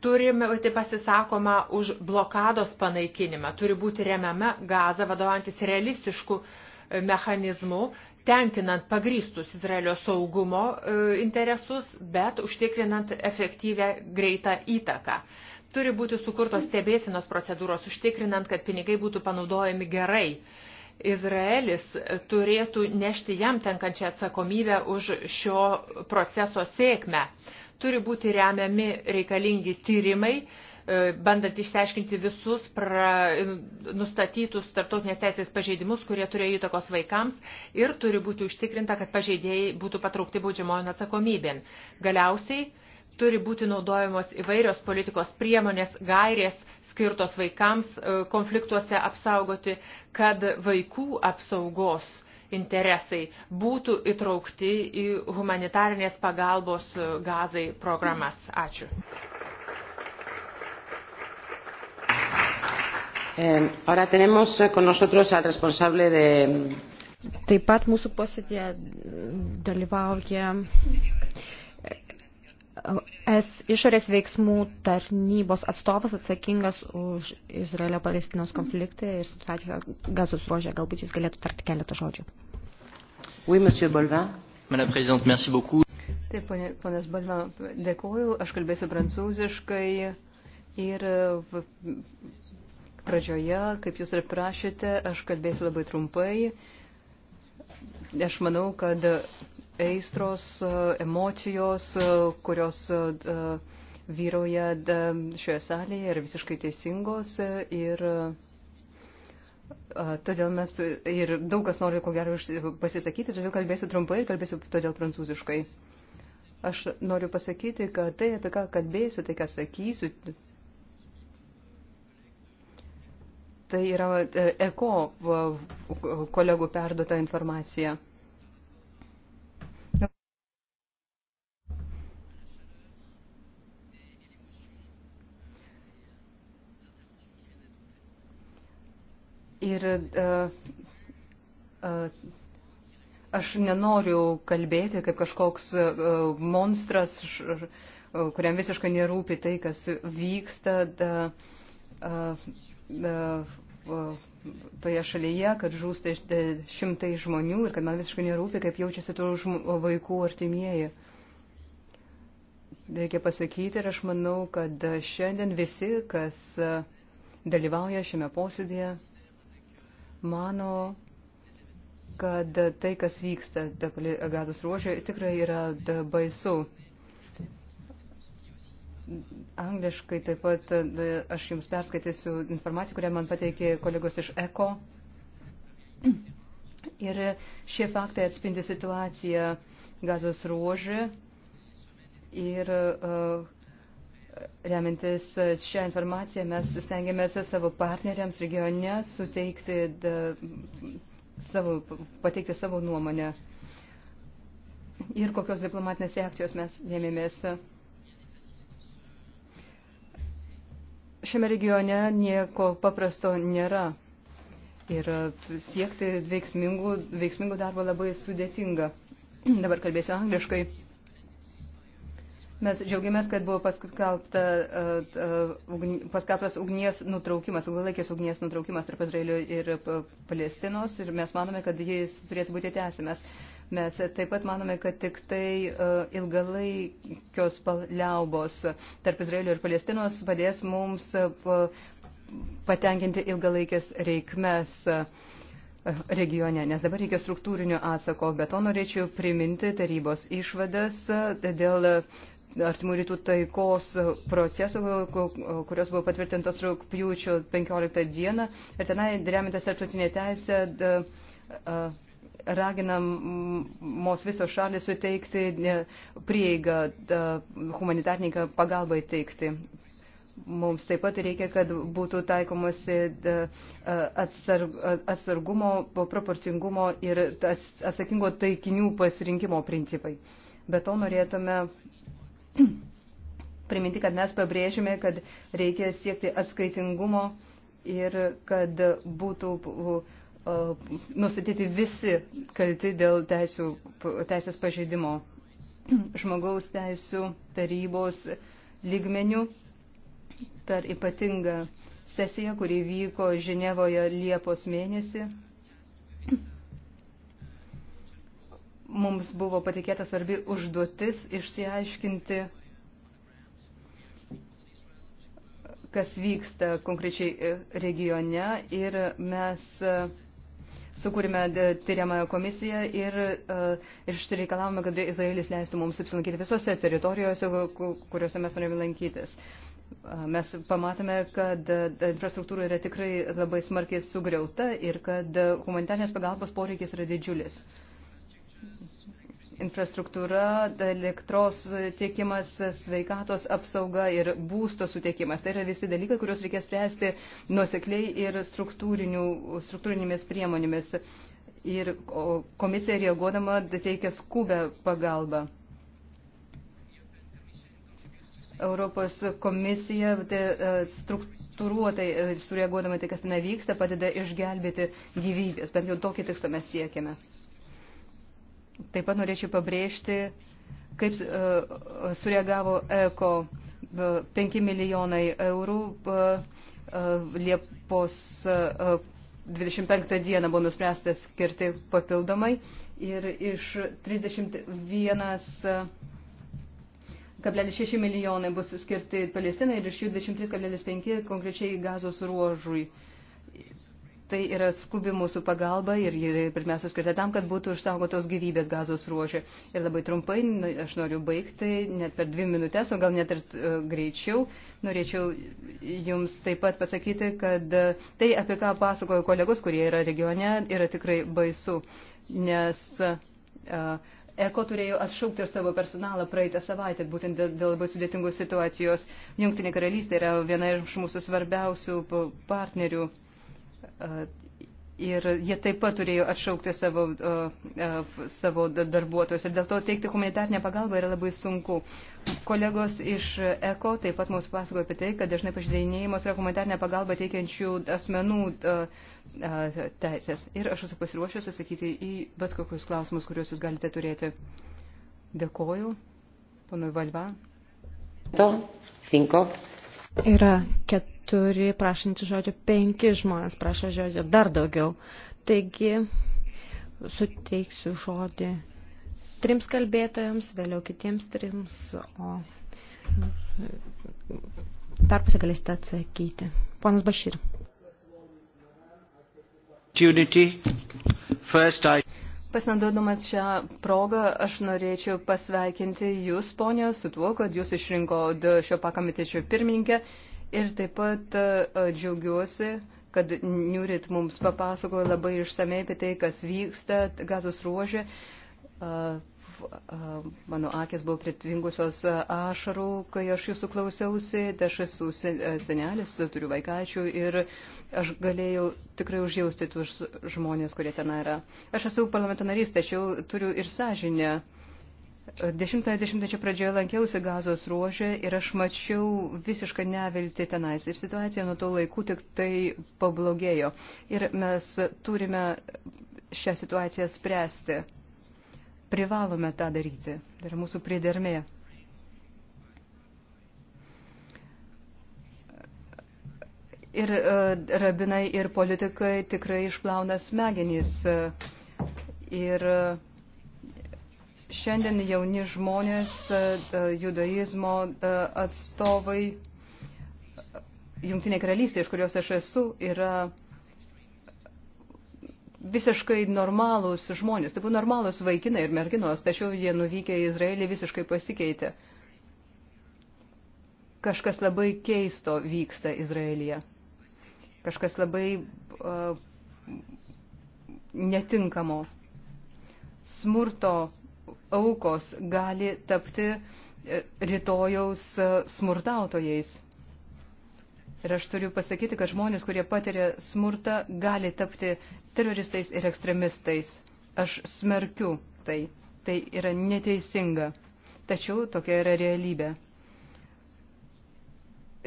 turime būti pasisakoma už blokados panaikinimą, turi būti remiama gaza vadovantis realistiškų e, mechanizmų, tenkinant pagrystus Izraelio saugumo e, interesus, bet užtikrinant efektyvę greitą įtaką. Turi būti sukurtos stebėsinos procedūros, užtikrinant, kad pinigai būtų panaudojami gerai. Izraelis turėtų nešti jam tenkančią atsakomybę už šio proceso sėkmę turi būti remiami reikalingi tyrimai, e, bandant išsiaiškinti visus pra, nustatytus tarptautinės teisės pažeidimus, kurie turėjo įtakos vaikams ir turi būti užtikrinta, kad pažeidėjai būtų patraukti baudžiamojon atsakomybėn. Galiausiai turi būti naudojamos įvairios politikos priemonės, gairės skirtos vaikams e, konfliktuose apsaugoti, kad vaikų apsaugos interesai būtų įtraukti į humanitarinės pagalbos e, gazai programas. Ačiū. Ahora tenemos eh, con nosotros al responsable de. Taip pat mūsų posėdėje dalyvauja Es išorės veiksmų tarnybos atstovas atsakingas už Izraelio-Palestinos konfliktą ir situaciją gazos ruožę. Galbūt jis galėtų tarti keletą žodžių. Oui, monsieur Bolvin. Madame Présidente, merci beaucoup. Taip, ponė, ponas Balvin, dėkoju. Aš kalbėsiu prancūziškai ir pradžioje, kaip jūs ir prašėte, aš kalbėsiu labai trumpai. Aš manau, kad aistros, emocijos, kurios e, vyroja e, šioje salėje yra visiškai teisingos ir e, todėl mes ir daug kas nori ko gero pasisakyti, todėl kalbėsiu trumpai ir kalbėsiu todėl prancūziškai. Aš noriu pasakyti, kad tai, apie ką kalbėsiu, tai ką sakysiu, tai yra eko kolegų perduota informacija. Ir uh, uh, aš nenoriu kalbėti kaip kažkoks uh, monstras, š, uh, kuriam visiškai nerūpi tai, kas vyksta. Da, uh, uh, uh, toje šalyje, kad žūsta šimtai žmonių ir kad man visiškai nerūpi, kaip jaučiasi tų vaikų artimieji. Reikia pasakyti ir aš manau, kad šiandien visi, kas dalyvauja šiame posėdėje, mano, kad tai, kas vyksta gazos ruožė, tikrai yra baisu. Angliškai taip pat aš jums perskaitysiu informaciją, kurią man pateikė kolegos iš ECO. Ir šie faktai atspindi situaciją gazos ruožė ir uh, remintis šią informaciją mes stengiamės savo partneriams regione suteikti da, savo, pateikti savo nuomonę ir kokios diplomatinės reakcijos mes ėmėmės. Šiame regione nieko paprasto nėra ir siekti veiksmingų, veiksmingų darbo labai sudėtinga. Dabar kalbėsiu angliškai. Mes džiaugiamės, kad buvo e, e, paskelbtas ugnies nutraukimas, ilgalaikės ugnies nutraukimas tarp Izraelio ir Palestinos ir mes manome, kad jis turėtų būti tęsiamas. Mes taip pat manome, kad tik tai e, ilgalaikios paliaubos tarp Izraelio ir Palestinos padės mums patenkinti ilgalaikės reikmes regione, nes dabar reikia struktūrinio atsako, bet to norėčiau priminti tarybos išvadas dėl artimų rytų taikos procesų, kurios buvo patvirtintos rūpjūčio 15 dieną. Ir tenai, remintas tarptautinė teisė, raginamos visos šalis suteikti prieigą humanitarniai pagalbai teikti. Mums taip pat reikia, kad būtų taikomasi atsargumo, proporcingumo ir atsakingo taikinių pasirinkimo principai. Be to norėtume (clears throat) priminti, kad mes pabrėžime, kad reikia siekti atskaitingumo ir kad būtų nustatyti visi kalti dėl teisų, teisės pažeidimo (clears throat) žmogaus teisų tarybos lygmenių per ypatingą sesiją, kuri vyko Ženevoje Liepos mėnesį mums buvo patikėta svarbi užduotis išsiaiškinti, kas vyksta konkrečiai e, regione ir mes e, sukūrėme tyriamąją komisiją ir, e, ir išreikalavome, kad Izraelis leistų mums apsilankyti visose teritorijose, kuriuose mes norėjome lankytis. Mes pamatome, kad infrastruktūra yra tikrai labai smarkiai sugriauta ir kad humanitarnės pagalbos poreikis yra didžiulis infrastruktūra, elektros tiekimas, sveikatos apsauga ir būsto sutiekimas. Tai yra visi dalykai, kuriuos reikės spręsti nusekliai ir struktūrinėmis priemonėmis. Ir komisija reaguodama teikia skubę pagalbą. Europos komisija tai, e, struktūruotai e, sureaguodama tai, kas ten vyksta, padeda išgelbėti gyvybės. Bent jau tokį tikslą mes siekiame. Taip pat norėčiau pabrėžti, kaip uh, sureagavo ECO 5 e, milijonai eurų uh, Liepos 25 dieną buvo nuspręsta skirti papildomai ir iš 31,6 milijonai bus skirti Palestinai ir iš jų 23,5 konkrečiai gazos ruožui. Uh, Tai yra skubi mūsų pagalba ir pirmiausia skirta tam, kad būtų išsaugotos gyvybės gazos ruožė. Ir labai trumpai, nu, aš noriu baigti net per dvi minutės, o gal net ir e, greičiau. Norėčiau Jums taip pat pasakyti, kad e, tai, apie ką pasakojo kolegos, kurie yra regione, yra tikrai baisu, nes uh, Eko turėjo atšaukti ir savo personalą praeitą savaitę, būtent dėl, dėl labai sudėtingos situacijos. Junktinė karalystė yra viena iš mūsų svarbiausių partnerių. Uh, E, ir jie taip pat turėjo atšaukti savo, uh, savo darbuotojus. Ir dėl to teikti humanitarnę pagalbą yra labai sunku. Kolegos iš ECO taip pat mums pasakojo apie tai, kad dažnai pažydinėjimas yra humanitarnę pagalbą teikiančių asmenų uh, uh, teisės. Ir aš esu pasiruošęs atsakyti į bet kokius klausimus, kuriuos jūs galite turėti. Dėkoju. Ponui Valva. To, cinco. Yra ket turi prašantį žodžio penki žmonės, prašo žodžio dar daugiau. Taigi suteiksiu žodį trims kalbėtojams, vėliau kitiems trims, o tarpusę galėsite atsakyti. Ponas Bašir. Pasinaudodamas šią progą, aš norėčiau pasveikinti Jūs, ponė, su tuo, kad Jūs išrinko šio pakamitečio pirmininkę Ir taip pat e, džiaugiuosi, kad Niurit mums papasakojo labai išsamei apie tai, kas vyksta gazos ruožė. E, e, mano akis buvo pritvingusios ašarų, kai aš jūsų klausiausi, tai aš esu senelis, turiu vaikaičių ir aš galėjau tikrai užjausti tuos žmonės, kurie ten yra. Aš esu parlamento narys, tačiau turiu ir sąžinę. Uh, Dešimtojo dešimtmečio pradžioje lankiausi gazos ruožė ir aš mačiau visišką nevilti tenais. Ir situacija nuo to laikų tik tai pablogėjo. Ir mes turime šią situaciją spręsti. Privalome tą daryti. Tai yra mūsų pridermė. Ir uh, rabinai ir politikai tikrai išplauna smegenys. Uh, ir uh, Šiandien jauni žmonės, e, e, judaizmo e, atstovai, Junktinė karalystė, iš kurios aš esu, yra visiškai normalūs žmonės. Tai buvo normalūs vaikinai ir merginos, tačiau jie nuvykę į Izraelį visiškai pasikeitė. Kažkas labai keisto vyksta Izraelyje. Kažkas labai uh, netinkamo. Smurto aukos gali tapti e, rytojaus e, smurtautojais. Ir aš turiu pasakyti, kad žmonės, kurie patiria smurtą, gali tapti teroristais ir ekstremistais. Aš smerkiu tai. Tai yra neteisinga. Tačiau tokia yra realybė.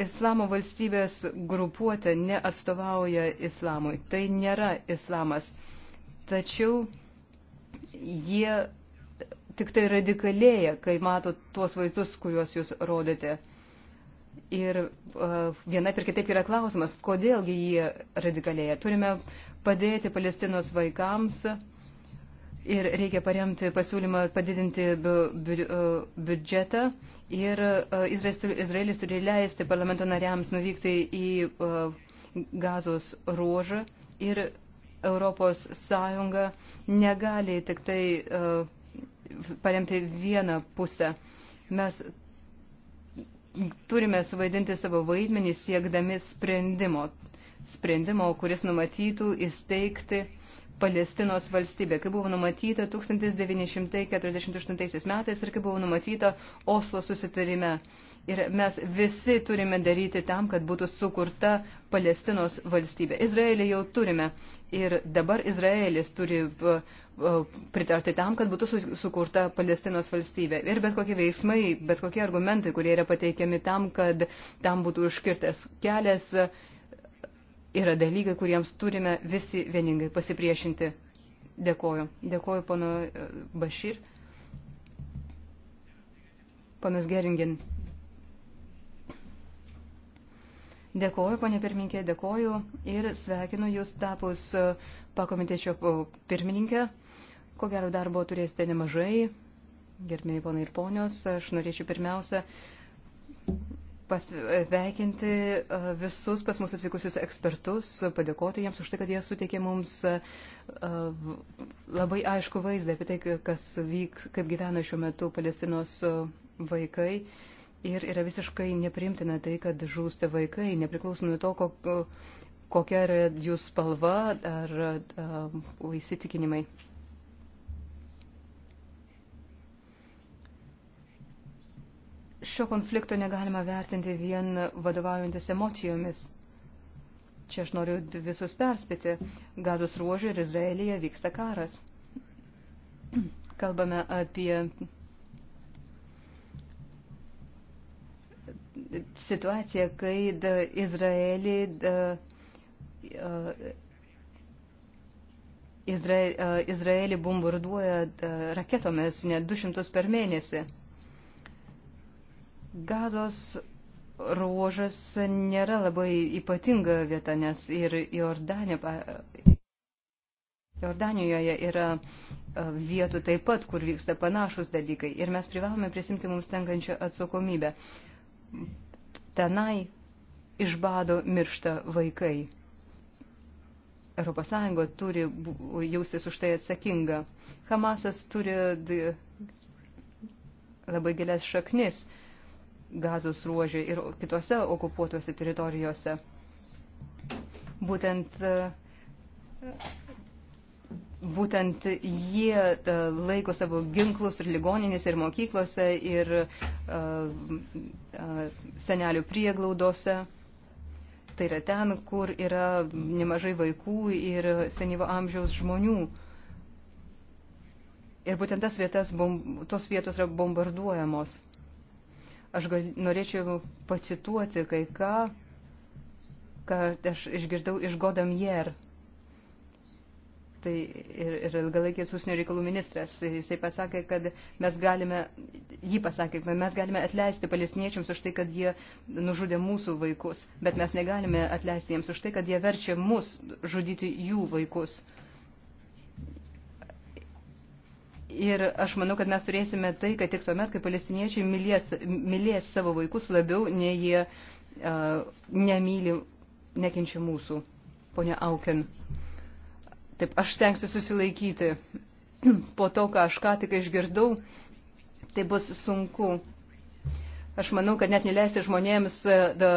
Islamo valstybės grupuotė neatstovauja islamui. Tai nėra islamas. Tačiau jie tik tai radikalėja, kai mato tuos vaizdus, kuriuos jūs rodėte. Ir uh, viena per kitaip yra klausimas, kodėlgi jie radikalėja. Turime padėti Palestinos vaikams ir reikia paremti pasiūlymą padidinti bi bi biudžetą. Ir uh, Izraelis turi leisti parlamento nariams nuvykti į uh, gazos ruožą. Ir Europos Sąjunga negali tik tai. Uh, paremti vieną pusę. Mes turime suvaidinti savo vaidmenį siekdami sprendimo, sprendimo, kuris numatytų įsteigti Palestinos valstybė, kaip buvo numatyta 1948 metais ir kaip buvo numatyta Oslo susitarime. Ir mes visi turime daryti tam, kad būtų sukurta Palestinos valstybę. Izraelį jau turime ir dabar Izraelis turi uh, uh, pritarti tam, kad būtų sukurta Palestinos valstybė. Ir bet kokie veiksmai, bet kokie argumentai, kurie yra pateikiami tam, kad tam būtų užkirtas kelias, uh, yra dalykai, kuriems turime visi vieningai pasipriešinti. Dėkoju. Dėkoju, pono Bašir. Panas Geringin. Dėkoju, ponė pirmininkė, dėkoju ir sveikinu jūs tapus e, pakomitečio e, pirmininkę. Ko gero darbo turėsite nemažai. Gerbėjai ponai ir ponios, aš norėčiau pirmiausia pasveikinti e, visus pas mus atvykusius ekspertus, padėkoti jiems už tai, kad jie suteikė mums labai aišku vaizdą apie tai, kas vyk, kaip gyvena šiuo metu Palestinos vaikai Ir yra visiškai neprimtina tai, kad žūsta vaikai, nepriklausomai nuo to, kok, kokia yra jų spalva ar uh, įsitikinimai. Šio konflikto negalima vertinti vien vadovaujantis emocijomis. Čia aš noriu visus perspėti. Gazos ruožė ir Izraelija vyksta karas. Kalbame apie situacija, kai da, Izraelį, da, e, Izra, e, Izraelį bombarduoja da, raketomis net 200 per mėnesį. Gazos ruožas nėra labai ypatinga vieta, nes ir Jordanė, Jordanijoje yra e, vietų taip pat, kur vyksta panašus dalykai. Ir mes privalome prisimti mums tenkančią atsakomybę tenai iš bado miršta vaikai. ES turi jaustis už tai atsakinga. Hamasas turi labai gilias šaknis gazos ruožė ir kitose okupuotose teritorijose. Būtent būtent jie e, laiko savo ginklus ir ligoninėse, ir mokyklose, ir e, e, senelių prieglaudose. Tai yra ten, kur yra nemažai vaikų ir senyvo amžiaus žmonių. Ir būtent tas vietas, tos vietos yra bombarduojamos. Aš gal, norėčiau pacituoti kai ką, ką aš išgirdau iš Godamier. Jer tai ir, ir ilgalaikės užsienio reikalų ministras. Jisai pasakė, kad mes galime, jį pasakė, kad mes galime atleisti palestiniečiams už tai, kad jie nužudė mūsų vaikus, bet mes negalime atleisti jiems už tai, kad jie verčia mus žudyti jų vaikus. Ir aš manau, kad mes turėsime tai, kad tik tuomet, kai palestiniečiai mylės, mylės savo vaikus labiau, nei jie uh, nemyli, nekenčia mūsų. Pone Auken. Uh, Taip, aš stengsiu susilaikyti. (clears throat) Po to, ką aš ką tik išgirdau, tai bus sunku. Aš manau, kad net neleisti žmonėms e, da,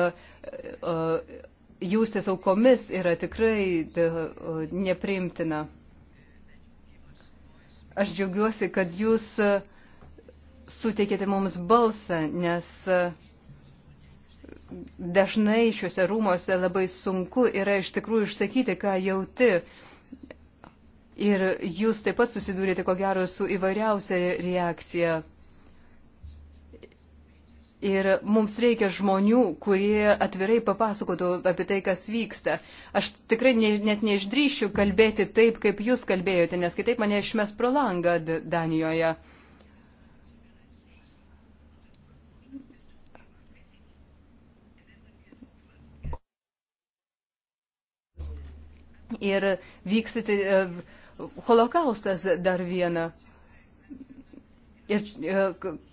uh, jaustis aukomis yra tikrai da, uh, nepriimtina. Aš džiaugiuosi, kad jūs suteikėte mums balsą, nes dažnai šiuose rūmose labai sunku yra iš tikrųjų išsakyti, ką jauti. Uh, Ir jūs taip pat susidūrėte, ko gero, su įvairiausia reakcija. Ir mums reikia žmonių, kurie atvirai papasakotų apie tai, kas vyksta. Aš tikrai ne, net neišdryšiu kalbėti taip, kaip jūs kalbėjote, nes kitaip mane išmes pro langą Danijoje. Ir vyksite. Uh, holokaustas dar viena. Ir e,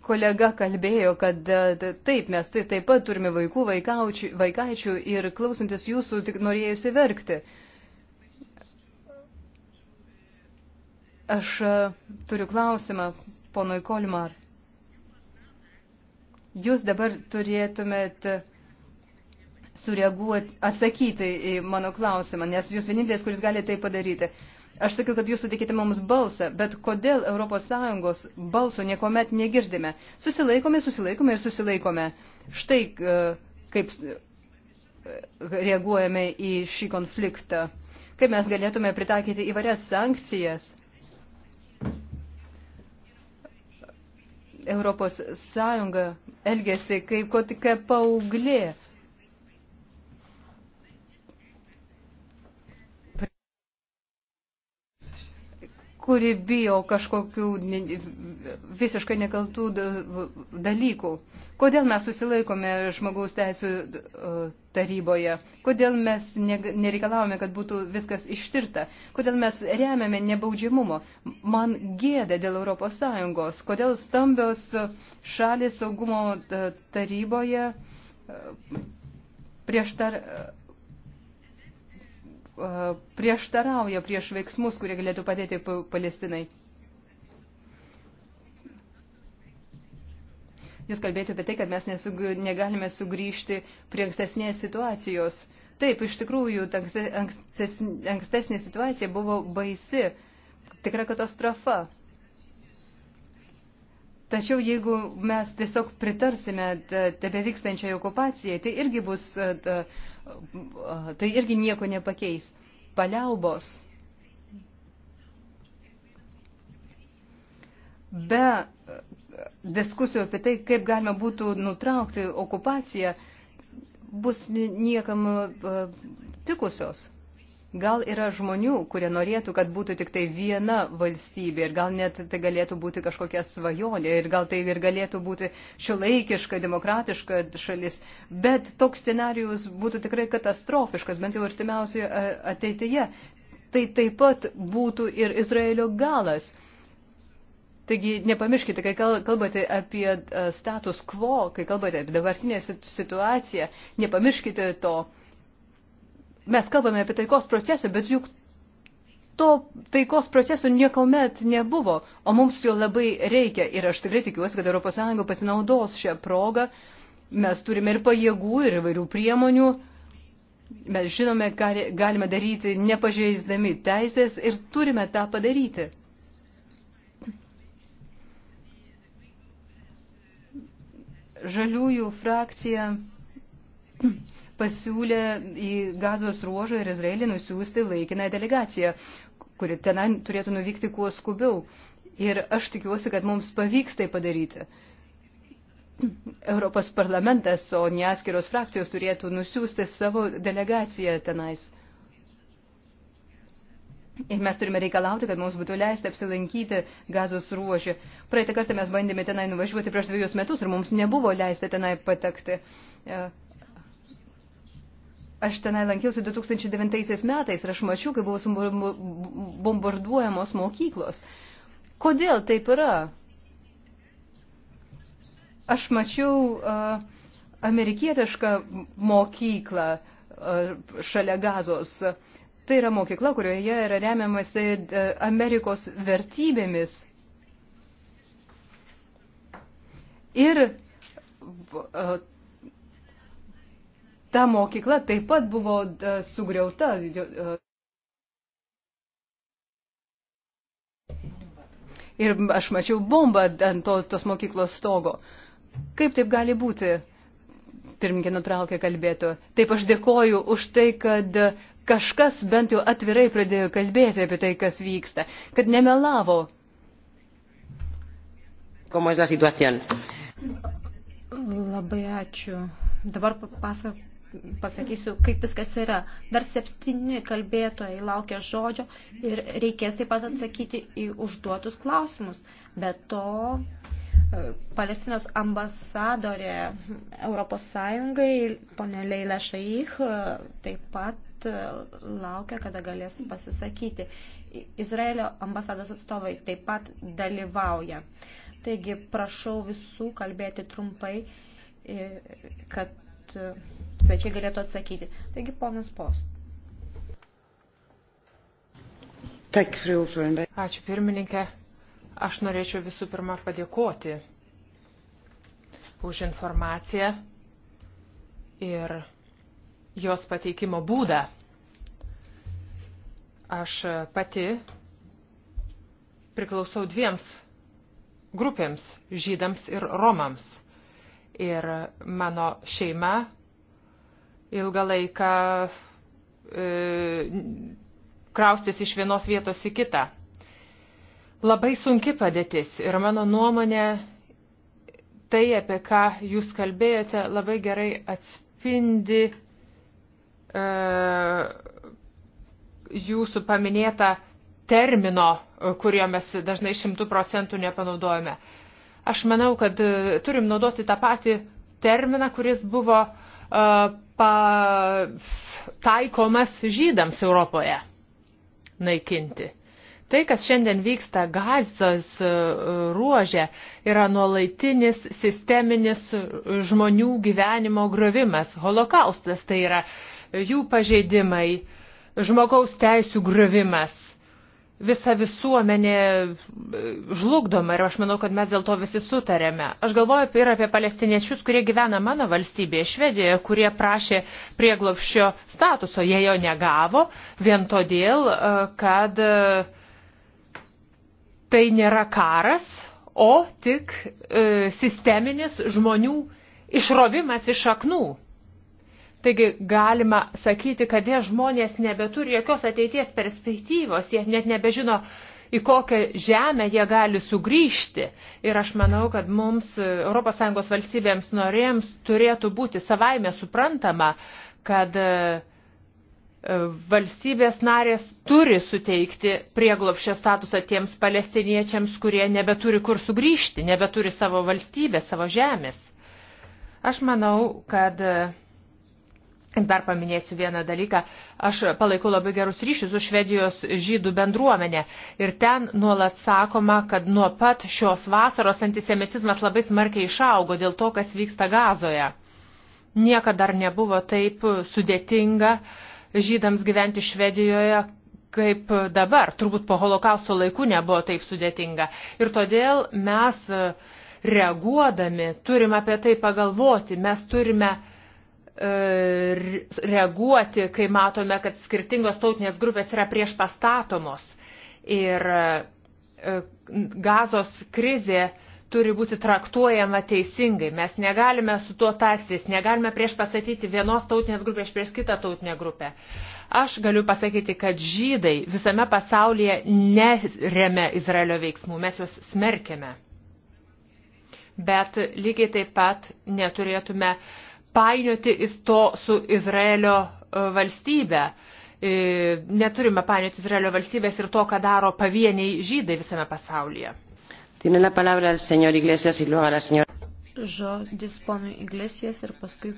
kolega kalbėjo, kad e, taip, mes tai taip pat turime vaikų, vaikaučių, vaikaičių ir klausantis jūsų tik norėjusi verkti. Aš e, turiu klausimą ponui Kolmar. Jūs dabar turėtumėt sureaguoti, atsakyti į mano klausimą, nes jūs vienintelis, kuris gali tai padaryti. Aš sakiau, kad jūs sutikite mums balsą, bet kodėl ES balso niekuomet negirdime? Susilaikome, susilaikome ir susilaikome. Štai e, kaip e, reaguojame į šį konfliktą. Kaip mes galėtume pritaikyti įvarias sankcijas Europos Sąjunga elgesi kaip kokia paauglė. kuri bijo kažkokių visiškai nekaltų dalykų. Kodėl mes susilaikome žmogaus teisų e, taryboje? Kodėl mes nereikalavome, kad būtų viskas ištirta? Kodėl mes remiame nebaudžiamumo? Man gėda dėl Europos Sąjungos. Kodėl stambios šalis saugumo e, taryboje e, prieštar prieštarauja prieš veiksmus, kurie galėtų padėti Palestinai. Jūs kalbėjote apie tai, kad mes nesug, negalime sugrįžti prie ankstesnės situacijos. Taip, iš tikrųjų, ankstes, ankstesnė situacija buvo baisi, tikra katastrofa. Tačiau jeigu mes tiesiog pritarsime tebe vykstančiai okupacijai, tai irgi bus. Ta, uh, tai irgi nieko nepakeis. Paliaubos. Be diskusijų apie tai, kaip galima būtų nutraukti okupaciją, bus niekam e, tikusios. Gal yra žmonių, kurie norėtų, kad būtų tik tai viena valstybė ir gal net tai galėtų būti kažkokia svajonė ir gal tai ir galėtų būti šiuolaikiška, demokratiška šalis, bet toks scenarius būtų tikrai katastrofiškas, bent jau artimiausioje ateityje. Tai taip pat būtų ir Izraelio galas. Taigi nepamirškite, kai kalbate apie status quo, kai kalbate apie dabartinę situaciją, nepamirškite to Mes kalbame apie taikos procesą, bet juk to taikos proceso niekuomet nebuvo, o mums jo labai reikia. Ir aš tikrai tikiuosi, kad ES pasinaudos šią progą. Mes turime ir pajėgų, ir įvairių priemonių. Mes žinome, ką galime daryti nepažeisdami teisės ir turime tą padaryti. Žaliųjų frakcija pasiūlė į gazos ruožą ir Izraelį nusiųsti laikiną delegaciją, kuri tenai turėtų nuvykti kuo skubiau. Ir aš tikiuosi, kad mums pavyks tai padaryti. Europos parlamentas, o ne atskiros frakcijos turėtų nusiųsti savo delegaciją tenais. Ir mes turime reikalauti, kad mums būtų leista apsilankyti gazos ruožį. Praeitą kartą mes bandėme tenai nuvažiuoti prieš dviejus metus ir mums nebuvo leista tenai patekti. Aš tenai lankiausi 2009 metais ir aš mačiau, kai buvo bombarduojamos mokyklos. Kodėl taip yra? Aš mačiau uh, amerikietišką mokyklą uh, šalia gazos. Tai yra mokykla, kurioje yra remiamasi uh, Amerikos vertybėmis. Ir uh, ta mokykla taip pat buvo e, sugriauta. E. Ir aš mačiau bombą ant to, tos mokyklos stogo. Kaip taip gali būti? Pirminkė nutraukė kalbėtų. Taip aš dėkoju už tai, kad kažkas bent jau atvirai pradėjo kalbėti apie tai, kas vyksta, kad nemelavo. Labai ačiū. Dabar pasak pasakysiu, kaip viskas yra. Dar septyni kalbėtojai laukia žodžio ir reikės taip pat atsakyti į užduotus klausimus. Be to, e, Palestinos ambasadorė Europos Sąjungai, ponė Leila Šaich, e, taip pat e, laukia, kada galės pasisakyti. Izraelio ambasados atstovai taip pat dalyvauja. Taigi prašau visų kalbėti trumpai, kad kad e, svečiai galėtų atsakyti. Taigi, ponas Post. Ačiū pirmininkė. Aš norėčiau visų pirma padėkoti už informaciją ir jos pateikimo būdą. Aš pati priklausau dviems grupėms - žydams ir romams ir mano šeima ilgą laiką e, kraustis iš vienos vietos į kitą. Labai sunki padėtis ir mano nuomonė tai, apie ką jūs kalbėjote, labai gerai atspindi e, jūsų paminėtą termino, kurio mes dažnai šimtų procentų nepanaudojame. E, Aš manau, kad e, turim naudoti tą patį terminą, kuris buvo uh, pa, taikomas žydams Europoje naikinti. Tai, kas šiandien vyksta gazos e, ruožė, yra nuolaitinis sisteminis žmonių gyvenimo grovimas. Holokaustas tai yra jų pažeidimai, žmogaus teisų grovimas, visa visuomenė žlugdoma ir aš manau, kad mes dėl to visi sutarėme. Aš galvoju apie, ir apie palestiniečius, kurie gyvena mano valstybėje, Švedijoje, kurie prašė prieglopščio statuso, jie jo negavo vien todėl, e, kad e, tai nėra karas, o tik e, sisteminis žmonių išrovimas iš aknų. Taigi galima sakyti, kad tie žmonės nebeturi jokios ateities perspektyvos, jie net nebežino, į kokią žemę jie gali sugrįžti. Ir aš manau, kad mums, ES valstybėms norėjams, turėtų būti savaime suprantama, kad e, e, valstybės narės turi suteikti prieglopščio statusą tiems palestiniečiams, kurie nebeturi kur sugrįžti, nebeturi savo valstybės, savo žemės. Aš manau, kad e, Dar paminėsiu vieną dalyką. Aš palaikau labai gerus ryšius su Švedijos žydų bendruomenė. Ir ten nuolat sakoma, kad nuo pat šios vasaros antisemitizmas labai smarkiai išaugo dėl to, kas vyksta gazoje. Niekada dar nebuvo taip sudėtinga žydams gyventi Švedijoje, kaip dabar. Turbūt po holokausto laikų nebuvo taip sudėtinga. Ir todėl mes reaguodami turim apie tai pagalvoti. Mes turime E, reaguoti, kai matome, kad skirtingos tautinės grupės yra prieš pastatomos. Ir e, gazos krizė turi būti traktuojama teisingai. Mes negalime su tuo taksis, negalime prieš pasakyti vienos tautinės grupės prieš kitą tautinę grupę. Aš galiu pasakyti, kad žydai visame pasaulyje neremia Izraelio veiksmų, mes juos smerkėme. Bet lygiai taip pat neturėtume uh, painioti to su Izraelio e, valstybe. E, neturime painioti Izraelio valstybės ir to, ką daro pavieniai žydai visame pasaulyje. Tiene la palabra el señor Iglesias y luego la señora. Žodis ponui Iglesias ir paskui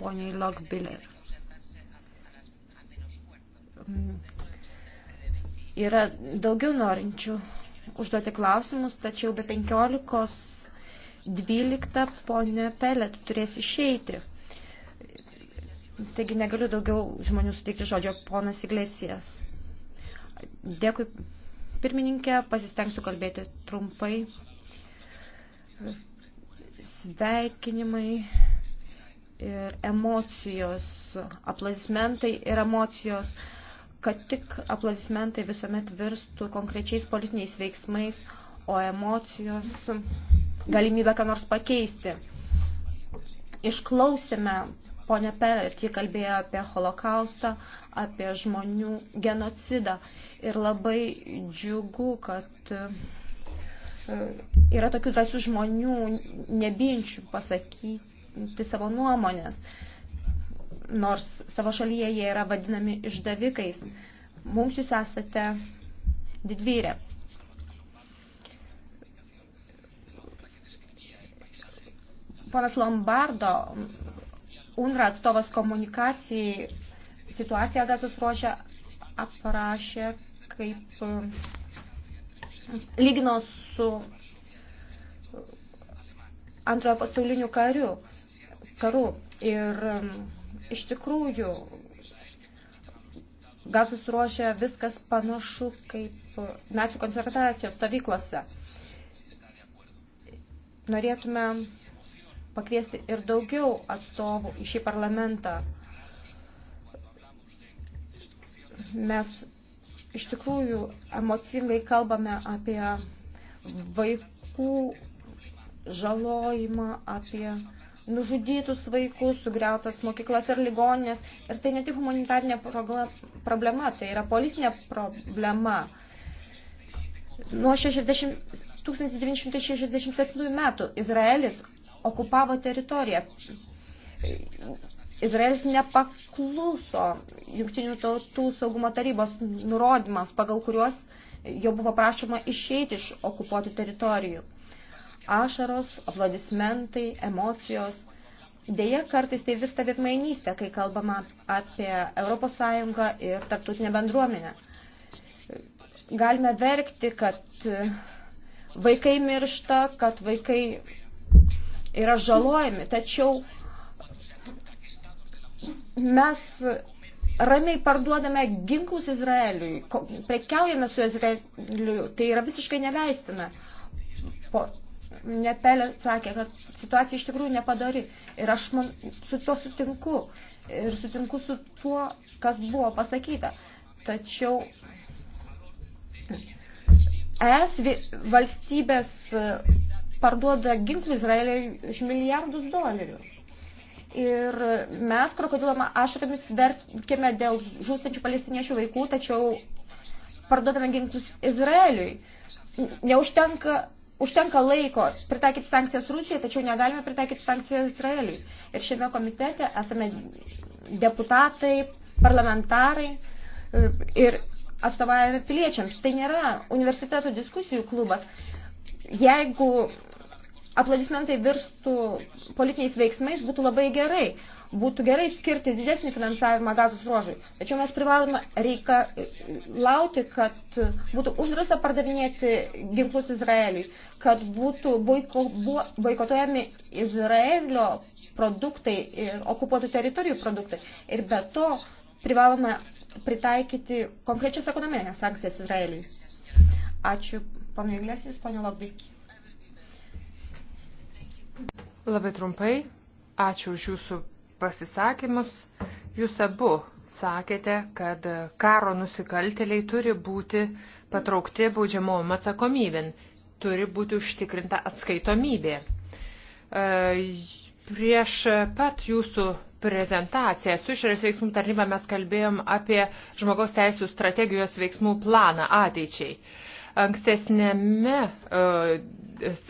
poniai Lockbiller. Yra daugiau norinčių užduoti klausimus, tačiau be penkiolikos 15 12 ponė Pelet turės išeiti. Taigi negaliu daugiau žmonių suteikti žodžio. Ponas Iglesijas. Dėkui pirmininkė, pasistengsiu kalbėti trumpai. Sveikinimai ir emocijos, aplodismentai ir emocijos, kad tik aplodismentai visuomet virstų konkrečiais politiniais veiksmais, o emocijos galimybę ką nors pakeisti. Išklausėme ponę Perret, ji kalbėjo apie holokaustą, apie žmonių genocidą. Ir labai džiugu, kad e, yra tokių drąsių žmonių, nebinčių pasakyti savo nuomonės, nors savo šalyje jie yra vadinami išdavikais. Mums jūs esate didvyrė. Ponas Lombardo, UNRA atstovas komunikacijai, situaciją gazos ruožę aprašė kaip e, lygino su antrojo pasauliniu kariu, karu. Ir e, iš tikrųjų gazos ruožė viskas panašu kaip nacių koncentracijos stovyklose. Norėtume pakviesti ir daugiau atstovų į šį parlamentą. Mes iš tikrųjų emocingai kalbame apie vaikų žalojimą, apie nužudytus vaikus, sugriautas mokyklas ar ligoninės. Ir tai ne tik humanitarinė problema, tai yra politinė problema. Nuo 60, 1967 metų Izraelis okupavo teritoriją. Izraelis nepakluso Junktinių tautų saugumo tarybos nurodymams, pagal kuriuos jo buvo prašoma išeiti iš okupuotų teritorijų. Ašaros, aplodismentai, emocijos. Deja, kartais tai vis veidmainystė, kai kalbama apie ES ir tarptautinę bendruomenę. Galime verkti, kad vaikai miršta, kad vaikai yra žalojami, tačiau mes ramiai parduodame ginklus Izraeliui, prekiaujame su Izraeliu, tai yra visiškai neleistina. Po, Nepelė sakė, kad situacija iš tikrųjų nepadari ir aš man, su tuo sutinku ir sutinku su tuo, kas buvo pasakyta. Tačiau ES valstybės parduoda ginklų Izraeliui už milijardus dolerių. Ir mes krokodiloma ašromis verkime dėl žūstančių palestiniečių vaikų, tačiau parduodame ginklus Izraeliui. Neužtenka Užtenka laiko pritaikyti sankcijas Rusijai, tačiau negalime pritaikyti sankcijas Izraeliui. Ir šiame komitete esame deputatai, parlamentarai e, ir atstovavime piliečiams. Tai nėra universiteto diskusijų klubas. Jeigu aplaudismentai virstų politiniais veiksmais, būtų labai gerai. Būtų gerai skirti didesnį finansavimą gazos ruožui. Tačiau mes privalome reikalauti, kad būtų uždrausta pardavinėti ginklus Izraeliui, kad būtų boiko, bu, boikotojami Izraelio produktai ir okupuotų teritorijų produktai. Ir be to privalome pritaikyti konkrečias ekonominės sankcijas Izraeliui. Ačiū, panu Iglesijus, panu Lobby. Labai trumpai, ačiū už jūsų pasisakymus. Jūs abu sakėte, kad karo nusikaltėliai turi būti patraukti baudžiamojom atsakomybėn, turi būti užtikrinta atskaitomybė. E, prieš pat jūsų prezentaciją su išorės veiksmų tarnyba mes kalbėjom apie žmogaus teisų strategijos veiksmų planą ateičiai. Ankstesnėme e,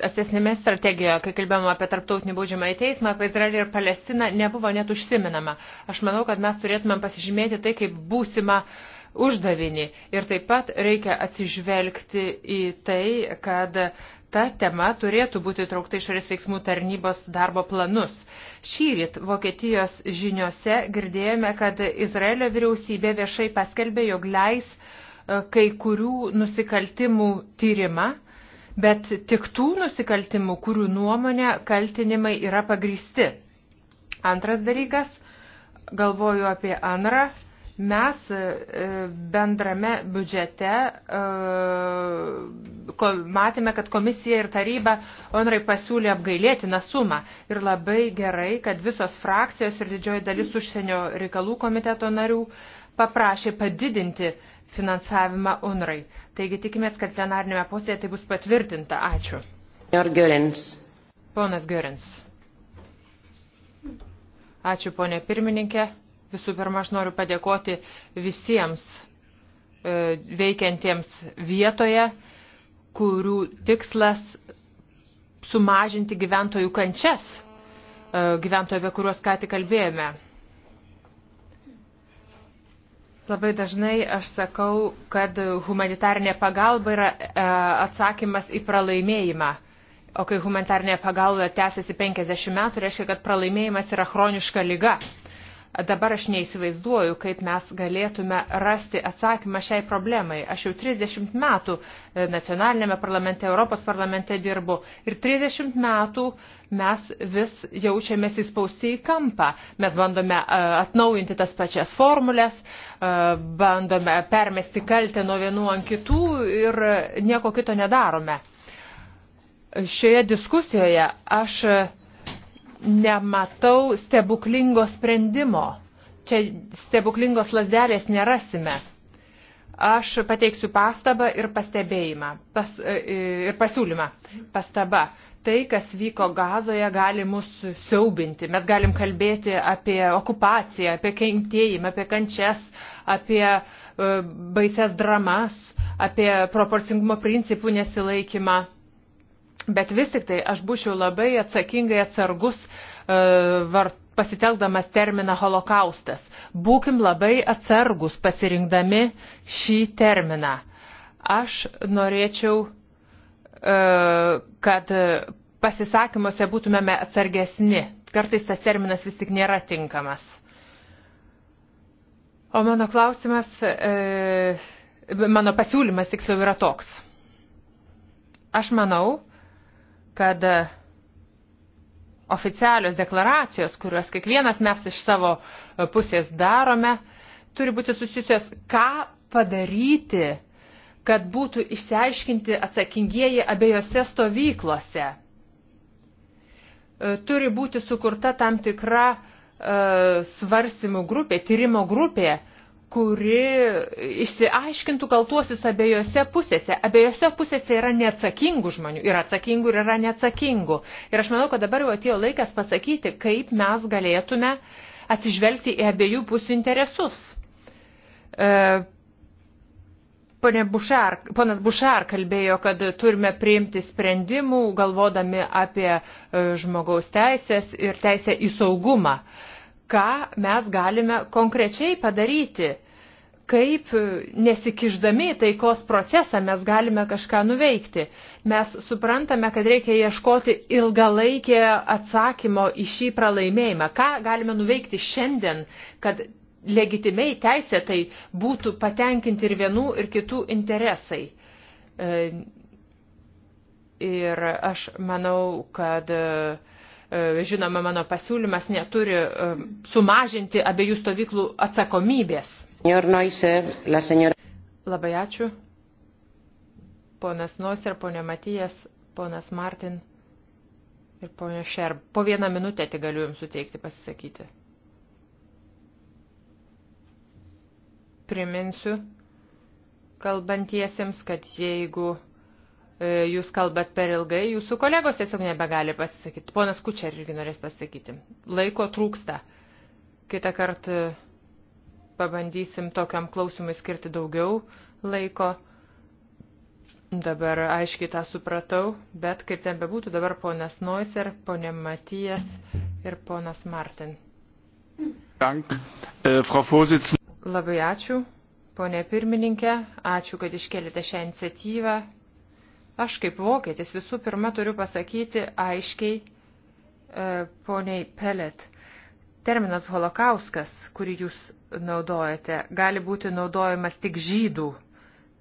asesnėme strategijoje, kai kalbėjome apie tarptautinį baudžiamąjį teismą, apie Izraelį ir Palestiną, nebuvo net užsiminama. Aš manau, kad mes turėtumėm pasižymėti tai kaip būsimą uždavinį. Ir taip pat reikia atsižvelgti į tai, kad ta tema turėtų būti traukta išorės veiksmų tarnybos darbo planus. Šyrit Vokietijos žiniuose girdėjome, kad Izraelio vyriausybė viešai paskelbė, jog leis e, kai kurių nusikaltimų tyrimą bet tik tų nusikaltimų, kurių nuomonė kaltinimai yra pagristi. Antras dalykas, galvoju apie antrą, mes e, bendrame biudžete e, matėme, kad komisija ir taryba onrai pasiūlė apgailėtiną sumą. Ir labai gerai, kad visos frakcijos ir didžioji dalis užsienio reikalų komiteto narių paprašė padidinti uh, finansavimą UNRAI. Taigi tikimės, kad plenarinėme posėdėje tai bus patvirtinta. Ačiū. Ponas Görins. Ačiū, ponė pirmininkė. Visų pirma, aš noriu padėkoti visiems e, veikiantiems vietoje, kurių tikslas sumažinti gyventojų kančias, e, gyventojų, apie kuriuos ką tik kalbėjome. Labai dažnai aš sakau, kad humanitarinė pagalba yra e, atsakymas į pralaimėjimą. O kai humanitarinė pagalba tęsiasi 50 metų, reiškia, kad pralaimėjimas yra chroniška lyga. Dabar aš neįsivaizduoju, kaip mes galėtume rasti atsakymą šiai problemai. Aš jau 30 metų e, nacionalinėme parlamente, Europos parlamente dirbu ir 30 metų mes vis jaučiamės įspausti į kampą. Mes bandome e, atnaujinti tas pačias formulės, e, bandome permesti kaltę nuo vienų ant kitų ir nieko kito nedarome. Šioje diskusijoje aš nematau stebuklingo sprendimo. Čia stebuklingos lasdelės nerasime. Aš pateiksiu pastabą ir pastebėjimą pas, e, e, ir pasiūlymą. Pastaba. Tai, kas vyko gazoje, gali mus siaubinti. Mes galim kalbėti apie okupaciją, apie kentėjimą, apie kančias, apie e, baises dramas, apie proporcingumo principų nesilaikymą Bet vis tik tai aš būčiau labai atsakingai atsargus uh, vart, pasitelkdamas terminą holokaustas. Būkim labai atsargus pasirinkdami šį terminą. Aš norėčiau, uh, kad pasisakymuose būtumėme atsargesni. Kartais tas terminas vis tik nėra tinkamas. O mano klausimas, uh, mano pasiūlymas tiksliau yra toks. Aš manau, kad e, oficialios deklaracijos, kuriuos kiekvienas mes iš savo e, pusės darome, turi būti susijusios, ką padaryti, kad būtų išsiaiškinti atsakingieji abiejose stovyklose. E, turi būti sukurta tam tikra svarstymų grupė, tyrimo grupė, kuri išsiaiškintų kaltuosius abiejose pusėse. Abiejose pusėse yra neatsakingų žmonių, yra atsakingų ir yra neatsakingų. Ir aš manau, kad dabar jau atėjo laikas pasakyti, kaip mes galėtume atsižvelgti į abiejų pusių interesus. E, Pone Bušar, ponas Bušar kalbėjo, kad turime priimti sprendimų, galvodami apie e, žmogaus teisės ir teisę į saugumą. Ką mes galime konkrečiai padaryti? kaip e, nesikiždami į taikos procesą mes galime kažką nuveikti. Mes suprantame, kad reikia ieškoti ilgalaikė atsakymo į šį pralaimėjimą. Ką galime nuveikti šiandien, kad legitimiai teisėtai būtų patenkinti ir vienų, ir kitų interesai. E, ir aš manau, kad e, žinoma, mano pasiūlymas neturi sumažinti abiejų stovyklų atsakomybės Labai ačiū. Ponas Noiser, ponė Matijas, ponas Martin ir ponė Šerb. Po vieną minutę tik galiu jums suteikti pasisakyti. Priminsiu kalbantiesiems, kad jeigu e, jūs kalbat per ilgai, jūsų kolegos tiesiog nebegali pasisakyti. Ponas Kučer irgi norės pasakyti. Laiko trūksta. Kita kartą e, pabandysim tokiam klausimui skirti daugiau laiko. Dabar aiškiai tą supratau, bet kaip ten bebūtų, dabar ponas Noiser, ponė Matijas ir ponas Martin. Dank, e, Frau Vorsitzende. Labai ačiū, ponė pirmininkė, ačiū, kad iškelite šią iniciatyvą. Aš kaip vokietis visų pirma turiu pasakyti aiškiai e, poniai Pelet. Terminas holokauskas, kurį jūs naudojate, gali būti naudojamas tik žydų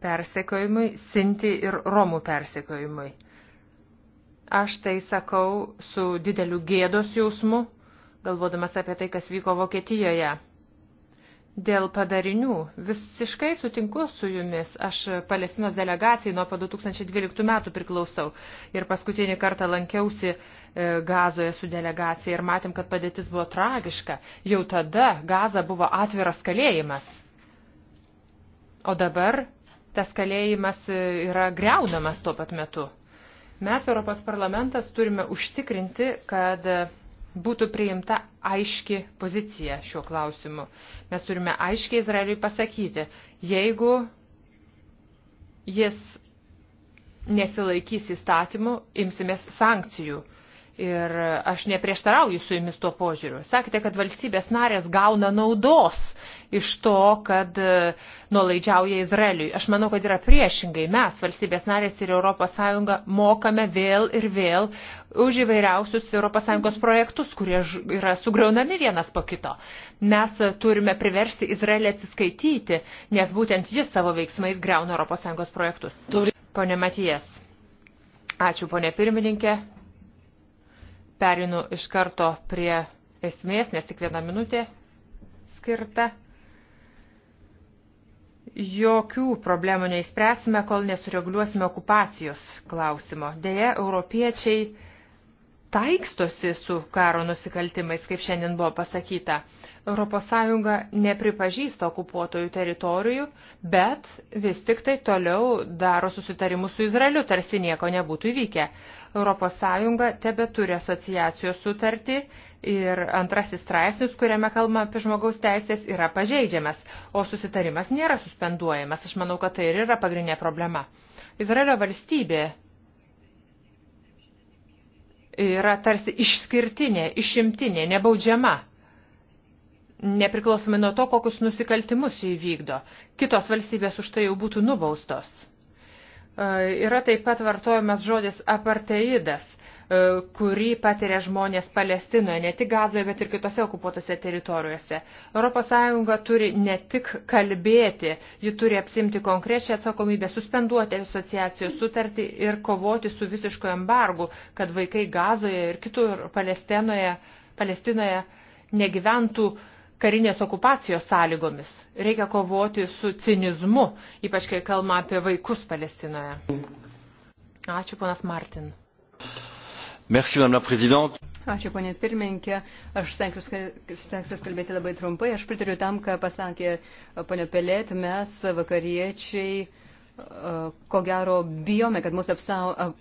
persekiojimui, sinti ir romų persekiojimui. Aš tai sakau su dideliu gėdos jausmu, galvodamas apie tai, kas vyko Vokietijoje. Dėl padarinių visiškai sutinku su jumis. Aš Palestinos delegacijai nuo 2012 metų priklausau ir paskutinį kartą lankiausi e, Gazoje su delegacija ir matėm, kad padėtis buvo tragiška. Jau tada Gaza buvo atviras kalėjimas. O dabar tas kalėjimas e, yra greunamas tuo pat metu. Mes, Europos parlamentas, turime užtikrinti, kad būtų priimta aiški pozicija šiuo klausimu. Mes turime aiškiai Izraeliui pasakyti, jeigu jis nesilaikys įstatymų, imsimės sankcijų. Ir aš neprieštarauju su jumis tuo požiūriu. Sakėte, kad valstybės narės gauna naudos iš to, kad e, nuolaidžiauja Izraeliui. Aš manau, kad yra priešingai. Mes, valstybės narės ir ES, mokame vėl ir vėl už įvairiausius ES projektus, kurie yra sugriaunami vienas po kito. Mes turime priversti Izraelį atsiskaityti, nes būtent jis savo veiksmais greuna ES projektus. Pone Matijas. Ačiū, ponė pirmininkė. Perinu iš karto prie esmės, nes tik viena minutė skirta. Jokių problemų neįspręsime, kol nesureguliuosime okupacijos klausimo. Deja, europiečiai taikstosi su karo nusikaltimais, kaip šiandien buvo pasakyta. ES nepripažįsta okupuotojų teritorijų, bet vis tik tai toliau daro susitarimus su Izraeliu, tarsi nieko nebūtų įvykę. ES tebe turi asociacijos sutartį ir antrasis straipsnis, kuriame kalbama apie žmogaus teisės, yra pažeidžiamas, o susitarimas nėra suspenduojamas. Aš manau, kad tai ir yra pagrindinė problema. Izraelio valstybė yra tarsi išskirtinė, išimtinė, nebaudžiama nepriklausomai nuo to, kokius nusikaltimus įvykdo. Kitos valstybės už tai jau būtų nubaustos. E, yra taip pat vartojamas žodis aparteidas, e, kurį patiria žmonės Palestinoje, ne tik Gazoje, bet ir kitose okupuotose teritorijose. ES turi ne tik kalbėti, ji turi apsimti konkrečią atsakomybę, suspenduoti asociacijos sutartį ir kovoti su visišku embargu, kad vaikai Gazoje ir kitur Palestinoje, Palestinoje negyventų uh, karinės okupacijos sąlygomis. Reikia kovoti su cinizmu, ypač kai kalba apie vaikus Palestinoje. Ačiū, ponas Martin. Merci, madame la présidente. Ačiū, ponė pirmininkė. Aš stengsiu kalbėti labai trumpai. Aš pritariu tam, ką pasakė ponė Pelėt. Mes, vakariečiai, ko gero bijome, kad mūsų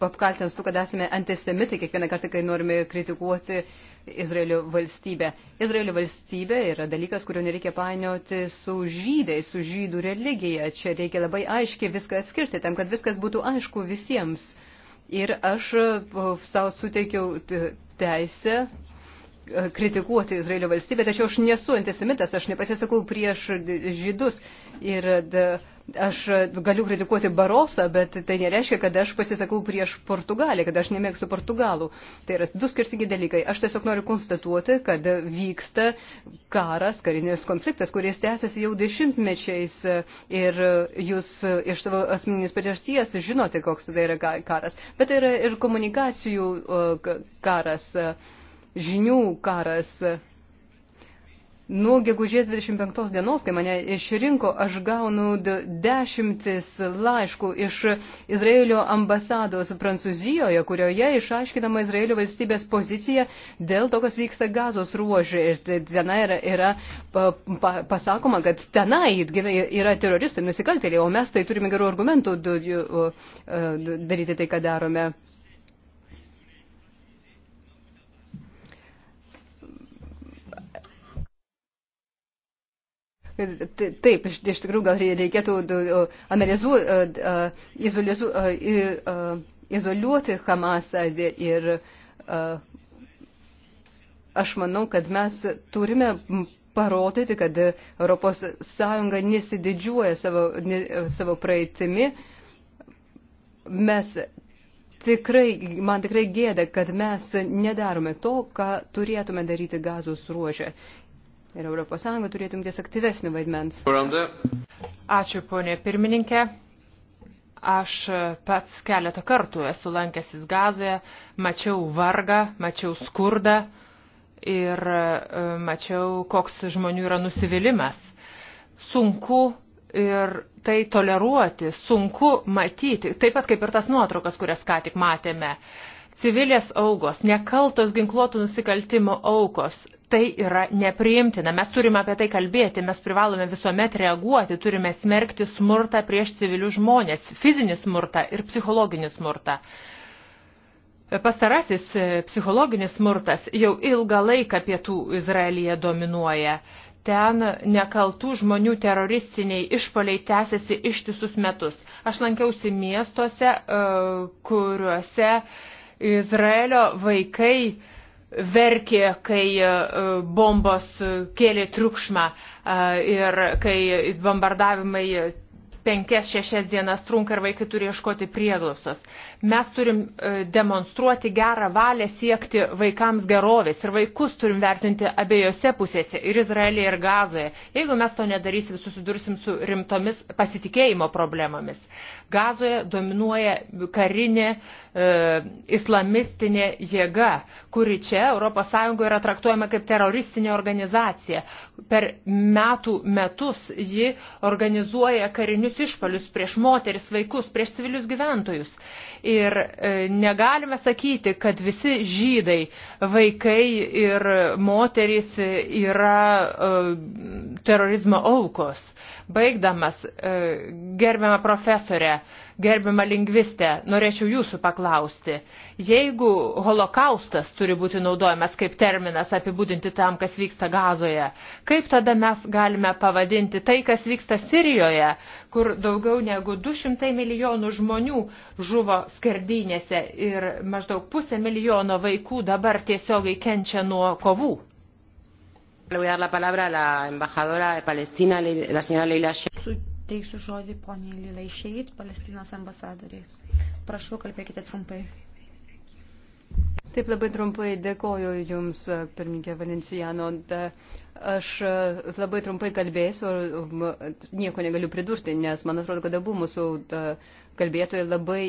apkaltins tu, kad esame antisemitai kiekvieną kartą, kai norime kritikuoti uh, Izraelio valstybę. Izraelio valstybė yra dalykas, kurio nereikia painioti su žydais, su žydų religija. Čia reikia labai aiškiai viską atskirti, tam, kad viskas būtų aišku visiems. Ir aš e, savo suteikiau teisę e, kritikuoti Izraelio valstybę, tačiau aš nesu antisemitas, aš nepasisakau prieš žydus. Ir da, e, Aš e, galiu kritikuoti Barosą, bet tai nereiškia, kad aš pasisakau prieš Portugaliją, kad aš nemėgstu Portugalų. Tai yra du skirtingi dalykai. Aš tiesiog noriu konstatuoti, kad vyksta karas, karinės konfliktas, kuris tęsiasi jau dešimtmečiais ir jūs iš savo asmeninės patirties žinote, koks tai yra karas. Bet tai yra ir komunikacijų e, karas, e, žinių karas. Nuo gegužės 25 dienos, kai mane išrinko, aš gaunu dešimtis laiškų iš Izraelio ambasados Prancūzijoje, kurioje išaiškinama Izraelio valstybės pozicija dėl to, kas vyksta gazos ruožė. Ir tenai yra, yra pa, pa, pasakoma, kad tenai yra teroristai, nusikaltėliai, o mes tai turime gerų argumentų e, daryti tai, ką darome. Taip, iš, iš tikrųjų gal reikėtų analizu, izolizu, izoliuoti Hamasą ir aš manau, kad mes turime parodyti, kad ES nesididžiuoja savo, ne, savo praeitimi. Mes tikrai, man tikrai gėda, kad mes nedarome to, ką turėtume daryti gazos ruožė ir ES turėtų imtis aktyvesnių vaidmens. Ačiū, ponė pirmininkė. Aš pats keletą kartų esu lankęsis gazoje, mačiau vargą, mačiau skurdą ir e, mačiau, koks žmonių yra nusivylimas. Sunku ir tai toleruoti, sunku matyti, taip pat kaip ir tas nuotraukas, kurias ką tik matėme. Civilės augos, nekaltos ginkluotų nusikaltimo aukos, tai yra nepriimtina. Mes turime apie tai kalbėti, mes privalome visuomet reaguoti, turime smerkti smurtą prieš civilius žmonės, fizinį smurtą ir psichologinį smurtą. Pastarasis e, psichologinis smurtas jau ilgą laiką pietų Izraelyje dominuoja. Ten nekaltų žmonių teroristiniai išpoliai tęsiasi ištisus metus. Aš lankiausi miestuose, e, kuriuose Izraelio vaikai verkė, kai e, bombos e, kėlė triukšmą e, ir kai bombardavimai penkias šešias dienas trunka ir vaikai turi ieškoti prieglausos. Mes turim e, demonstruoti gerą valią siekti vaikams gerovės ir vaikus turim vertinti abiejose pusėse, ir Izraelėje, ir Gazoje. Jeigu mes to nedarysim, susidursim su rimtomis pasitikėjimo problemomis. Gazoje dominuoja karinė e, islamistinė jėga, kuri čia ES yra traktuojama kaip teroristinė organizacija. Per metų metus ji organizuoja karinius išpalius prieš moteris, vaikus, prieš civilius gyventojus. Ir e, negalime sakyti, kad visi žydai, vaikai ir moterys yra e, terorizmo aukos. Baigdamas, e, gerbiamą profesorę, Gerbiama lingvistė, norėčiau jūsų paklausti, jeigu holokaustas turi būti naudojamas kaip terminas apibūdinti tam, kas vyksta gazoje, kaip tada mes galime pavadinti tai, kas vyksta Sirijoje, kur daugiau negu 200 milijonų žmonių žuvo skerdynėse ir maždaug pusė milijono vaikų dabar tiesiogiai kenčia nuo kovų? Le voy a dar la palabra a la embajadora de Palestina, la señora Leila Sheikh. Teiksiu žodį poniai Lilai Šeit, Palestinos ambasadoriai. Prašau, kalbėkite trumpai. Taip labai trumpai dėkoju Jums, pirmininkė Valencijano. Aš labai trumpai kalbėsiu, nieko negaliu pridurti, nes man atrodo, kad abu mūsų kalbėtojai labai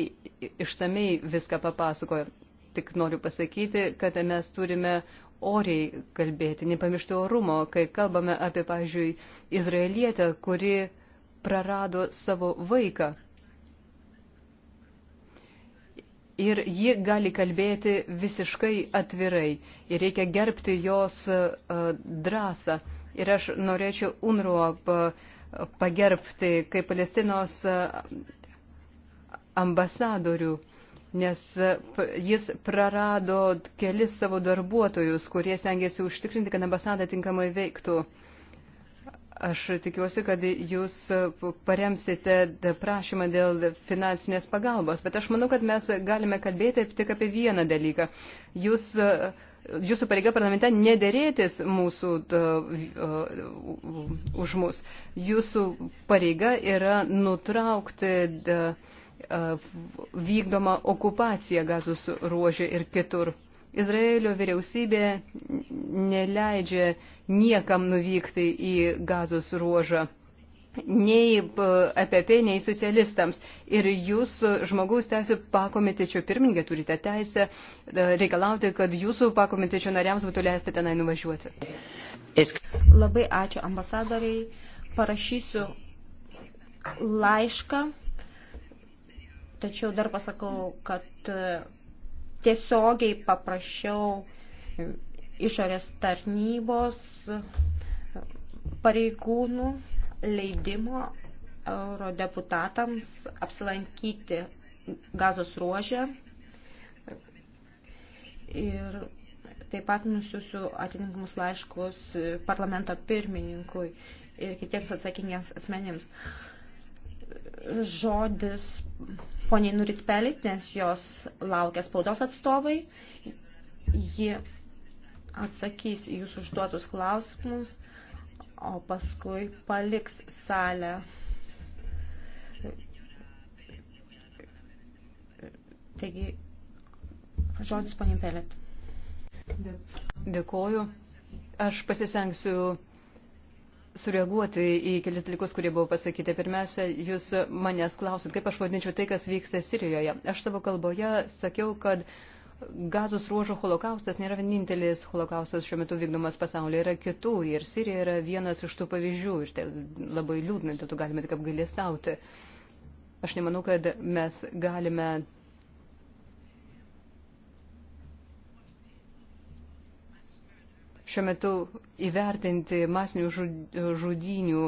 išsamei viską papasakojo. Tik noriu pasakyti, kad mes turime oriai kalbėti, nepamiršti orumo, kai kalbame apie, pavyzdžiui, izraelietę, kuri prarado savo vaiką. Ir ji gali kalbėti visiškai atvirai. Ir reikia gerbti jos e, drąsą. Ir aš norėčiau UNRUO e, pagerbti kaip Palestinos e, ambasadorių nes jis prarado kelis savo darbuotojus, kurie stengiasi užtikrinti, kad ambasada tinkamai veiktų. Aš tikiuosi, kad jūs paremsite prašymą dėl finansinės pagalbos, bet aš manau, kad mes galime kalbėti tik apie vieną dalyką. Jūs, jūsų pareiga parlamente nederėtis mūsų už mus. Jūsų pareiga yra nutraukti vykdomą okupaciją gazos ruožė ir kitur. Izraelio vyriausybė neleidžia niekam nuvykti į gazos ruožą. Nei EPP, e nei socialistams. Ir jūs, e, žmogaus teisų pakomitečio pirmininkė, turite teisę e, reikalauti, kad jūsų pakomitečio nariams būtų leisti tenai nuvažiuoti. Labai ačiū ambasadoriai. Parašysiu laišką, tačiau dar pasakau, kad tiesiogiai paprašiau išorės tarnybos pareigūnų leidimo eurodeputatams apsilankyti gazos ruožę ir taip pat nusiusiu atitinkamus laiškus parlamento pirmininkui ir kitiems atsakingiems asmenims. Žodis poniai Nurit Pelit, nes jos laukia spaudos atstovai. Ji atsakys į jūsų užduotus klausimus, o paskui paliks salę. Taigi, žodis poniai Pelit. Dėkuoju. Aš pasisengsiu sureaguoti į kelis dalykus, kurie buvo pasakyti. Pirmiausia, jūs manęs klausit, kaip aš vadinčiau tai, kas vyksta Sirijoje. Aš savo kalboje sakiau, kad gazos ruožo holokaustas nėra vienintelis holokaustas šiuo metu vykdomas pasaulyje, yra kitų ir Sirija yra vienas iš tų pavyzdžių ir tai labai liūdna, dėl to galime tik apgailėstauti. Aš nemanau, kad mes galime šiuo metu įvertinti masinių žudynių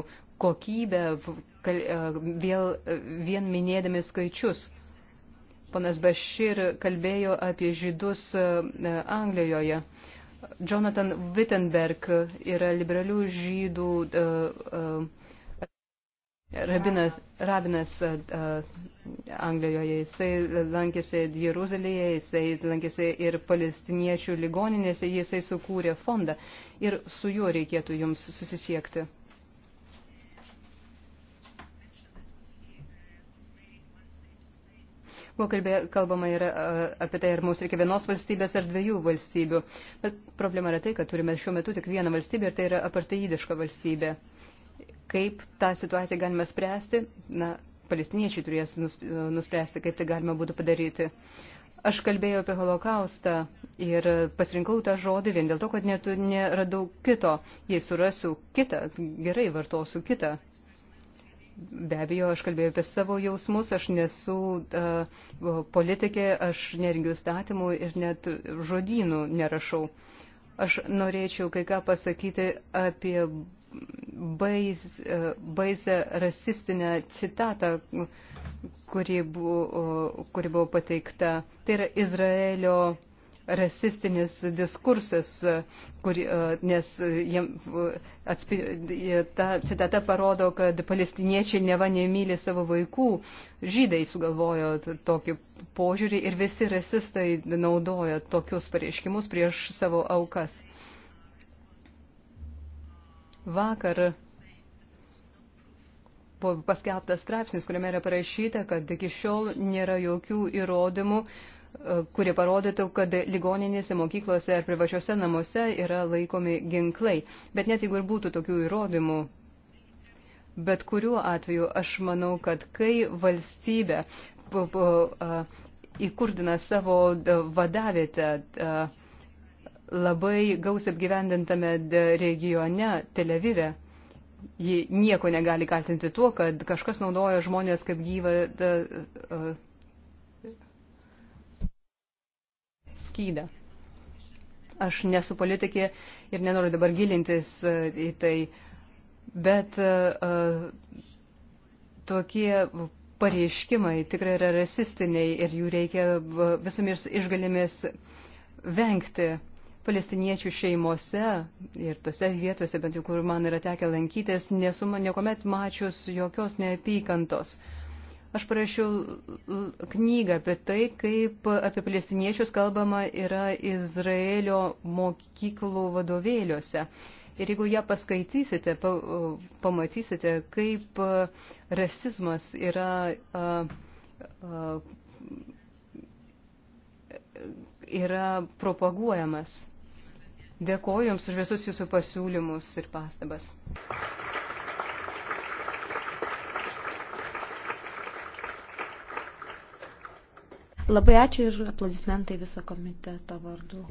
kokybę e, vėl, e, vien minėdami skaičius. Ponas Bashir kalbėjo apie žydus e, Anglijoje. Jonathan Wittenberg yra liberalių žydų uh, uh, Rabinas, rabinas uh, Anglijoje, jisai lankėsi Jeruzalėje, jisai lankėsi ir palestiniečių ligoninėse, jisai sukūrė fondą ir su juo reikėtų jums susisiekti. Buvo kalbė, kalbama ir apie tai, ar mums reikia vienos valstybės ar dviejų valstybių. Bet problema yra tai, kad turime šiuo metu tik vieną valstybę ir tai yra apartaidiška valstybė. Kaip tą situaciją galima spręsti? Na, palestiniečiai turės nuspręsti, kaip tai galima būtų padaryti. Aš kalbėjau apie holokaustą ir pasirinkau tą žodį vien dėl to, kad net neradau kito. Jei surasiu kitą, gerai vartosiu kitą. Be abejo, aš kalbėjau apie savo jausmus, aš nesu uh, politikė, aš neringiu statymų ir net žodynų nerašau. Aš norėčiau kai ką pasakyti apie E, baisę rasistinę citatą, kuri buvo, kuri buvo pateikta. Tai yra Izraelio rasistinis diskursas, kur, e, nes e, jiem, atspi, ta citata parodo, kad palestiniečiai neva nemylė savo vaikų, žydai sugalvojo tokį požiūrį ir visi rasistai naudoja tokius pareiškimus prieš savo aukas. Vakar buvo paskelbtas straipsnis, kuriame yra parašyta, kad iki šiol nėra jokių įrodymų, e, kurie parodytų, kad ligoninėse, mokyklose ar privačiuose namuose yra laikomi ginklai. Bet net jeigu ir būtų tokių įrodymų, bet kuriuo atveju aš manau, kad kai valstybė įkurdina savo e, vadavietę, e, labai gaus apgyvendintame regione Televive. Ji nieko negali kaltinti tuo, kad kažkas naudoja žmonės kaip gyvą da, uh, skydą. Aš nesu politikė ir nenoriu dabar gilintis uh, į tai, bet uh, tokie pareiškimai tikrai yra rasistiniai ir jų reikia visomis išgalimis vengti palestiniečių šeimose ir tose vietose, bent jau kur man yra tekę lankytis, nesu man niekuomet mačius jokios neapykantos. Aš parašiau knygą apie tai, kaip apie palestiniečius kalbama yra Izraelio mokyklų vadovėliuose. Ir jeigu ją paskaitysite, pa, pamatysite, kaip e, rasizmas yra. A, a, e, yra propaguojamas. Dėkoju Jums už visus Jūsų pasiūlymus ir pastabas. Labai ačiū ir aplaudismentai viso komiteto vardu.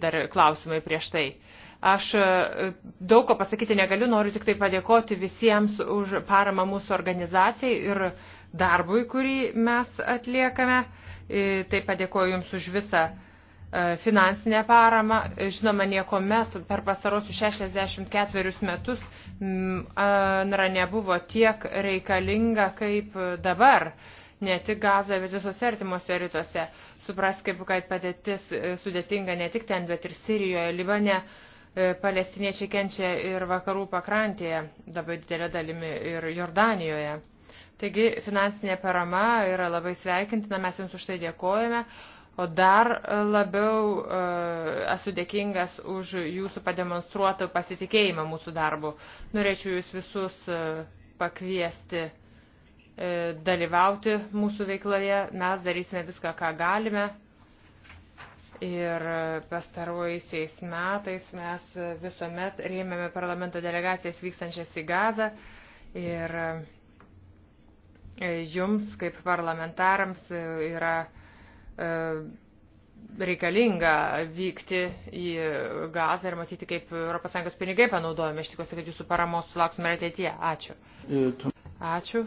dar klausimai prieš tai. Aš e, daug ko pasakyti negaliu, noriu tik tai padėkoti visiems už paramą mūsų organizacijai ir darbui, kurį mes atliekame. E, taip padėkoju Jums už visą e, finansinę paramą. Žinoma, nieko mes per pasarosius 64 metus Anra nebuvo tiek reikalinga kaip dabar, ne tik gazoje, bet visose artimuose rytuose supras, kaip kad padėtis e, sudėtinga ne tik ten, bet ir Sirijoje, Libane. E, palestiniečiai kenčia ir vakarų pakrantėje, labai didelė dalimi ir Jordanijoje. Taigi finansinė parama yra labai sveikintina, mes jums už tai dėkojame. O dar labiau uh, esu dėkingas už jūsų pademonstruotą pasitikėjimą mūsų darbu. Norėčiau jūs visus uh, pakviesti E, dalyvauti mūsų veikloje. Mes darysime viską, ką galime. Ir pastaruoisiais metais mes visuomet rėmėme parlamento delegacijas vykstančias į Gazą. Ir e, jums, kaip parlamentarams, yra e, reikalinga vykti į gazą ir matyti, kaip ES pinigai panaudojami. Aš tikiuosi, kad jūsų paramos sulauksime ateityje. Ačiū. Ačiū.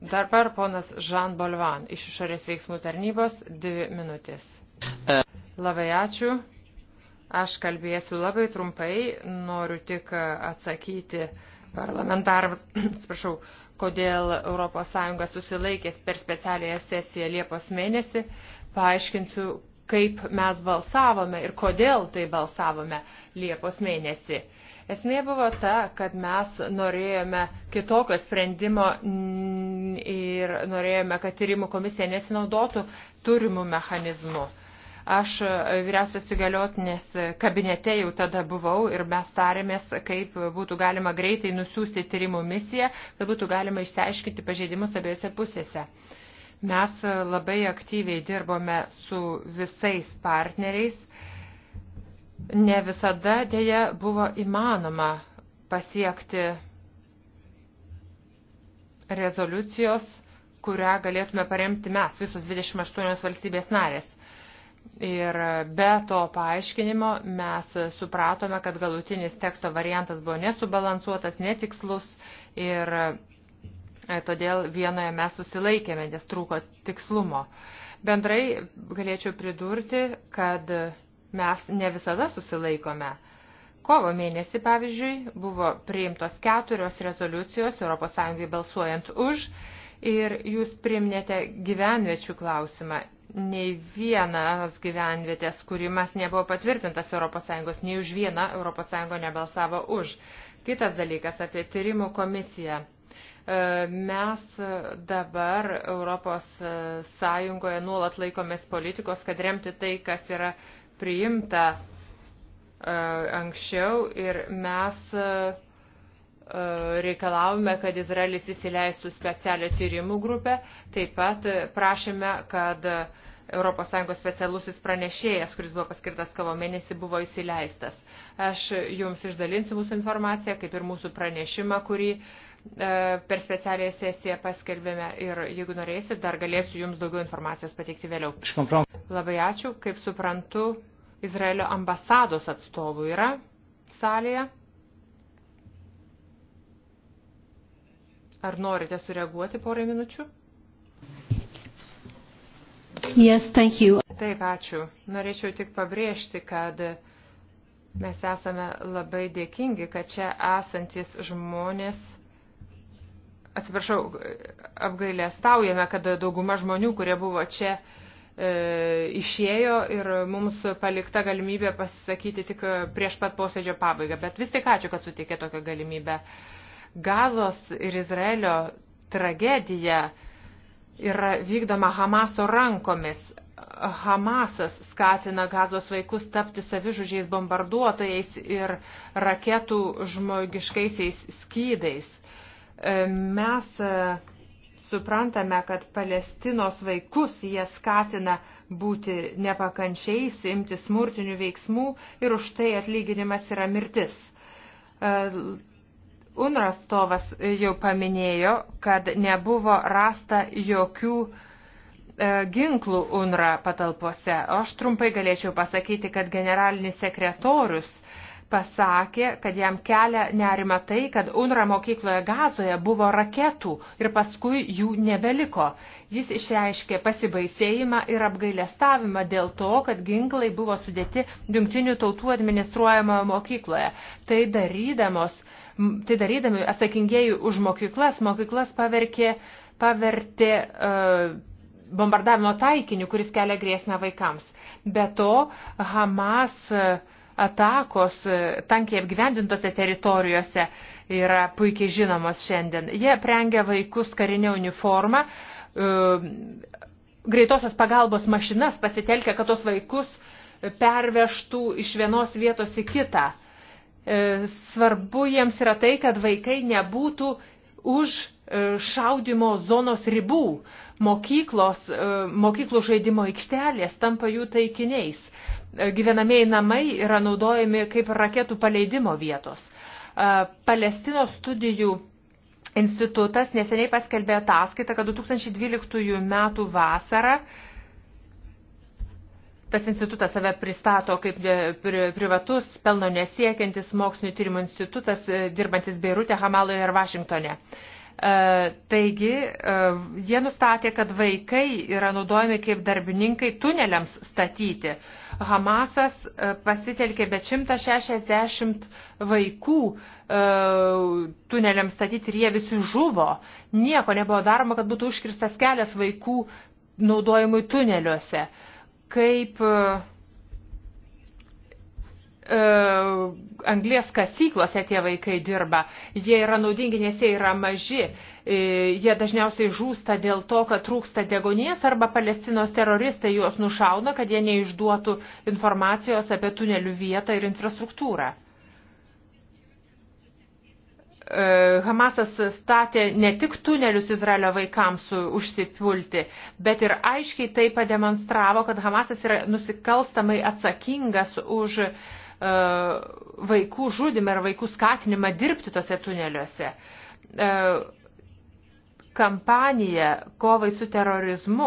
Dabar ponas Žan Bolvan iš išorės veiksmų tarnybos dvi minutės. E. Labai ačiū. Aš kalbėsiu labai trumpai. Noriu tik atsakyti parlamentarams, (clears throat) atsiprašau, kodėl ES susilaikės per specialiąją sesiją Liepos mėnesį. Paaiškinsiu, kaip mes balsavome ir kodėl tai balsavome Liepos mėnesį. Esmė buvo ta, kad mes norėjome kitokio sprendimo ir norėjome, kad tyrimų komisija nesinaudotų turimų mechanizmų. Aš vyriausios įgaliotinės kabinete jau tada buvau ir mes tarėmės, kaip būtų galima greitai nusiųsti tyrimų misiją, kad būtų galima išsiaiškinti pažeidimus abiejose pusėse. Mes labai aktyviai dirbome su visais partneriais ne visada dėja buvo įmanoma pasiekti rezoliucijos, kurią galėtume paremti mes, visos 28 valstybės narės. Ir be to paaiškinimo mes supratome, kad galutinis teksto variantas buvo nesubalansuotas, netikslus ir e, todėl vienoje mes susilaikėme, nes trūko tikslumo. Bendrai galėčiau pridurti, kad mes ne visada susilaikome. Kovo mėnesį, pavyzdžiui, buvo priimtos keturios rezoliucijos ES balsuojant už ir jūs priminėte gyvenviečių klausimą. Nei vienas gyvenvietės kūrimas nebuvo patvirtintas ES, nei už vieną ES nebalsavo už. Kitas dalykas apie tyrimų komisiją e, mes dabar Europos Sąjungoje nuolat laikomės politikos, kad remti tai, kas yra priimta e, anksčiau ir mes e, e, reikalavome, kad Izraelis įsileistų specialią tyrimų grupę. Taip pat prašėme, kad ES specialusis pranešėjas, kuris buvo paskirtas kovo mėnesį, buvo įsileistas. Aš jums išdalinsiu mūsų informaciją, kaip ir mūsų pranešimą, kurį per specialią sesiją paskelbėme ir jeigu norėsit, dar galėsiu jums daugiau informacijos pateikti vėliau. Labai ačiū, kaip suprantu, Izraelio ambasados atstovų yra salėje? Ar norite sureaguoti porą minučių? Yes, thank you. Taip, ačiū. Norėčiau tik pabrėžti, kad mes esame labai dėkingi, kad čia esantis žmonės, atsiprašau, apgailę staujame, kad dauguma žmonių, kurie buvo čia, uh, E, išėjo ir mums palikta galimybė pasisakyti tik prieš pat posėdžio pabaigą. Bet vis tik ačiū, kad sutikė tokią galimybę. Gazos ir Izraelio tragedija yra vykdoma Hamaso rankomis. Hamasas skatina gazos vaikus tapti savižudžiais bombarduotojais ir raketų žmogiškaisiais skydais. E, mes e, suprantame, kad Palestinos vaikus jie skatina būti nepakančiais, imti smurtinių veiksmų ir už tai atlyginimas yra mirtis. E, Unrastovas jau paminėjo, kad nebuvo rasta jokių e, ginklų UNRA patalpose. Aš trumpai galėčiau pasakyti, kad generalinis sekretorius pasakė, kad jam kelia nerima tai, kad UNRA mokykloje gazoje buvo raketų ir paskui jų nebeliko. Jis išreiškė pasibaisėjimą ir apgailestavimą dėl to, kad ginklai buvo sudėti jungtinių tautų administruojamoje mokykloje. Tai darydamos, tai darydami atsakingieji už mokyklas, mokyklas paverkė, pavertė. Uh, bombardavimo taikiniu, kuris kelia grėsmę vaikams. Be to, Hamas uh, atakos e, tankiai apgyvendintose teritorijose yra puikiai žinomos šiandien. Jie prengia vaikus karinę uniformą, e, greitosios pagalbos mašinas pasitelkia, kad tos vaikus pervežtų iš vienos vietos į kitą. E, svarbu jiems yra tai, kad vaikai nebūtų už šaudimo zonos ribų. Mokyklos, mokyklų žaidimo aikštelės tampa jų taikiniais gyvenamieji namai yra naudojami kaip raketų paleidimo vietos. Palestinos studijų institutas neseniai paskelbė ataskaitą, kad 2012 metų vasarą tas institutas save pristato kaip privatus, pelno nesiekiantis mokslinio tyrimo institutas, e, dirbantis Beirute, Hamaloje ir Vašingtone. E, taigi, e, jie nustatė, kad vaikai yra naudojami kaip darbininkai tuneliams statyti. Hamasas e, pasitelkė be 160 vaikų tuneliams statyti ir jie visi žuvo. Nieko nebuvo daroma, kad būtų užkirstas kelias vaikų naudojimui tuneliuose. Kaip uh, E, anglės kasyklose tie vaikai dirba. Jie yra naudingi, nes jie yra maži. E, jie dažniausiai žūsta dėl to, kad trūksta degonies arba palestinos teroristai juos nušauna, kad jie neišduotų informacijos apie tunelių vietą ir infrastruktūrą. E, Hamasas statė ne tik tunelius Izraelio vaikams užsipulti, bet ir aiškiai tai pademonstravo, kad Hamasas yra nusikalstamai atsakingas už uh, E, vaikų žudimą ir vaikų skatinimą dirbti tose tuneliuose. E, kampanija kovai su terorizmu,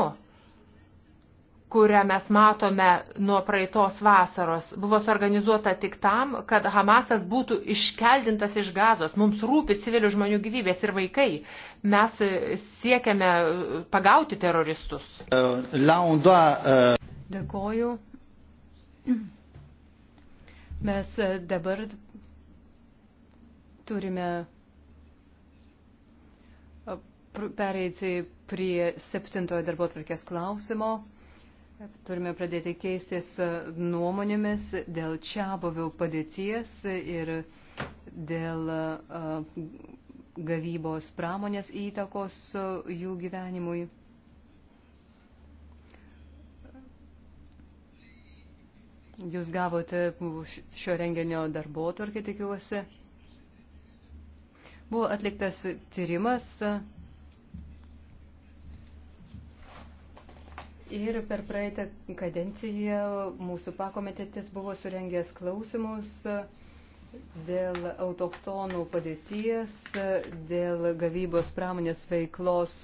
kurią mes matome nuo praeitos vasaros, buvo suorganizuota tik tam, kad Hamasas būtų iškeldintas iš gazos. Mums rūpi civilių žmonių gyvybės ir vaikai. Mes siekiame pagauti teroristus. Euh, euh, Dėkoju. Mes e, dabar turime e, pereiti prie septintojo darbo tvarkės klausimo. Turime pradėti keistis e, nuomonėmis dėl čia buvių padėties ir dėl gavybos pramonės įtakos jų gyvenimui. Jūs gavote šio renginio darbo tvarkį, tikiuosi. Buvo atliktas tyrimas ir per praeitą kadenciją mūsų pakomitetis buvo surengęs klausimus dėl autoktonų padėties, dėl gavybos pramonės veiklos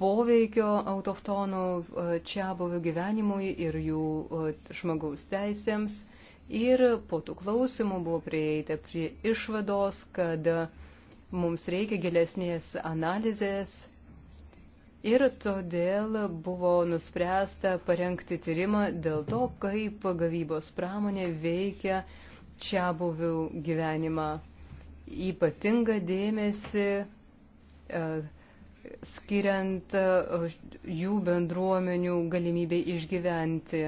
poveikio autochtonų e, čia buvių gyvenimui ir jų e, žmogaus teisėms. Ir po tų klausimų buvo prieita prie išvados, kad mums reikia gilesnės analizės Ir todėl buvo nuspręsta parengti tyrimą dėl to, kaip gavybos pramonė veikia čia buvių gyvenimą. Ypatinga dėmesį uh, skiriant e, jų bendruomenių galimybę išgyventi.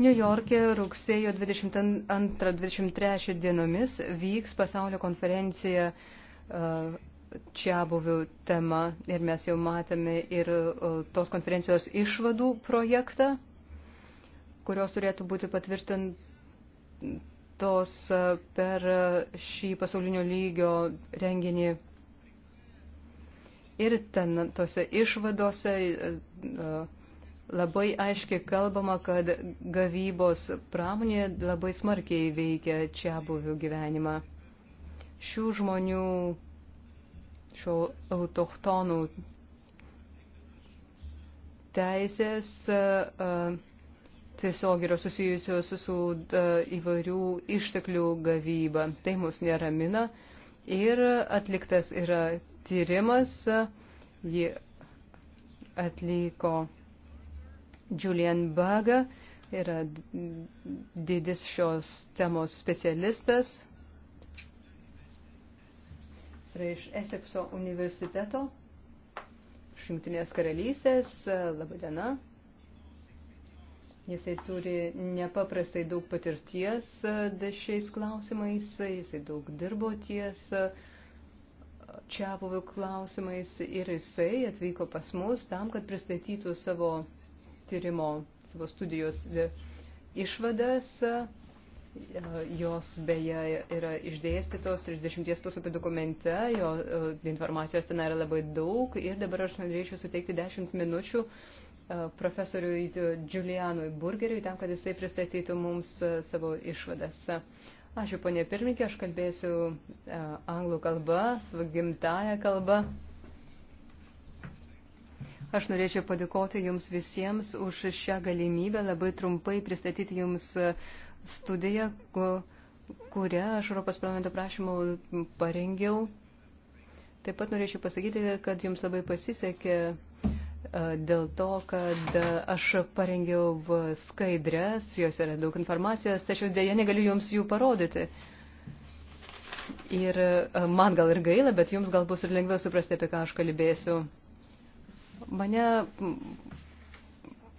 Niujorke rugsėjo 22-23 dienomis vyks pasaulio konferencija e, čia buvių tema ir mes jau matėme ir e, tos konferencijos išvadų projektą, kurios turėtų būti patvirtintos per šį pasaulinio lygio renginį Ir ten tose išvadose e, e, labai aiškiai kalbama, kad gavybos pramonė labai smarkiai veikia čia buvių gyvenimą. Šių žmonių, šio autochtonų teisės e, tiesiog yra susijusios su įvairių išteklių gavyba. Tai mus neramina ir atliktas yra tyrimas. Ji atliko Julian Baga, yra didis šios temos specialistas. Yra iš Esekso universiteto, iš Jungtinės karalystės. Labadiena. Jisai turi nepaprastai daug patirties e, šiais klausimais, jisai daug dirbo ties e, čia buvų klausimais ir jisai atvyko pas mus tam, kad pristatytų savo tyrimo, savo studijos išvadas. Jos beje yra išdėstytos 30 puslapį dokumente, jo e, informacijos ten yra labai daug ir dabar aš norėčiau suteikti 10 minučių e, profesoriui Giulianui Burgeriui tam, kad jisai pristatytų mums e, savo išvadas. Ačiū, ponė pirmininkė, aš kalbėsiu e, anglų kalba, savo gimtają kalbą. Aš norėčiau padėkoti Jums visiems už šią galimybę labai trumpai pristatyti Jums e, studiją, kurią aš Europos parlamento prašymu parengiau. Taip pat norėčiau pasakyti, kad Jums labai pasisekė E, dėl to, kad aš parengiau skaidrės, jos yra daug informacijos, tačiau dėja negaliu jums jų parodyti. Ir e, man gal ir gaila, bet jums gal bus ir lengviau suprasti, apie ką aš kalbėsiu. Mane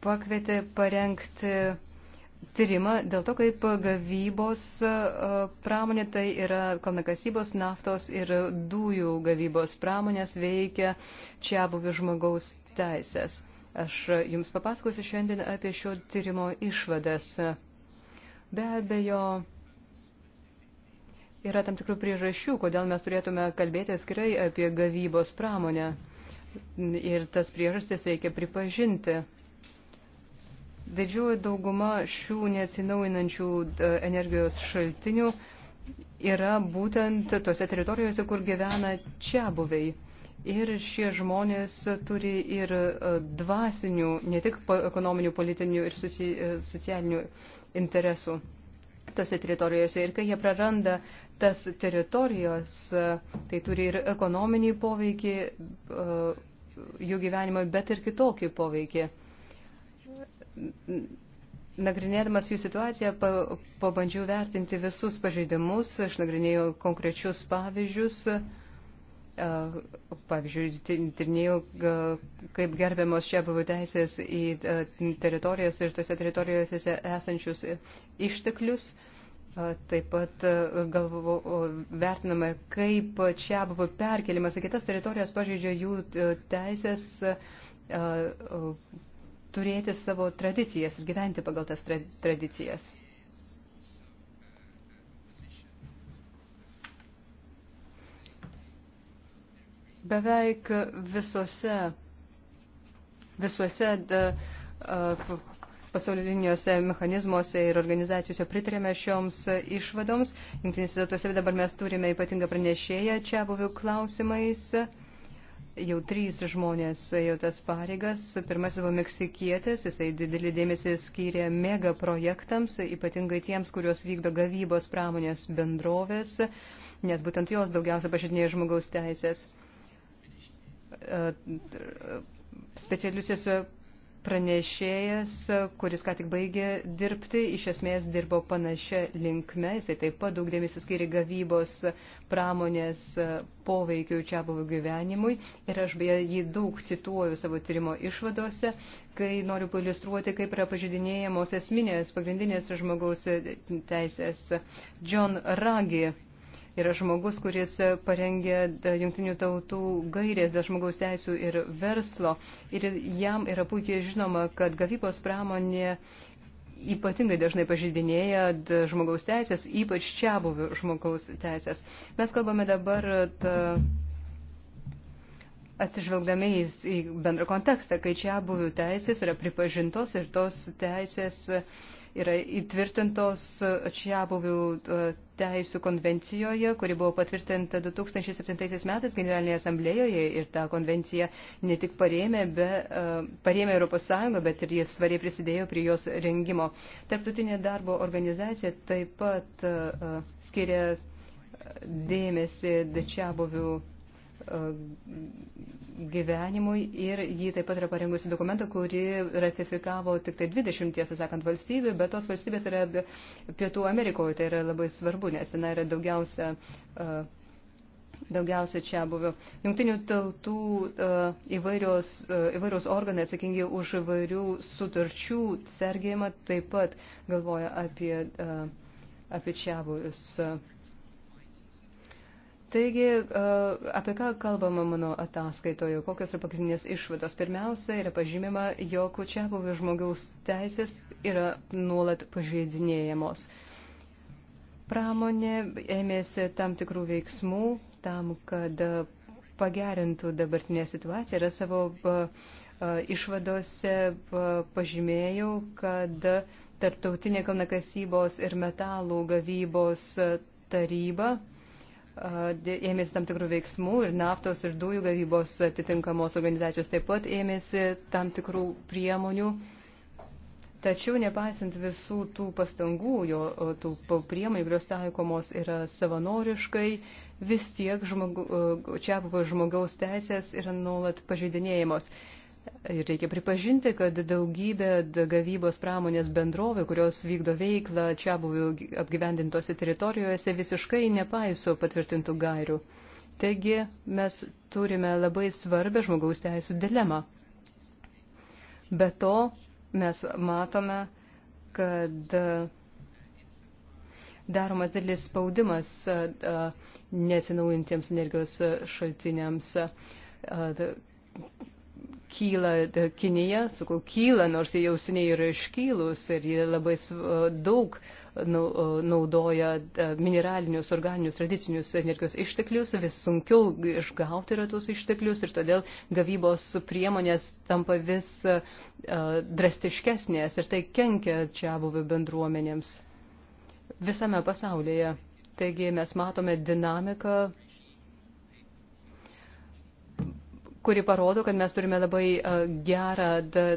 pakvietė parengti tyrimą dėl to, kaip gavybos e, pramonė, tai yra kalnakasybos, naftos ir dujų gavybos pramonės veikia čia buvi žmogaus teisės. Aš jums papasakosiu šiandien apie šio tyrimo išvadas. Be abejo, yra tam tikrų priežasčių, kodėl mes turėtume kalbėti atskirai apie gavybos pramonę. Ir tas priežastis reikia pripažinti. Didžioji dauguma šių neatsinaujinančių e, energijos šaltinių yra būtent tose teritorijose, kur gyvena čia buvei. Ir šie žmonės turi ir e, dvasinių, ne tik ekonominių, politinių ir e, socialinių interesų tose teritorijose. Ir kai jie praranda tas teritorijos, e, tai turi ir ekonominį poveikį jų gyvenimui, bet ir kitokį poveikį. Nagrinėdamas jų situaciją, pabandžiau vertinti visus pažeidimus, išnagrinėjau konkrečius pavyzdžius. Pavyzdžiui, tirnėjau, kaip gerbiamos čia buvo teisės į teritorijas ir tose teritorijose esančius išteklius. Taip pat galvo, vertiname, kaip čia buvo perkeliamas į kitas teritorijas, pažeidžia jų teisės turėti savo tradicijas ir gyventi pagal tas tradicijas. Beveik visose, visuose pasauliniuose mechanizmuose ir organizacijose pritarėme šioms išvadoms. Jungtinėse tautose dabar mes turime ypatingą pranešėją čia buvių klausimais. Jau trys žmonės jau tas pareigas. Pirmasis buvo meksikietis, jisai didelį dėmesį skyrė mega projektams, ypatingai tiems, kuriuos vykdo gavybos pramonės bendrovės, nes būtent jos daugiausia pažydinėja žmogaus teisės specialiusis pranešėjas, kuris ką tik baigė dirbti, iš esmės dirbo panašia linkme. Jisai taip pat daug dėmesio skiria gavybos pramonės poveikiu čia buvų gyvenimui. Ir aš beje jį daug cituoju savo tyrimo išvadose, kai noriu pailistruoti, kaip yra pažydinėjamos esminės pagrindinės žmogaus teisės. John Ragi yra žmogus, kuris parengė e, jungtinių tautų gairės dėl žmogaus teisų ir verslo. Ir jam yra puikiai žinoma, kad gavybos pramonė ypatingai dažnai pažydinėja žmogaus teisės, ypač čia buvių žmogaus teisės. Mes kalbame dabar ta, atsižvelgdami į, į bendrą kontekstą, kai čia buvių teisės yra pripažintos ir tos teisės uh, yra įtvirtintos čia buvių e, teisų konvencijoje, kuri buvo patvirtinta 2007 metais Generalinėje asamblėjoje ir tą konvenciją ne tik parėmė, be, e, parėmė Europos Sąjungą, bet ir jis svariai prisidėjo prie jos rengimo. Tarptautinė darbo organizacija taip pat e, skiria dėmesį čia buvių E, gyvenimui ir ji taip pat yra parengusi dokumentą, kuri ratifikavo tik tai 20, tiesą sakant, valstybių, bet tos valstybės yra Pietų Amerikoje, tai yra labai svarbu, nes ten yra daugiausia, e, daugiausia čia buvių. Jungtinių tautų e, įvairios, įvairios organai atsakingi už įvairių sutarčių sergėjimą taip pat galvoja apie, apie čia buvius. Taigi, e, apie ką kalbama mano ataskaitoje, kokios yra pagrindinės išvados. Pirmiausia, yra pažymima, jog čia buvę žmogaus teisės yra nuolat pažeidinėjamos. Pramonė ėmėsi tam tikrų veiksmų tam, kad pagerintų dabartinę situaciją. Yra savo e, e, išvadose pažymėjau, kad Tartautinė kalnakasybos ir metalų gavybos taryba ėmėsi tam tikrų veiksmų ir naftos ir dujų gavybos atitinkamos organizacijos taip pat ėmėsi tam tikrų priemonių. Tačiau nepaisant visų tų pastangų, jo, tų priemonių, kurios taikomos yra savanoriškai, vis tiek žmogu, čia buvo žmogaus teisės yra nuolat pažeidinėjamos. Ir reikia pripažinti, kad daugybė gavybos pramonės bendrovių, kurios vykdo veiklą čia buvių apgyvendintose teritorijoje, visiškai nepaiso patvirtintų gairių. Taigi mes turime labai svarbę žmogaus teisų dilemą. Be to mes matome, kad e, daromas didelis spaudimas e, e, nesinaujantiems energijos šaltiniams kyla e, Kinija, sakau, kyla, nors jie jau seniai yra iškylus ir jie labai e, daug e, naudoja mineralinius, organinius, tradicinius energijos išteklius, vis sunkiau išgauti yra tuos išteklius ir todėl gavybos priemonės tampa vis drastiškesnės ir tai kenkia čia buvių bendruomenėms visame pasaulyje. Taigi mes matome dinamiką kuri parodo, kad mes turime labai e, gerą e,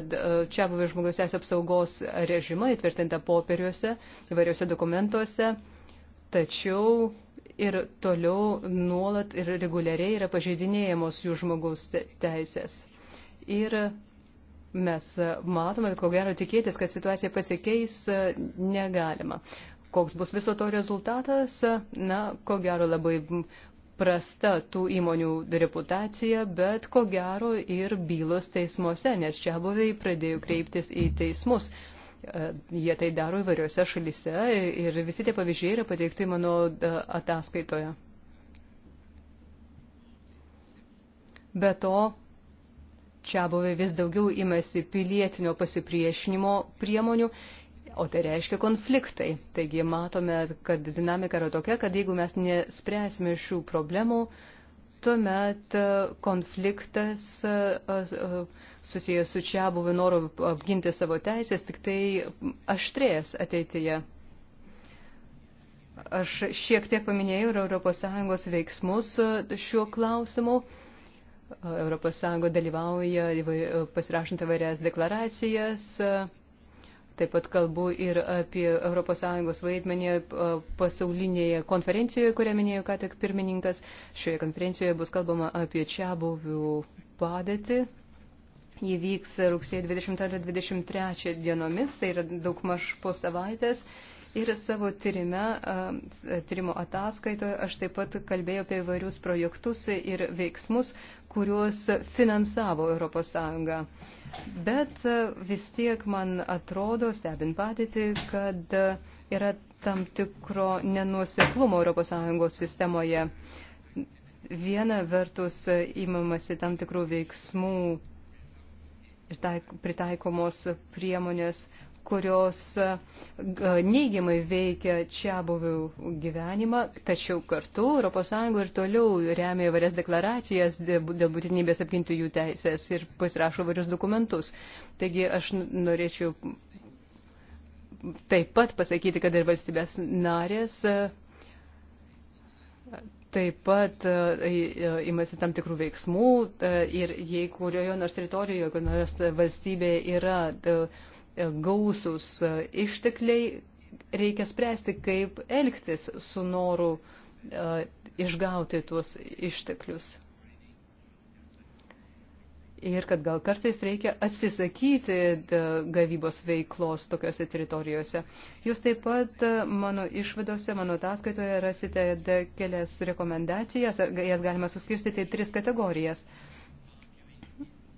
čia buvę žmogaus teisų apsaugos režimą įtvirtintą popieriuose, įvairiuose dokumentuose, tačiau ir toliau nuolat ir reguliariai yra pažeidinėjamos jų žmogaus teisės. Ir mes matome, kad ko gero tikėtis, kad situacija pasikeis, e, negalima. Koks bus viso to rezultatas? Na, ko gero labai prasta tų įmonių reputacija, bet ko gero ir bylos teismuose, nes čia buvai pradėjo kreiptis į teismus. E, jie tai daro įvairiose šalise ir visi tie pavyzdžiai yra pateikti mano e, ataskaitoje. Be to, čia buvai vis daugiau imasi pilietinio pasipriešinimo priemonių o tai reiškia konfliktai. Taigi matome, kad dinamika yra tokia, kad jeigu mes nespręsime šių problemų, tuomet e, konfliktas e, e, susijęs su čia buvi noru apginti savo teisės tik tai aštrės ateityje. Aš šiek tiek paminėjau ir ES veiksmus šiuo klausimu. ES dalyvauja pasirašant įvairias deklaracijas. Taip pat kalbu ir apie ES vaidmenį pasaulinėje konferencijoje, kurią minėjo ką tik pirmininkas. Šioje konferencijoje bus kalbama apie čia buvių padėtį. Jį vyks rugsėjo 20-23 dienomis, tai yra daug maž po savaitės. Uh, Ir savo tyrime, tyrimo ataskaitoje aš taip pat kalbėjau apie įvairius projektus ir veiksmus, kuriuos finansavo ES. Bet vis tiek man atrodo, stebint patyti, kad yra tam tikro nenuoseklumo ES sistemoje. Viena vertus įmamasi tam tikrų veiksmų ir taik, pritaikomos priemonės, kurios e, neigiamai veikia čia buvių gyvenimą, tačiau kartu ES ir toliau remia įvairias deklaracijas dėl būtinybės apginti jų teisės ir pasirašo varius dokumentus. Taigi aš norėčiau taip pat pasakyti, kad ir valstybės narės e, taip pat e, imasi tam tikrų veiksmų ir jei kurioje nors teritorijoje, kurioje nors valstybėje yra. Da, gausus e, ištekliai, reikia spręsti, kaip elgtis su noru e, išgauti tuos išteklius. Ir kad gal kartais reikia atsisakyti e, gavybos veiklos tokiuose teritorijose. Jūs taip pat mano išvadose, mano ataskaitoje rasite kelias rekomendacijas, jas galima suskirstyti į tris kategorijas. Uh,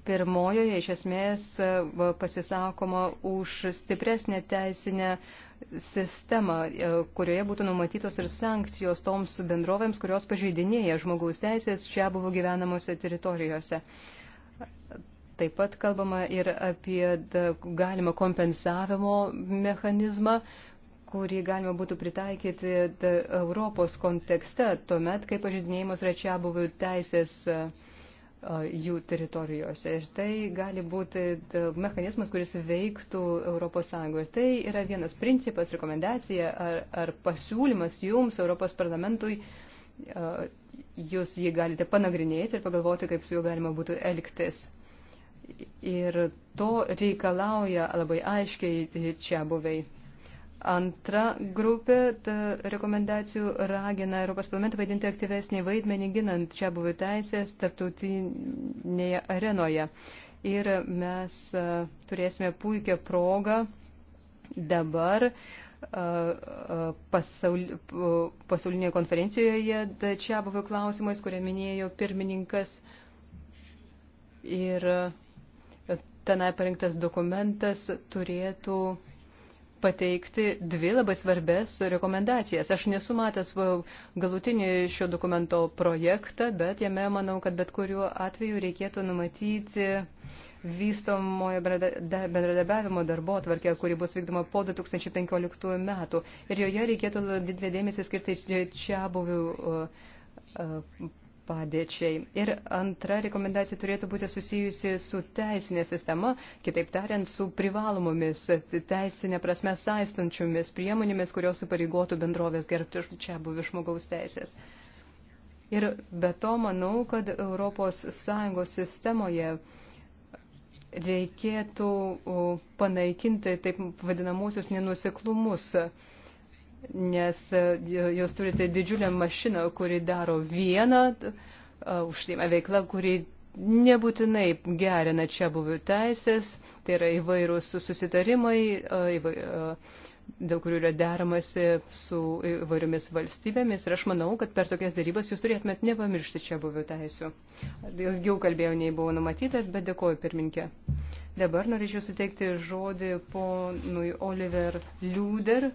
Pirmojoje iš esmės e, pasisakoma už stipresnę teisinę sistemą, e, kurioje būtų numatytos ir sankcijos toms bendrovėms, kurios pažeidinėja žmogaus teisės čia buvo gyvenamosi teritorijose. Taip pat kalbama ir apie galimą kompensavimo mechanizmą, kurį galima būtų pritaikyti Europos kontekste, tuomet, kai pažydinėjimas yra čia buvių teisės uh, jų teritorijose. Ir tai gali būti mechanizmas, kuris veiktų ES. Ir tai yra vienas principas, rekomendacija ar, ar pasiūlymas jums, Europos parlamentui. Jūs jį galite panagrinėti ir pagalvoti, kaip su juo galima būtų elgtis. Ir to reikalauja labai aiškiai čia buvai. Antra grupė rekomendacijų ragina Europos parlamentą vaidinti aktyvesnį vaidmenį ginant čia buvę teisės tarptautinėje arenoje. Ir mes turėsime puikią progą dabar pasaul, pasaulinėje konferencijoje čia buvę klausimais, kurią minėjo pirmininkas. Ir tenai parinktas dokumentas turėtų pateikti dvi labai svarbės rekomendacijas. Aš nesu matęs galutinį šio dokumento projektą, bet jame manau, kad bet kuriuo atveju reikėtų numatyti vystomojo bendradarbiavimo darbo atvarkė, kuri bus vykdoma po 2015 metų. Ir joje reikėtų didelį dėmesį skirti čia buvių padėčiai. Ir antra rekomendacija turėtų būti susijusi su teisinė sistema, kitaip tariant, su privalomomis teisinė prasme saistunčiomis priemonėmis, kurios įpareigotų bendrovės gerbti čia buvi žmogaus teisės. Ir be to manau, kad ES sistemoje reikėtų panaikinti taip vadinamosius nenusiklumus nes e, jūs turite tai didžiulę mašiną, kuri daro vieną e, užsima veiklą, kuri nebūtinai gerina čia buvių teisės, tai yra įvairūs susitarimai, e, įvai, dėl kurių yra deramasi su įvairiomis valstybėmis ir aš manau, kad per tokias darybas jūs turėtumėt nepamiršti čia buvių teisų. Ilgiau kalbėjau, nei buvo numatyta, bet dėkoju pirminkė. Dabar norėčiau suteikti žodį ponui Oliver Liuder,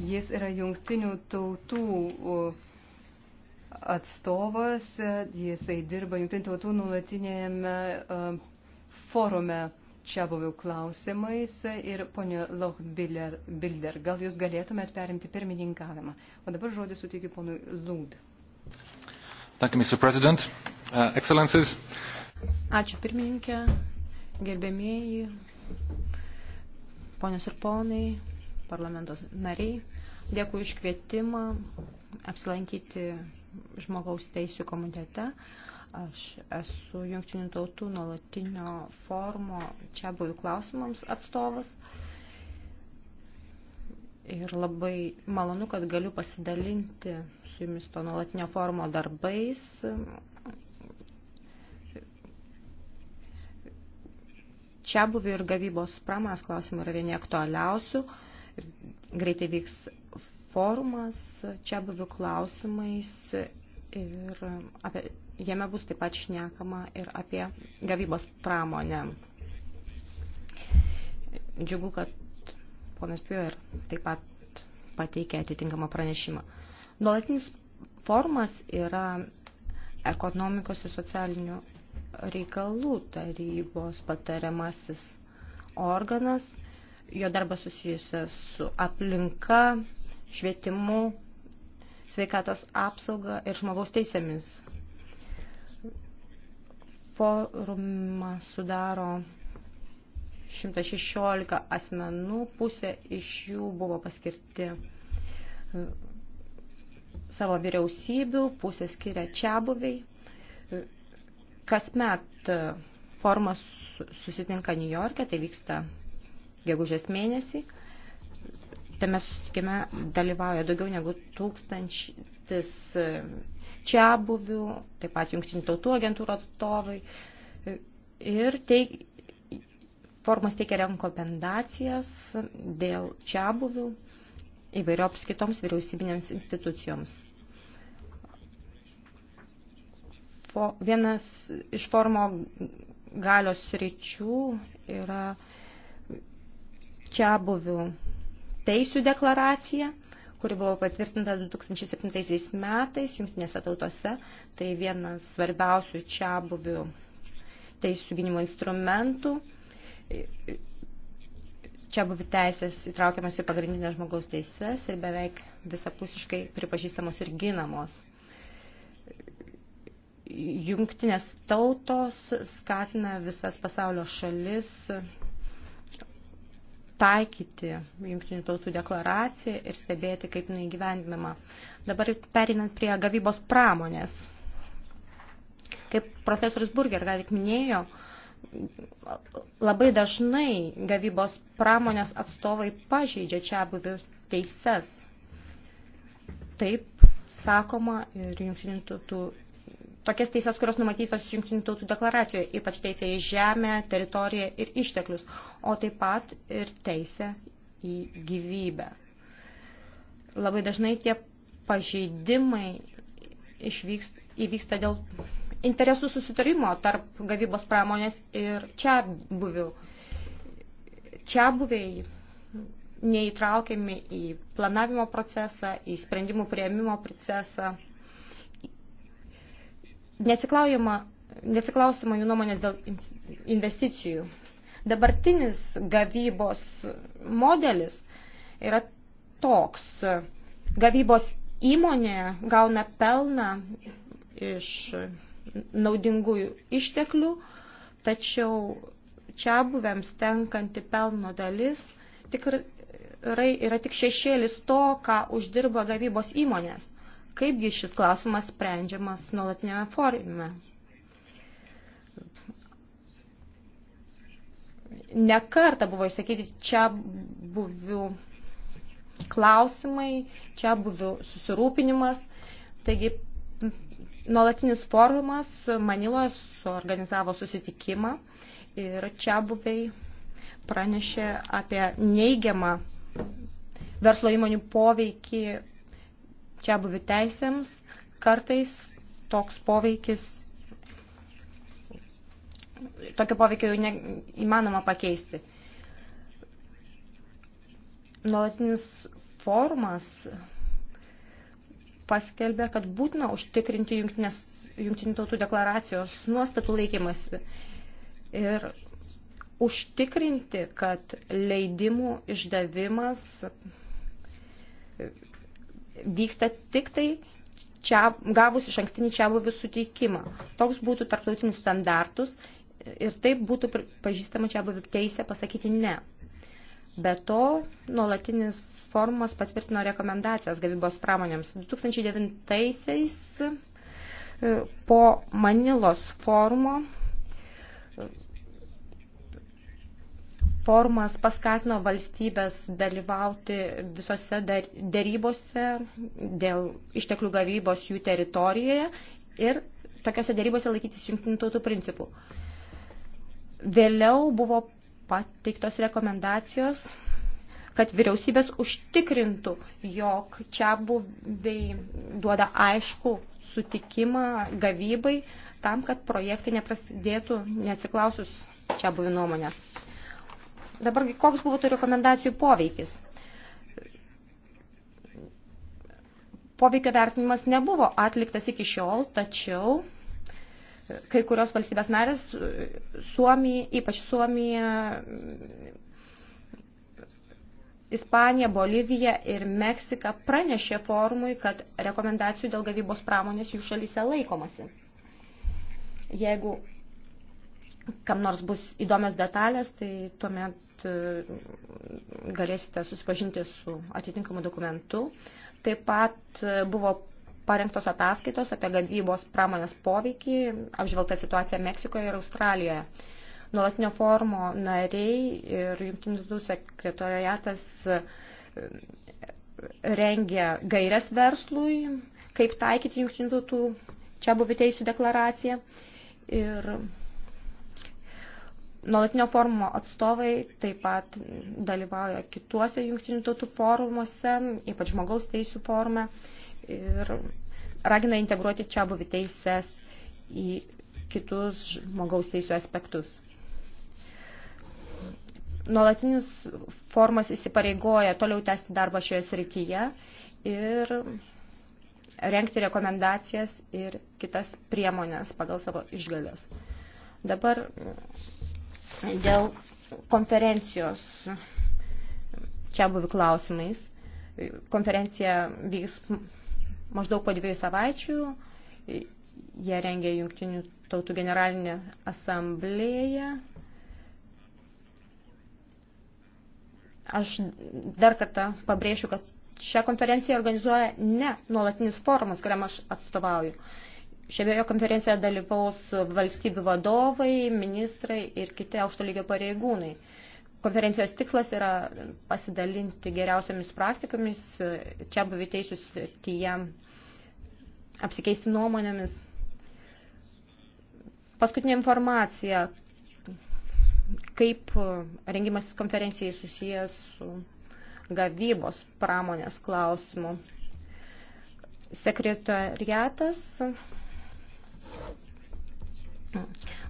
Jis yra jungtinių tautų atstovas, jisai dirba jungtinių tautų nulatinėjame forume čia buvių klausimais ir ponio Lochbilder, gal jūs galėtumėt perimti pirmininkavimą. O dabar žodį suteikiu ponui Lūd. Thank you, Mr. President. Uh, excellences. Ačiū pirmininkė, gerbėmėjai, ponios ir ponai, parlamentos nariai. Dėkui iš kvietimą apsilankyti žmogaus teisų komitete. Aš esu Junktinių tautų nuolatinio formo čia buvų klausimams atstovas. Ir labai malonu, kad galiu pasidalinti su jumis to nuolatinio formo darbais. Čia buvi ir gavybos pramonės klausimai yra vieni aktualiausių. Ir greitai vyks forumas čia buvių klausimais ir apie, jame bus taip pat šnekama ir apie gavybos pramonę. Džiugu, kad ponas Piuer taip pat pateikė atitinkamą pranešimą. Nuolatinis formas yra ekonomikos ir socialinių reikalų tarybos patariamasis organas – jo darbas susijusias su aplinka, švietimu, sveikatos apsauga ir žmogaus teisėmis. Forumą sudaro 116 asmenų, pusė iš jų buvo paskirti e, savo vyriausybių, pusė skiria čia buviai. E, kasmet e, formas susitinka Niujorke, tai vyksta gegužės mėnesį. Tame susitikime dalyvauja daugiau negu tūkstantis čia buvių, taip pat jungtinių tautų agentūrų atstovai. Ir teik, formas teikia rekomendacijas dėl čia buvių įvairioms kitoms vyriausybinėms institucijoms. Fo, vienas iš formo galios ryčių yra čia buvių teisų deklaracija, kuri buvo patvirtinta 2007 metais Junktinėse tautose. Tai vienas svarbiausių čia buvių teisų gynimo instrumentų. Čia buvių teisės įtraukiamas į pagrindinės žmogaus teises ir beveik visapusiškai pripažįstamos ir ginamos jungtinės tautos skatina visas pasaulio šalis taikyti Junktinių tautų deklaraciją ir stebėti, kaip jinai gyvendinama. Dabar perinant prie gavybos pramonės. Kaip profesorius Burger ką tik minėjo, labai dažnai gavybos pramonės atstovai pažeidžia čia buvių teises. Taip sakoma ir Junktinių tautų tokias teisės, kurios numatytos Junktinių tautų deklaracijoje, ypač teisė į žemę, teritoriją ir išteklius, o taip pat ir teisė į gyvybę. Labai dažnai tie pažeidimai išvyks, įvyksta dėl interesų susitarimo tarp gavybos pramonės ir čia buvių. Čia buviai neįtraukiami į planavimo procesą, į sprendimų prieimimo procesą neatsiklausima jų nuomonės dėl investicijų. Dabartinis gavybos modelis yra toks. Gavybos įmonė gauna pelną iš naudingųjų išteklių, tačiau čia buvėms tenkanti pelno dalis tikrai yra tik šešėlis to, ką uždirba gavybos įmonės kaipgi šis klausimas sprendžiamas nuolatinėme forume. Nekarta buvo išsakyti čia buvių klausimai, čia buvių susirūpinimas. Taigi, nuolatinis forumas Maniloje suorganizavo susitikimą ir čia buviai pranešė apie neigiamą verslo įmonių poveikį čia buvių teisėms kartais toks poveikis, tokio poveikio jau neįmanoma pakeisti. Nuolatinis forumas paskelbė, kad būtina užtikrinti jungtinės, jungtinių tautų deklaracijos nuostatų laikymasi ir užtikrinti, kad leidimų išdavimas vyksta tik tai čia, gavus iš ankstinį čia buvių suteikimą. Toks būtų tarptautinis standartus ir taip būtų pažįstama čia buvių teisė pasakyti ne. Be to, nuolatinis forumas patvirtino rekomendacijas gavybos pramonėms. 2009-aisiais e, po Manilos forumo Forumas paskatino valstybės dalyvauti visose dėrybose dėl išteklių gavybos jų teritorijoje ir tokiuose dėrybose laikytis jungtinių tautų principų. Vėliau buvo pateiktos rekomendacijos, kad vyriausybės užtikrintų, jog čia buvai duoda aišku sutikimą gavybai tam, kad projektai neprasidėtų neatsiklausius čia buvių nuomonės. Dabar koks buvo tų rekomendacijų poveikis? Poveikio vertinimas nebuvo atliktas iki šiol, tačiau kai kurios valstybės narės, Suomija, ypač Suomija, Ispanija, Bolivija ir Meksika pranešė forumui, kad rekomendacijų dėl gavybos pramonės jų šalyse laikomasi. Jeigu kam nors bus įdomios detalės, tai tuomet e, galėsite susipažinti su atitinkamu dokumentu. Taip pat e, buvo parengtos ataskaitos apie gavybos pramonės poveikį, apžvelgta situacija Meksikoje ir Australijoje. Nuolatinio forumo nariai ir jungtinių tautų sekretoriatas e, rengia gairias verslui, kaip taikyti jungtinių tautų čia buvių teisų deklaraciją. Ir Nuolatinio forumo atstovai taip pat dalyvauja kituose jungtinių tautų forumuose, ypač žmogaus teisų forume ir ragina integruoti čia buvi teises į kitus žmogaus teisų aspektus. Nuolatinis formas įsipareigoja toliau tęsti darbą šioje srityje ir renkti rekomendacijas ir kitas priemonės pagal savo išgalės. Dabar dėl konferencijos čia buvi klausimais. Konferencija vyks maždaug po dviejų savaičių. Jie rengia Junktinių tautų generalinę asamblėją. Aš dar kartą pabrėšiu, kad šią konferenciją organizuoja ne nuolatinis forumas, kuriam aš atstovauju. Šioje konferencijoje dalyvaus valstybių vadovai, ministrai ir kiti aukšto lygio pareigūnai. Konferencijos tikslas yra pasidalinti geriausiamis praktikomis, čia buvi teisų srityje, apsikeisti nuomonėmis. Paskutinė informacija, kaip rengimasis konferencijai susijęs su gavybos pramonės klausimu. Sekretariatas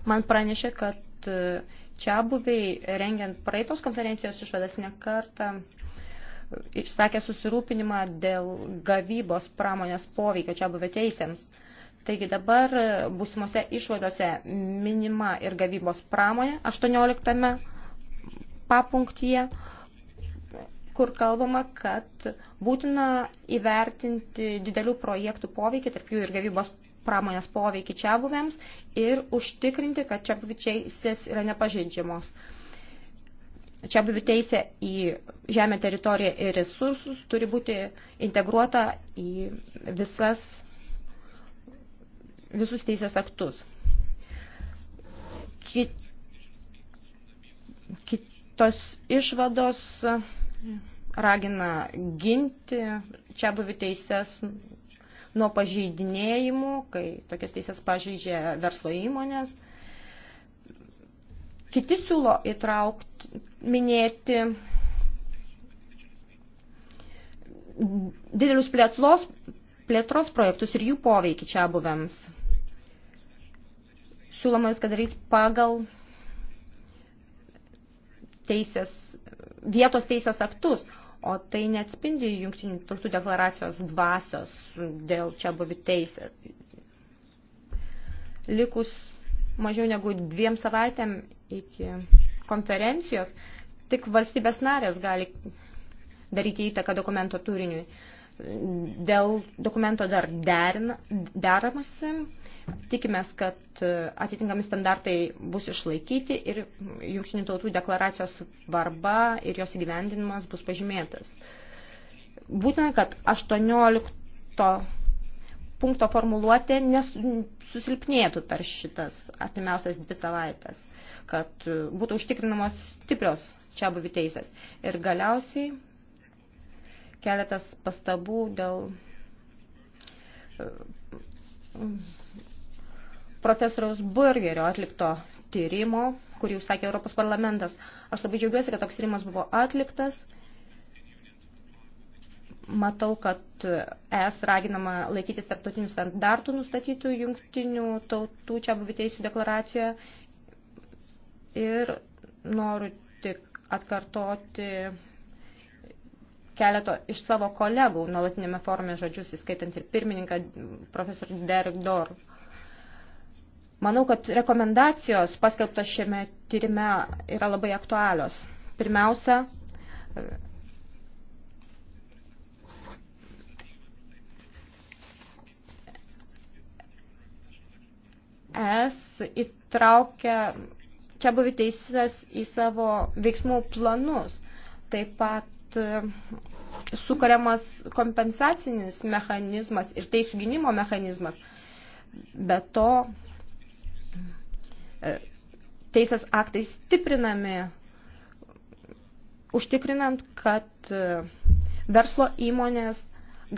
Man pranešė, kad e, čia buviai rengiant praeitos konferencijos išvadas nekartą e, išsakė susirūpinimą dėl gavybos pramonės poveikio čia buvę teisėms. Taigi dabar e, būsimose išvadose minima ir gavybos pramonė 18 papunktyje, kur kalbama, kad būtina įvertinti didelių projektų poveikį, tarp jų ir gavybos pramonės poveikį čia buvėms ir užtikrinti, kad čia teisės yra nepažeidžiamos. Čia buvių teisė į žemę teritoriją ir resursus turi būti integruota į visas, visus teisės aktus. Kit, kitos išvados ragina ginti čia buvių teisės nuo pažeidinėjimų, kai tokias teisės pažeidžia verslo įmonės. Kiti siūlo įtraukti, minėti didelius plėtlos, plėtros projektus ir jų poveikį čia buvėms. Siūloma viską daryti pagal teisės, vietos teisės aktus, o tai neatspindi Junktinių tautų deklaracijos dvasios dėl čia buvių teisė. Likus mažiau negu dviem savaitėm iki konferencijos, tik valstybės narės gali daryti įtaką dokumento turiniui. Dėl dokumento dar deramasi, Tikimės, kad e, atitinkami standartai bus išlaikyti ir jungtinių tautų deklaracijos svarba ir jos įgyvendinimas bus pažymėtas. Būtina, kad 18 punkto formuluotė nesusilpnėtų per šitas artimiausias dvi savaitės, kad e, būtų užtikrinamos stiprios čia buvi teisės. Ir galiausiai keletas pastabų dėl e, profesoriaus Burgerio atlikto tyrimo, kurį užsakė Europos parlamentas. Aš labai džiaugiuosi, kad toks tyrimas buvo atliktas. Matau, kad ES raginama laikytis tarptautinių standartų nustatytų jungtinių tautų čia buvų teisų deklaracijoje. Ir noriu tik atkartoti keleto iš savo kolegų nuolatinėme forume žodžius, įskaitant ir pirmininką profesorių Derek Dorf Manau, kad rekomendacijos paskelbtos šiame tyrime yra labai aktualios. Pirmiausia, es įtraukia čia buvi teisės į savo veiksmų planus. Taip pat e, sukariamas kompensacinis mechanizmas ir teisų gynimo mechanizmas. Be to, E, teisės aktai stiprinami, užtikrinant, kad e, verslo įmonės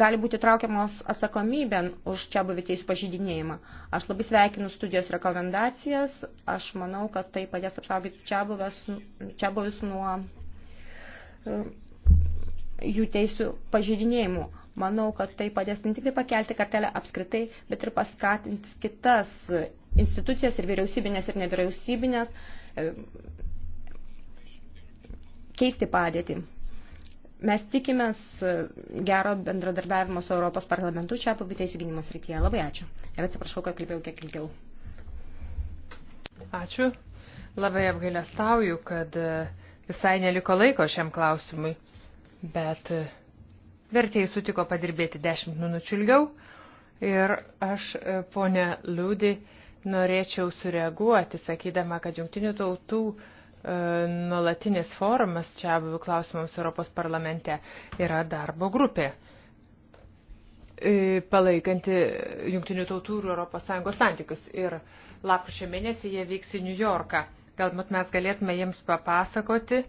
gali būti traukiamos atsakomybėn už čia buviteis pažydinėjimą. Aš labai sveikinu studijos rekomendacijas, aš manau, kad tai padės apsaugoti čia, buvęs, čia buvęs nuo e, jų teisų pažydinėjimų. Manau, kad tai padės ne tik tai pakelti kartelę apskritai, bet ir paskatins kitas institucijas ir vyriausybinės ir nevyriausybinės e, keisti padėtį. Mes tikimės e, gero bendradarbiavimo su Europos parlamentu čia apie teisų gynimo srityje. Labai ačiū. Ir atsiprašau, kad kalbėjau kiek ilgiau. Ačiū. Labai apgailestauju, kad e, visai neliko laiko šiam klausimui. Bet Vertėjai sutiko padirbėti 10 minučių ilgiau ir aš, e, ponė Liūdį, norėčiau sureaguoti, sakydama, kad jungtinių tautų e, nuolatinis forumas čia abiejų klausimams Europos parlamente yra darbo grupė e, palaikanti jungtinių tautų ir Europos Sąjungos santykius. Ir lapkričio mėnesį jie vyks į New Yorką. Galbūt mes galėtume jiems papasakoti,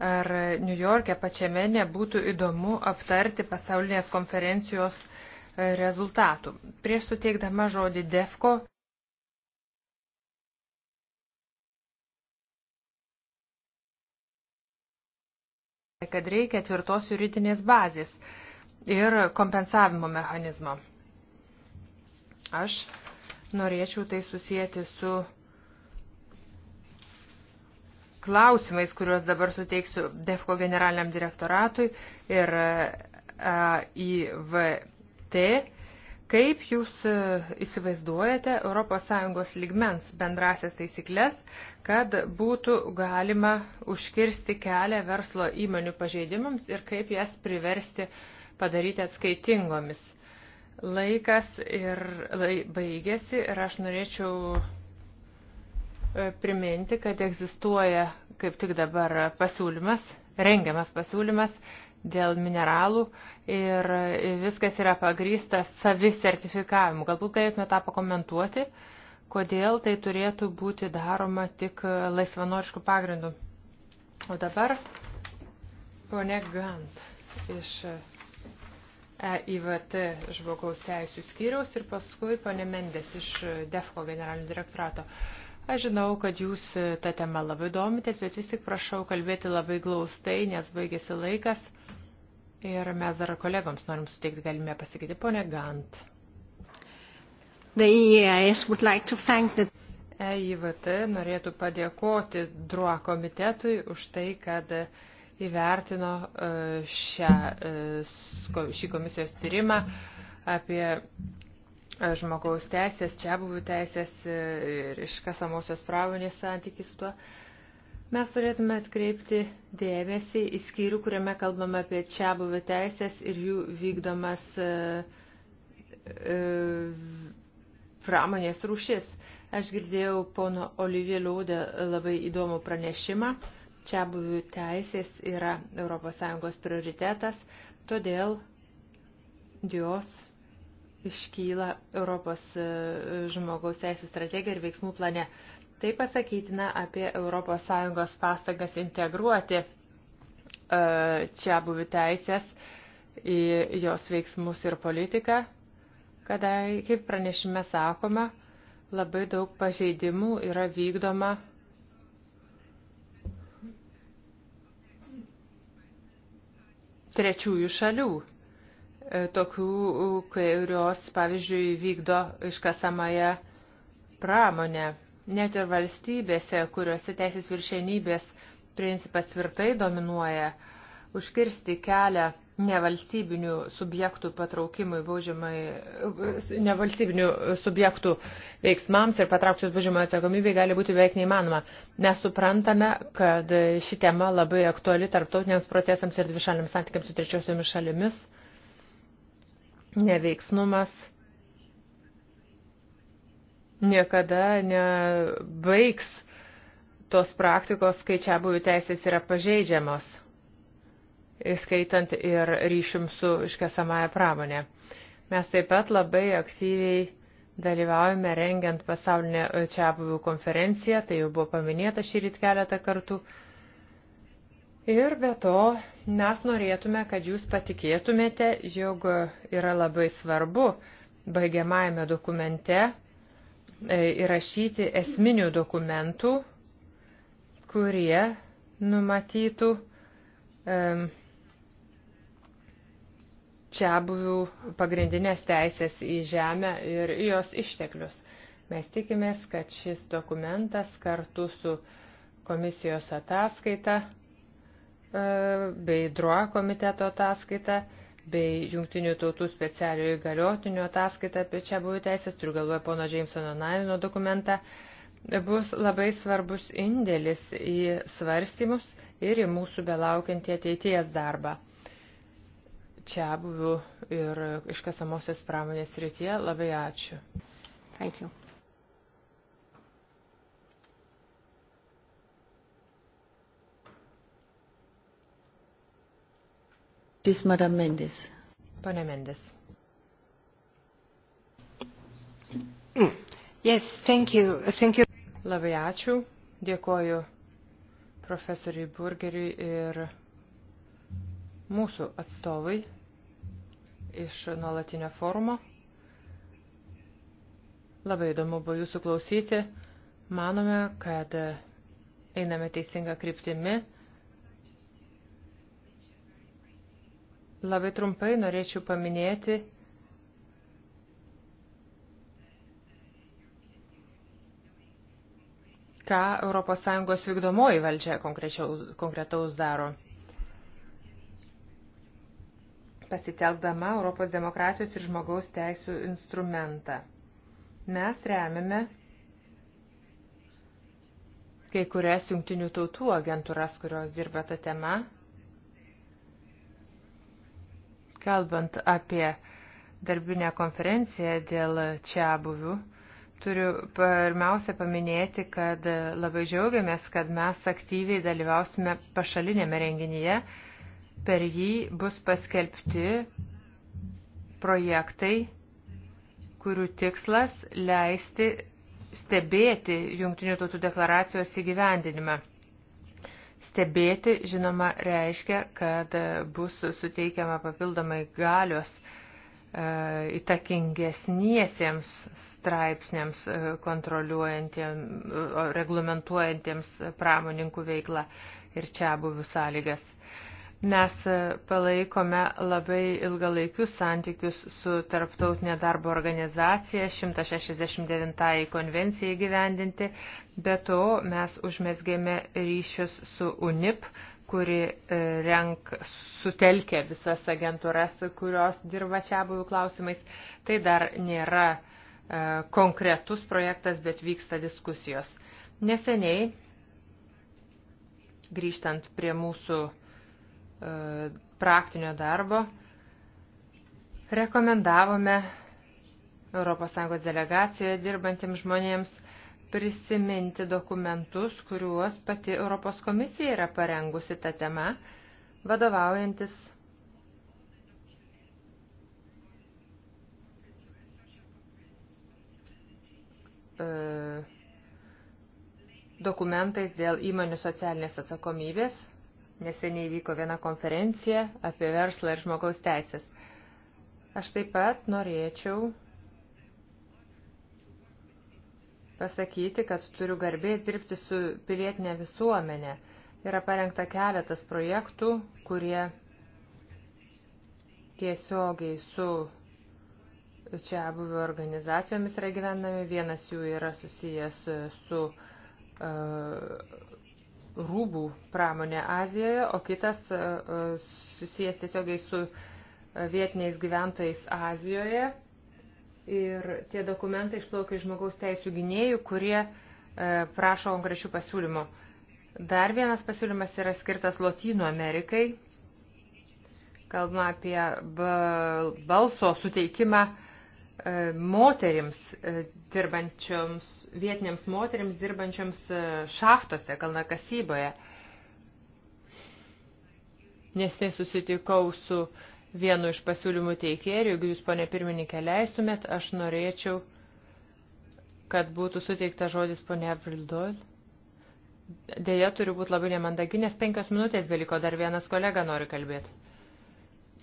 ar New York'e pačiame nebūtų įdomu aptarti pasaulinės konferencijos e, rezultatų. Prieš suteikdama žodį DEFCO. kad reikia tvirtos juridinės bazės ir kompensavimo mechanizmo. Aš norėčiau tai susijęti su klausimais, kuriuos dabar suteiksiu DEFCO generaliniam direktoratui ir e, IVT. Kaip jūs e, įsivaizduojate ES lygmens bendrasias taisyklės, kad būtų galima užkirsti kelią verslo įmonių pažeidimams ir kaip jas priversti padaryti atskaitingomis? Laikas ir lai, baigėsi ir aš norėčiau E, priminti, kad egzistuoja kaip tik dabar pasiūlymas, rengiamas pasiūlymas dėl mineralų ir viskas yra pagrįsta savisertifikavimu. Galbūt galėtume tą pakomentuoti, kodėl tai turėtų būti daroma tik laisvanoriškų pagrindų. O dabar ponė Gant iš EIVT žmogaus teisų skyriaus ir paskui ponė Mendes iš DEFCO generalinio direktorato. Uh, Aš žinau, kad jūs e, tą temą labai domitės, bet vis tik prašau kalbėti labai glaustai, nes baigėsi laikas. Ir mes dar kolegoms norim suteikti galimybę pasakyti, ponė Gant. EIVT e e norėtų padėkoti DRUA komitetui už tai, kad įvertino šią, šį komisijos tyrimą apie žmogaus teisės, čia buvų teisės e, ir iškasamosios pramonės santykis su tuo. Mes turėtume atkreipti dėmesį į skyrių, kuriame kalbame apie čia buvų teisės ir jų vykdomas e, e, pramonės rūšis. Aš girdėjau pono Olivier Liūdę labai įdomų pranešimą. Čia buvų teisės yra ES prioritetas, todėl jos iškyla Europos e, žmogaus teisės strategija ir veiksmų plane. Tai pasakytina apie ES pastangas integruoti e, čia buvių teisės į jos veiksmus ir politiką, kada, kaip pranešime sakoma, labai daug pažeidimų yra vykdoma trečiųjų šalių. E, tokių, kurios, pavyzdžiui, vykdo iškasamąją pramonę. Net ir valstybėse, kuriuose teisės viršenybės principas tvirtai dominuoja, užkirsti kelią nevalstybinių subjektų patraukimui baudžiamai, e, nevalstybinių subjektų veiksmams ir patraukčios baudžiamojo atsakomybei gali būti beveik neįmanoma. Mes suprantame, kad ši tema labai aktuali tarptautiniams procesams ir dvišaliams santykiams su trečiosiomis šalimis neveiksnumas niekada nebaigs tos praktikos, kai čia buvų teisės yra pažeidžiamos, įskaitant ir ryšim su iškesamąją pramonę. Mes taip pat labai aktyviai dalyvaujame rengiant pasaulinę čia buvų konferenciją, tai jau buvo paminėta šį ryt keletą kartų. Ir be to mes norėtume, kad jūs patikėtumėte, jog yra labai svarbu baigiamajame dokumente e, įrašyti esminių dokumentų, kurie numatytų čia buvių pagrindinės teisės į žemę ir jos išteklius. Mes tikimės, kad šis dokumentas kartu su komisijos ataskaita E, bei DROA komiteto ataskaita bei jungtinių tautų specialiojo įgaliotinio ataskaita apie čia buvų teisės, turiu galvoje pono Jamesono Nailino dokumentą, bus labai svarbus indėlis į svarstymus ir į mūsų belaukiantį ateities darbą. Čia buvų ir iškasamosios pramonės rytyje labai ačiū. Thank you. Tis Madame Mendes. Pane Mendes. Yes, thank you. Thank you. Labai ačiū. Dėkoju profesoriui Burgeriui ir mūsų atstovai iš nuolatinio forumo. Labai įdomu buvo jūsų klausyti. Manome, kad einame teisinga kryptimi. Labai trumpai norėčiau paminėti ką ES vykdomoji valdžia konkretaus daro. Pasitelkdama Europos demokratijos ir žmogaus teisų instrumentą. Mes remiame kai kurias jungtinių tautų agentūras, kurios dirba tą temą, Kalbant apie darbinę konferenciją dėl čia buvių, turiu pirmiausia paminėti, kad labai džiaugiamės, kad mes aktyviai dalyvausime pašalinėme renginyje. Per jį bus paskelbti projektai, kurių tikslas leisti stebėti Junktinių tautų deklaracijos įgyvendinimą. Stebėti, žinoma, reiškia, kad bus suteikiama papildomai galios e, įtakingesniesiems straipsniams e, kontroliuojantiems, e, reglamentuojantiems pramoninkų veiklą ir čia buvių sąlygas. Mes palaikome labai ilgalaikius santykius su Tarptautinė darbo organizacija 169 konvencijai gyvendinti, Be to mes užmesgėme ryšius su UNIP, kuri e, renk, sutelkia visas agentūras, kurios dirba čia buvų klausimais. Tai dar nėra e, konkretus projektas, bet vyksta diskusijos. Neseniai, grįžtant prie mūsų e, praktinio darbo, rekomendavome ES delegacijoje dirbantiems žmonėms, prisiminti dokumentus, kuriuos pati Europos komisija yra parengusi tą temą, vadovaujantis e, dokumentais dėl įmonių socialinės atsakomybės. Neseniai vyko viena konferencija apie verslą ir žmogaus teisės. Aš taip pat norėčiau pasakyti, kad turiu garbės dirbti su pilietinė visuomenė. Yra parengta keletas projektų, kurie tiesiogiai su čia buvio organizacijomis yra gyvenami. Vienas jų yra susijęs su uh, rūbų pramonė Azijoje, o kitas uh, susijęs tiesiogiai su vietiniais gyventojais Azijoje Ir tie dokumentai išplaukia iš žmogaus teisų gynėjų, kurie e, prašo konkrečių pasiūlymų. Dar vienas pasiūlymas yra skirtas Lotynų Amerikai. Kalbama apie balso suteikimą e, moterims e, dirbančioms, vietiniams moterims dirbančioms e, šachtose, kalnakasyboje. Nesnei susitikau su e, vienu iš pasiūlymų teikėjų ir jeigu jūs, ponė pirmininkė, leistumėt, aš norėčiau, kad būtų suteikta žodis ponė Avril Doyle. Deja, turiu būti labai nemandagi, nes penkios minutės beliko dar vienas kolega nori kalbėti.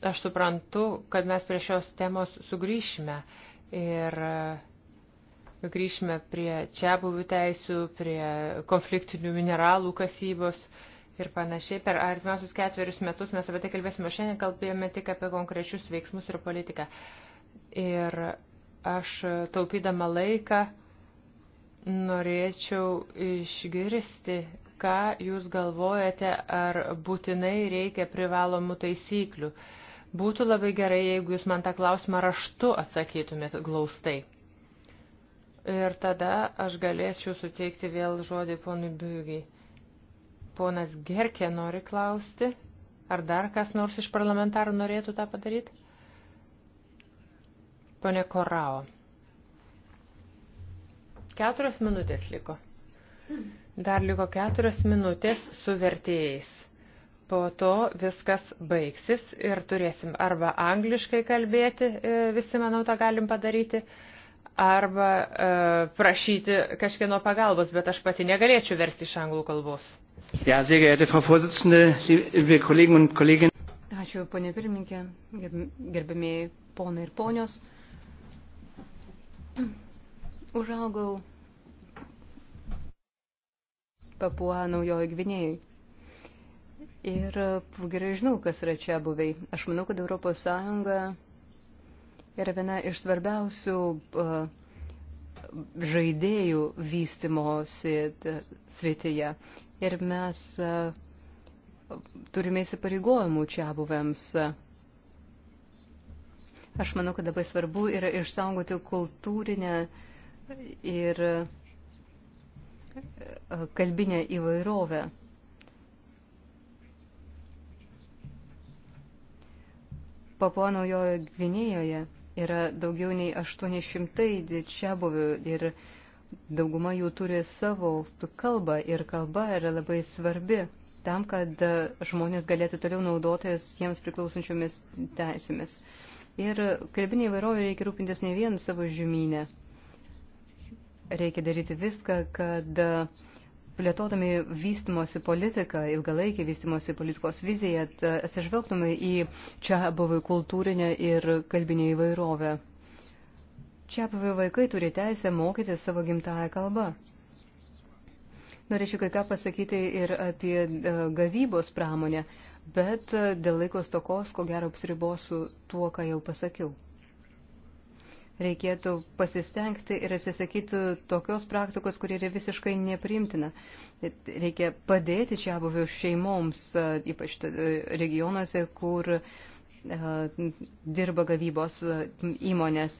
Aš suprantu, kad mes prie šios temos sugrįšime ir e, grįšime prie čia buvių teisių, prie konfliktinių mineralų kasybos. Uh, ir panašiai. Per artimiausius ketverius metus mes apie tai kalbėsime, šiandien kalbėjome tik apie konkrečius veiksmus ir politiką. Ir aš taupydama laiką norėčiau išgirsti, ką jūs galvojate, ar būtinai reikia privalomų taisyklių. Būtų labai gerai, jeigu jūs man tą klausimą raštu atsakytumėt glaustai. Ir tada aš galėčiau suteikti vėl žodį ponui Biugiai. Ponas Gerke nori klausti. Ar dar kas nors iš parlamentarų norėtų tą padaryti? Pone Korao. Keturios minutės liko. Dar liko keturios minutės su vertėjais. Po to viskas baigsis ir turėsim arba angliškai kalbėti, e, visi manau tą galim padaryti, arba e, prašyti kažkieno pagalbos, bet aš pati negalėčiau versti iš anglų kalbos. Ja, sehr geehrte Frau Vorsitzende, liebe Kollegen und Kolleginnen. Ačiū, ponė pirmininkė, gerbėmiai ponai ir ponios. Užaugau Papua naujojo Gvinėjai. Ir gerai žinau, kas yra čia buviai. Aš manau, kad Europos Sąjunga yra viena iš svarbiausių e, žaidėjų vystimosi srityje. Ir mes e, turime įsipareigojimų čia buvėms. Aš manau, kad labai svarbu yra išsaugoti kultūrinę ir e, kalbinę įvairovę. Papuo Naujojo Gvinėjoje yra daugiau nei 800 čia buvių ir dauguma jų turi savo kalbą ir kalba yra labai svarbi tam, kad žmonės galėtų toliau naudotis jiems priklausančiomis teisėmis. Ir kalbinė įvairovė reikia rūpintis ne vien savo žemynę. Reikia daryti viską, kad uh, plėtodami vystimosi politiką, ilgalaikį vystimosi politikos viziją, atsižvelgtume į čia buvę kultūrinę ir kalbinę įvairovę. Čia buvę vaikai turi teisę mokyti savo gimtają kalbą. Norėčiau kai ką pasakyti ir apie e, gavybos pramonę, bet e, dėl laiko stokos, ko gero, apsiribosiu tuo, ką jau pasakiau reikėtų pasistengti ir atsisakyti tokios praktikos, kuri yra visiškai neprimtina. Reikia padėti čia buvių šeimoms, ypač e, regionuose, kur dirba gavybos įmonės.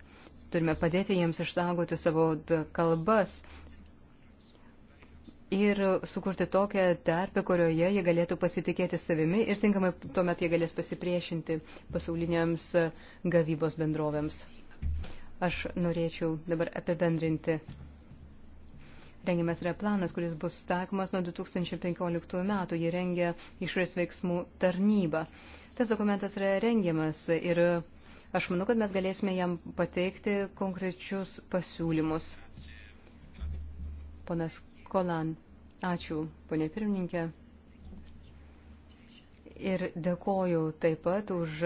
Turime padėti jiems išsaugoti savo kalbas ir sukurti tokią terpę, kurioje jie galėtų pasitikėti savimi ir tinkamai tuomet jie galės pasipriešinti pasauliniams gavybos bendrovėms aš norėčiau dabar apibendrinti. Rengiamas yra planas, kuris bus takomas nuo 2015 metų. Jį rengia išorės veiksmų tarnyba. Tas dokumentas yra rengiamas ir aš manau, kad mes galėsime jam pateikti konkrečius pasiūlymus. Ponas Kolan, ačiū, ponė pirmininkė. Ir dėkoju taip pat už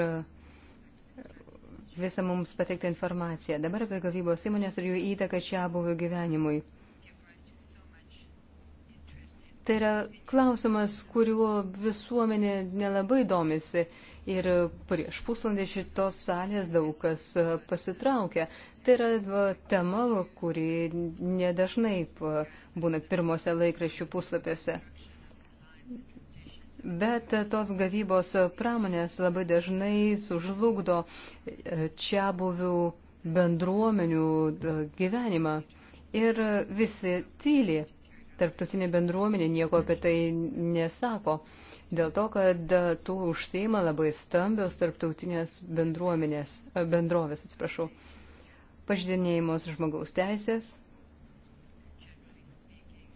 visą mums pateiktą informaciją. Dabar apie gavybos įmonės ir jų įtaką čia buvo gyvenimui. Tai yra klausimas, kuriuo visuomenė nelabai domisi. Ir prieš pusvalandį šitos salės daug kas e, pasitraukia. Tai yra tema, kuri nedažnai e, būna pirmose laikraščių puslapiuose. Bet tos gavybos pramonės labai dažnai sužlugdo e, čia buvių bendruomenių e, gyvenimą. Ir visi tyli. Tarptautinė bendruomenė nieko apie tai nesako. Dėl to, kad tų užsieima labai stambios tarptautinės bendruomenės, e, bendrovės, atsiprašau, pažydinėjimus žmogaus teisės.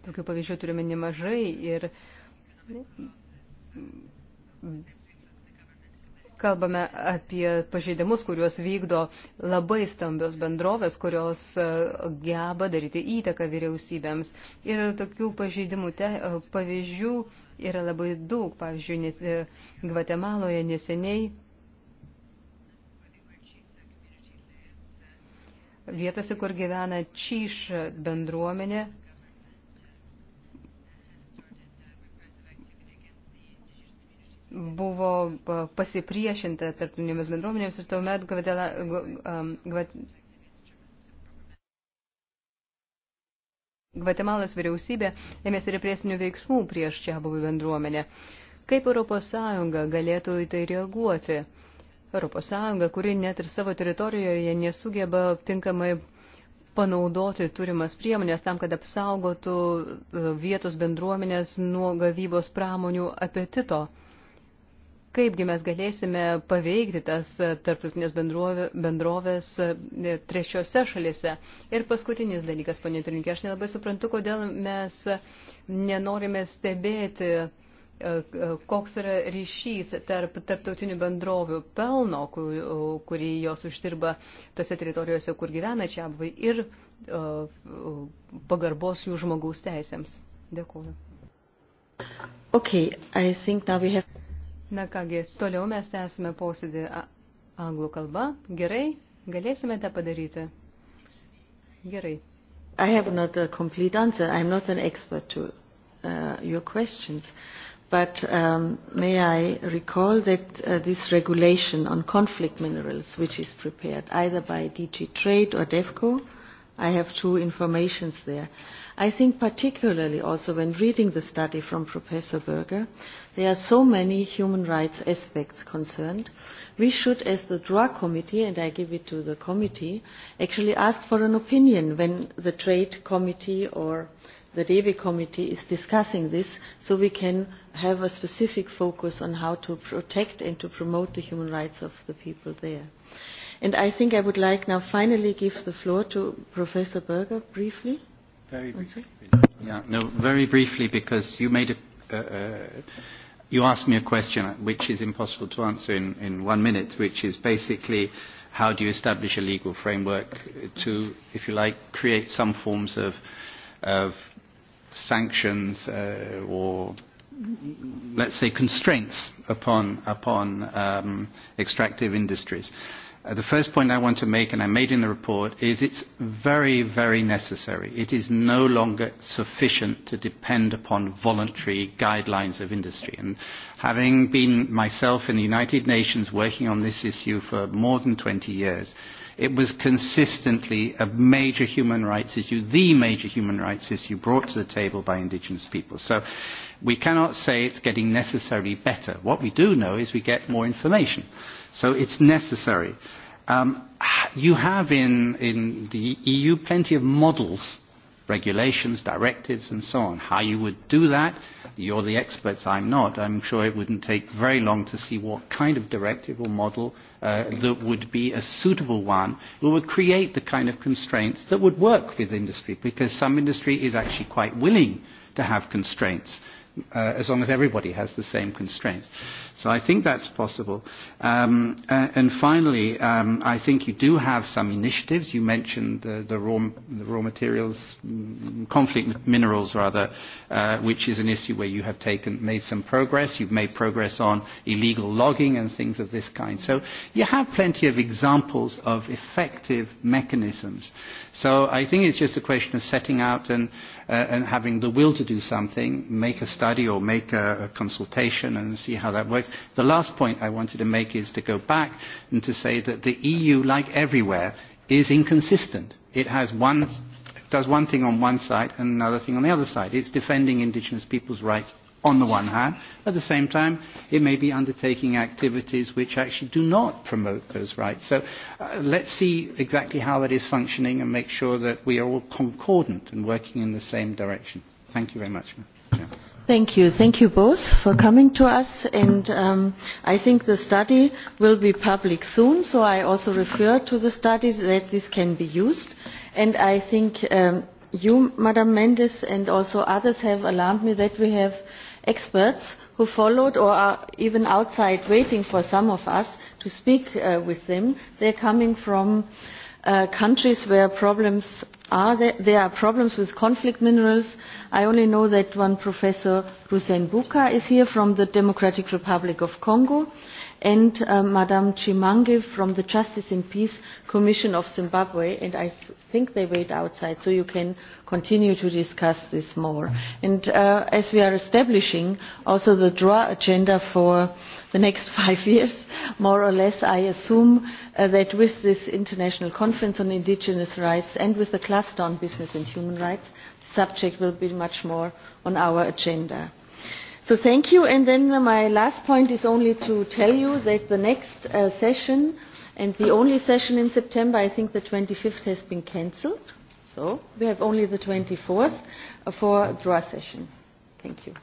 Tokių pavyzdžių turime nemažai ir kalbame apie pažeidimus, kuriuos vykdo labai stambios bendrovės, kurios e, geba daryti įtaką vyriausybėms. Ir tokių pažeidimų te, e, pavyzdžių yra labai daug. Pavyzdžiui, nes, e, Gvatemaloje neseniai vietose, kur gyvena čyš bendruomenė, buvo e, pasipriešinta tarptautinėmis bendruomenėmis ir tuomet Gvatela, Gvat, Gvatemalos vyriausybė ėmėsi represinių veiksmų prieš čia buvę bendruomenę. Kaip ES galėtų į tai reaguoti? ES, kuri net ir savo teritorijoje nesugeba tinkamai panaudoti turimas priemonės tam, kad apsaugotų e, vietos bendruomenės nuo gavybos pramonių apetito kaipgi mes galėsime paveikti tas tarptautinės bendrovės, bendrovės trečiose šalise. Ir paskutinis dalykas, ponė Pirinkė, aš nelabai suprantu, kodėl mes nenorime stebėti, e, e, koks yra ryšys tarp tarptautinių bendrovių pelno, kurį jos uždirba tose teritorijose, kur gyvena čia apvai, ir e, pagarbos jų žmogaus teisėms. Dėkuoju. Okay, I think now we have Na kągi, toliau mes tęsime posėdį anglų kalba. Gerai, galėsime tą padaryti. Gerai. I have not a complete answer. I'm not an expert to uh, your questions. But um, may I recall that uh, this regulation on conflict minerals, which is prepared either by DG Trade or DEFCO, I have two informations there. I think particularly also when reading the study from Professor Berger, there are so many human rights aspects concerned. We should, as the DROA committee, and I give it to the committee, actually ask for an opinion when the trade committee or the DEVI committee is discussing this, so we can have a specific focus on how to protect and to promote the human rights of the people there. And I think I would like now finally give the floor to Professor Berger briefly. Very briefly. Yeah, no, very briefly because you made a, uh, you asked me a question which is impossible to answer in, in one minute, which is basically how do you establish a legal framework to, if you like, create some forms of, of sanctions uh, or, let's say, constraints upon, upon um, extractive industries. Uh, Uh, the first point I want to make, and I made in the report, is it's very, very necessary. It is no longer sufficient to depend upon voluntary guidelines of industry. And having been myself in the United Nations working on this issue for more than 20 years, it was consistently a major human rights issue, the major human rights issue brought to the table by indigenous people. So we cannot say it's getting necessarily better. What we do know is we get more information. Uh, So it's necessary. Um, you have in, in the EU plenty of models, regulations, directives, and so on. How you would do that, you're the experts, I'm not. I'm sure it wouldn't take very long to see what kind of directive or model uh, that would be a suitable one that would create the kind of constraints that would work with industry, because some industry is actually quite willing to have constraints, uh, as long as everybody has the same constraints. Uh, So I think that's possible. Um, uh, and finally, um, I think you do have some initiatives. You mentioned the, the, raw, the raw materials, mm, conflict minerals rather, uh, which is an issue where you have taken, made some progress. You've made progress on illegal logging and things of this kind. So you have plenty of examples of effective mechanisms. So I think it's just a question of setting out and, uh, and having the will to do something, make a study or make a, a consultation and see how that works growth. The last point I wanted to make is to go back and to say that the EU, like everywhere, is inconsistent. It has one, does one thing on one side and another thing on the other side. It's defending indigenous people's rights on the one hand. At the same time, it may be undertaking activities which actually do not promote those rights. So uh, let's see exactly how that is functioning and make sure that we are all concordant and working in the same direction. Thank you very much. Yeah. Thank you. Thank you both for coming to us. And um, I think the study will be public soon, so I also refer to the study that this can be used. And I think um, you, Madam Mendes, and also others have alarmed me that we have experts who followed or are even outside waiting for some of us to speak uh, with them. They're coming from uh, countries where problems are there, there are problems with conflict minerals. I only know that one professor, Hussein Buka, is here from the Democratic Republic of Congo, and uh, Madame Chimange from the Justice and Peace Commission of Zimbabwe, and I th think they wait outside, so you can continue to discuss this more. And uh, as we are establishing also the DRA agenda for the next five years, more or less, I assume uh, that with this International Conference on Indigenous Rights and with the cluster on business and human rights, the subject will be much more on our agenda. So thank you. And then my last point is only to tell you that the next uh, session, and the only session in September, I think the 25th has been cancelled. So we have only the 24th uh, for a draw session. Thank you.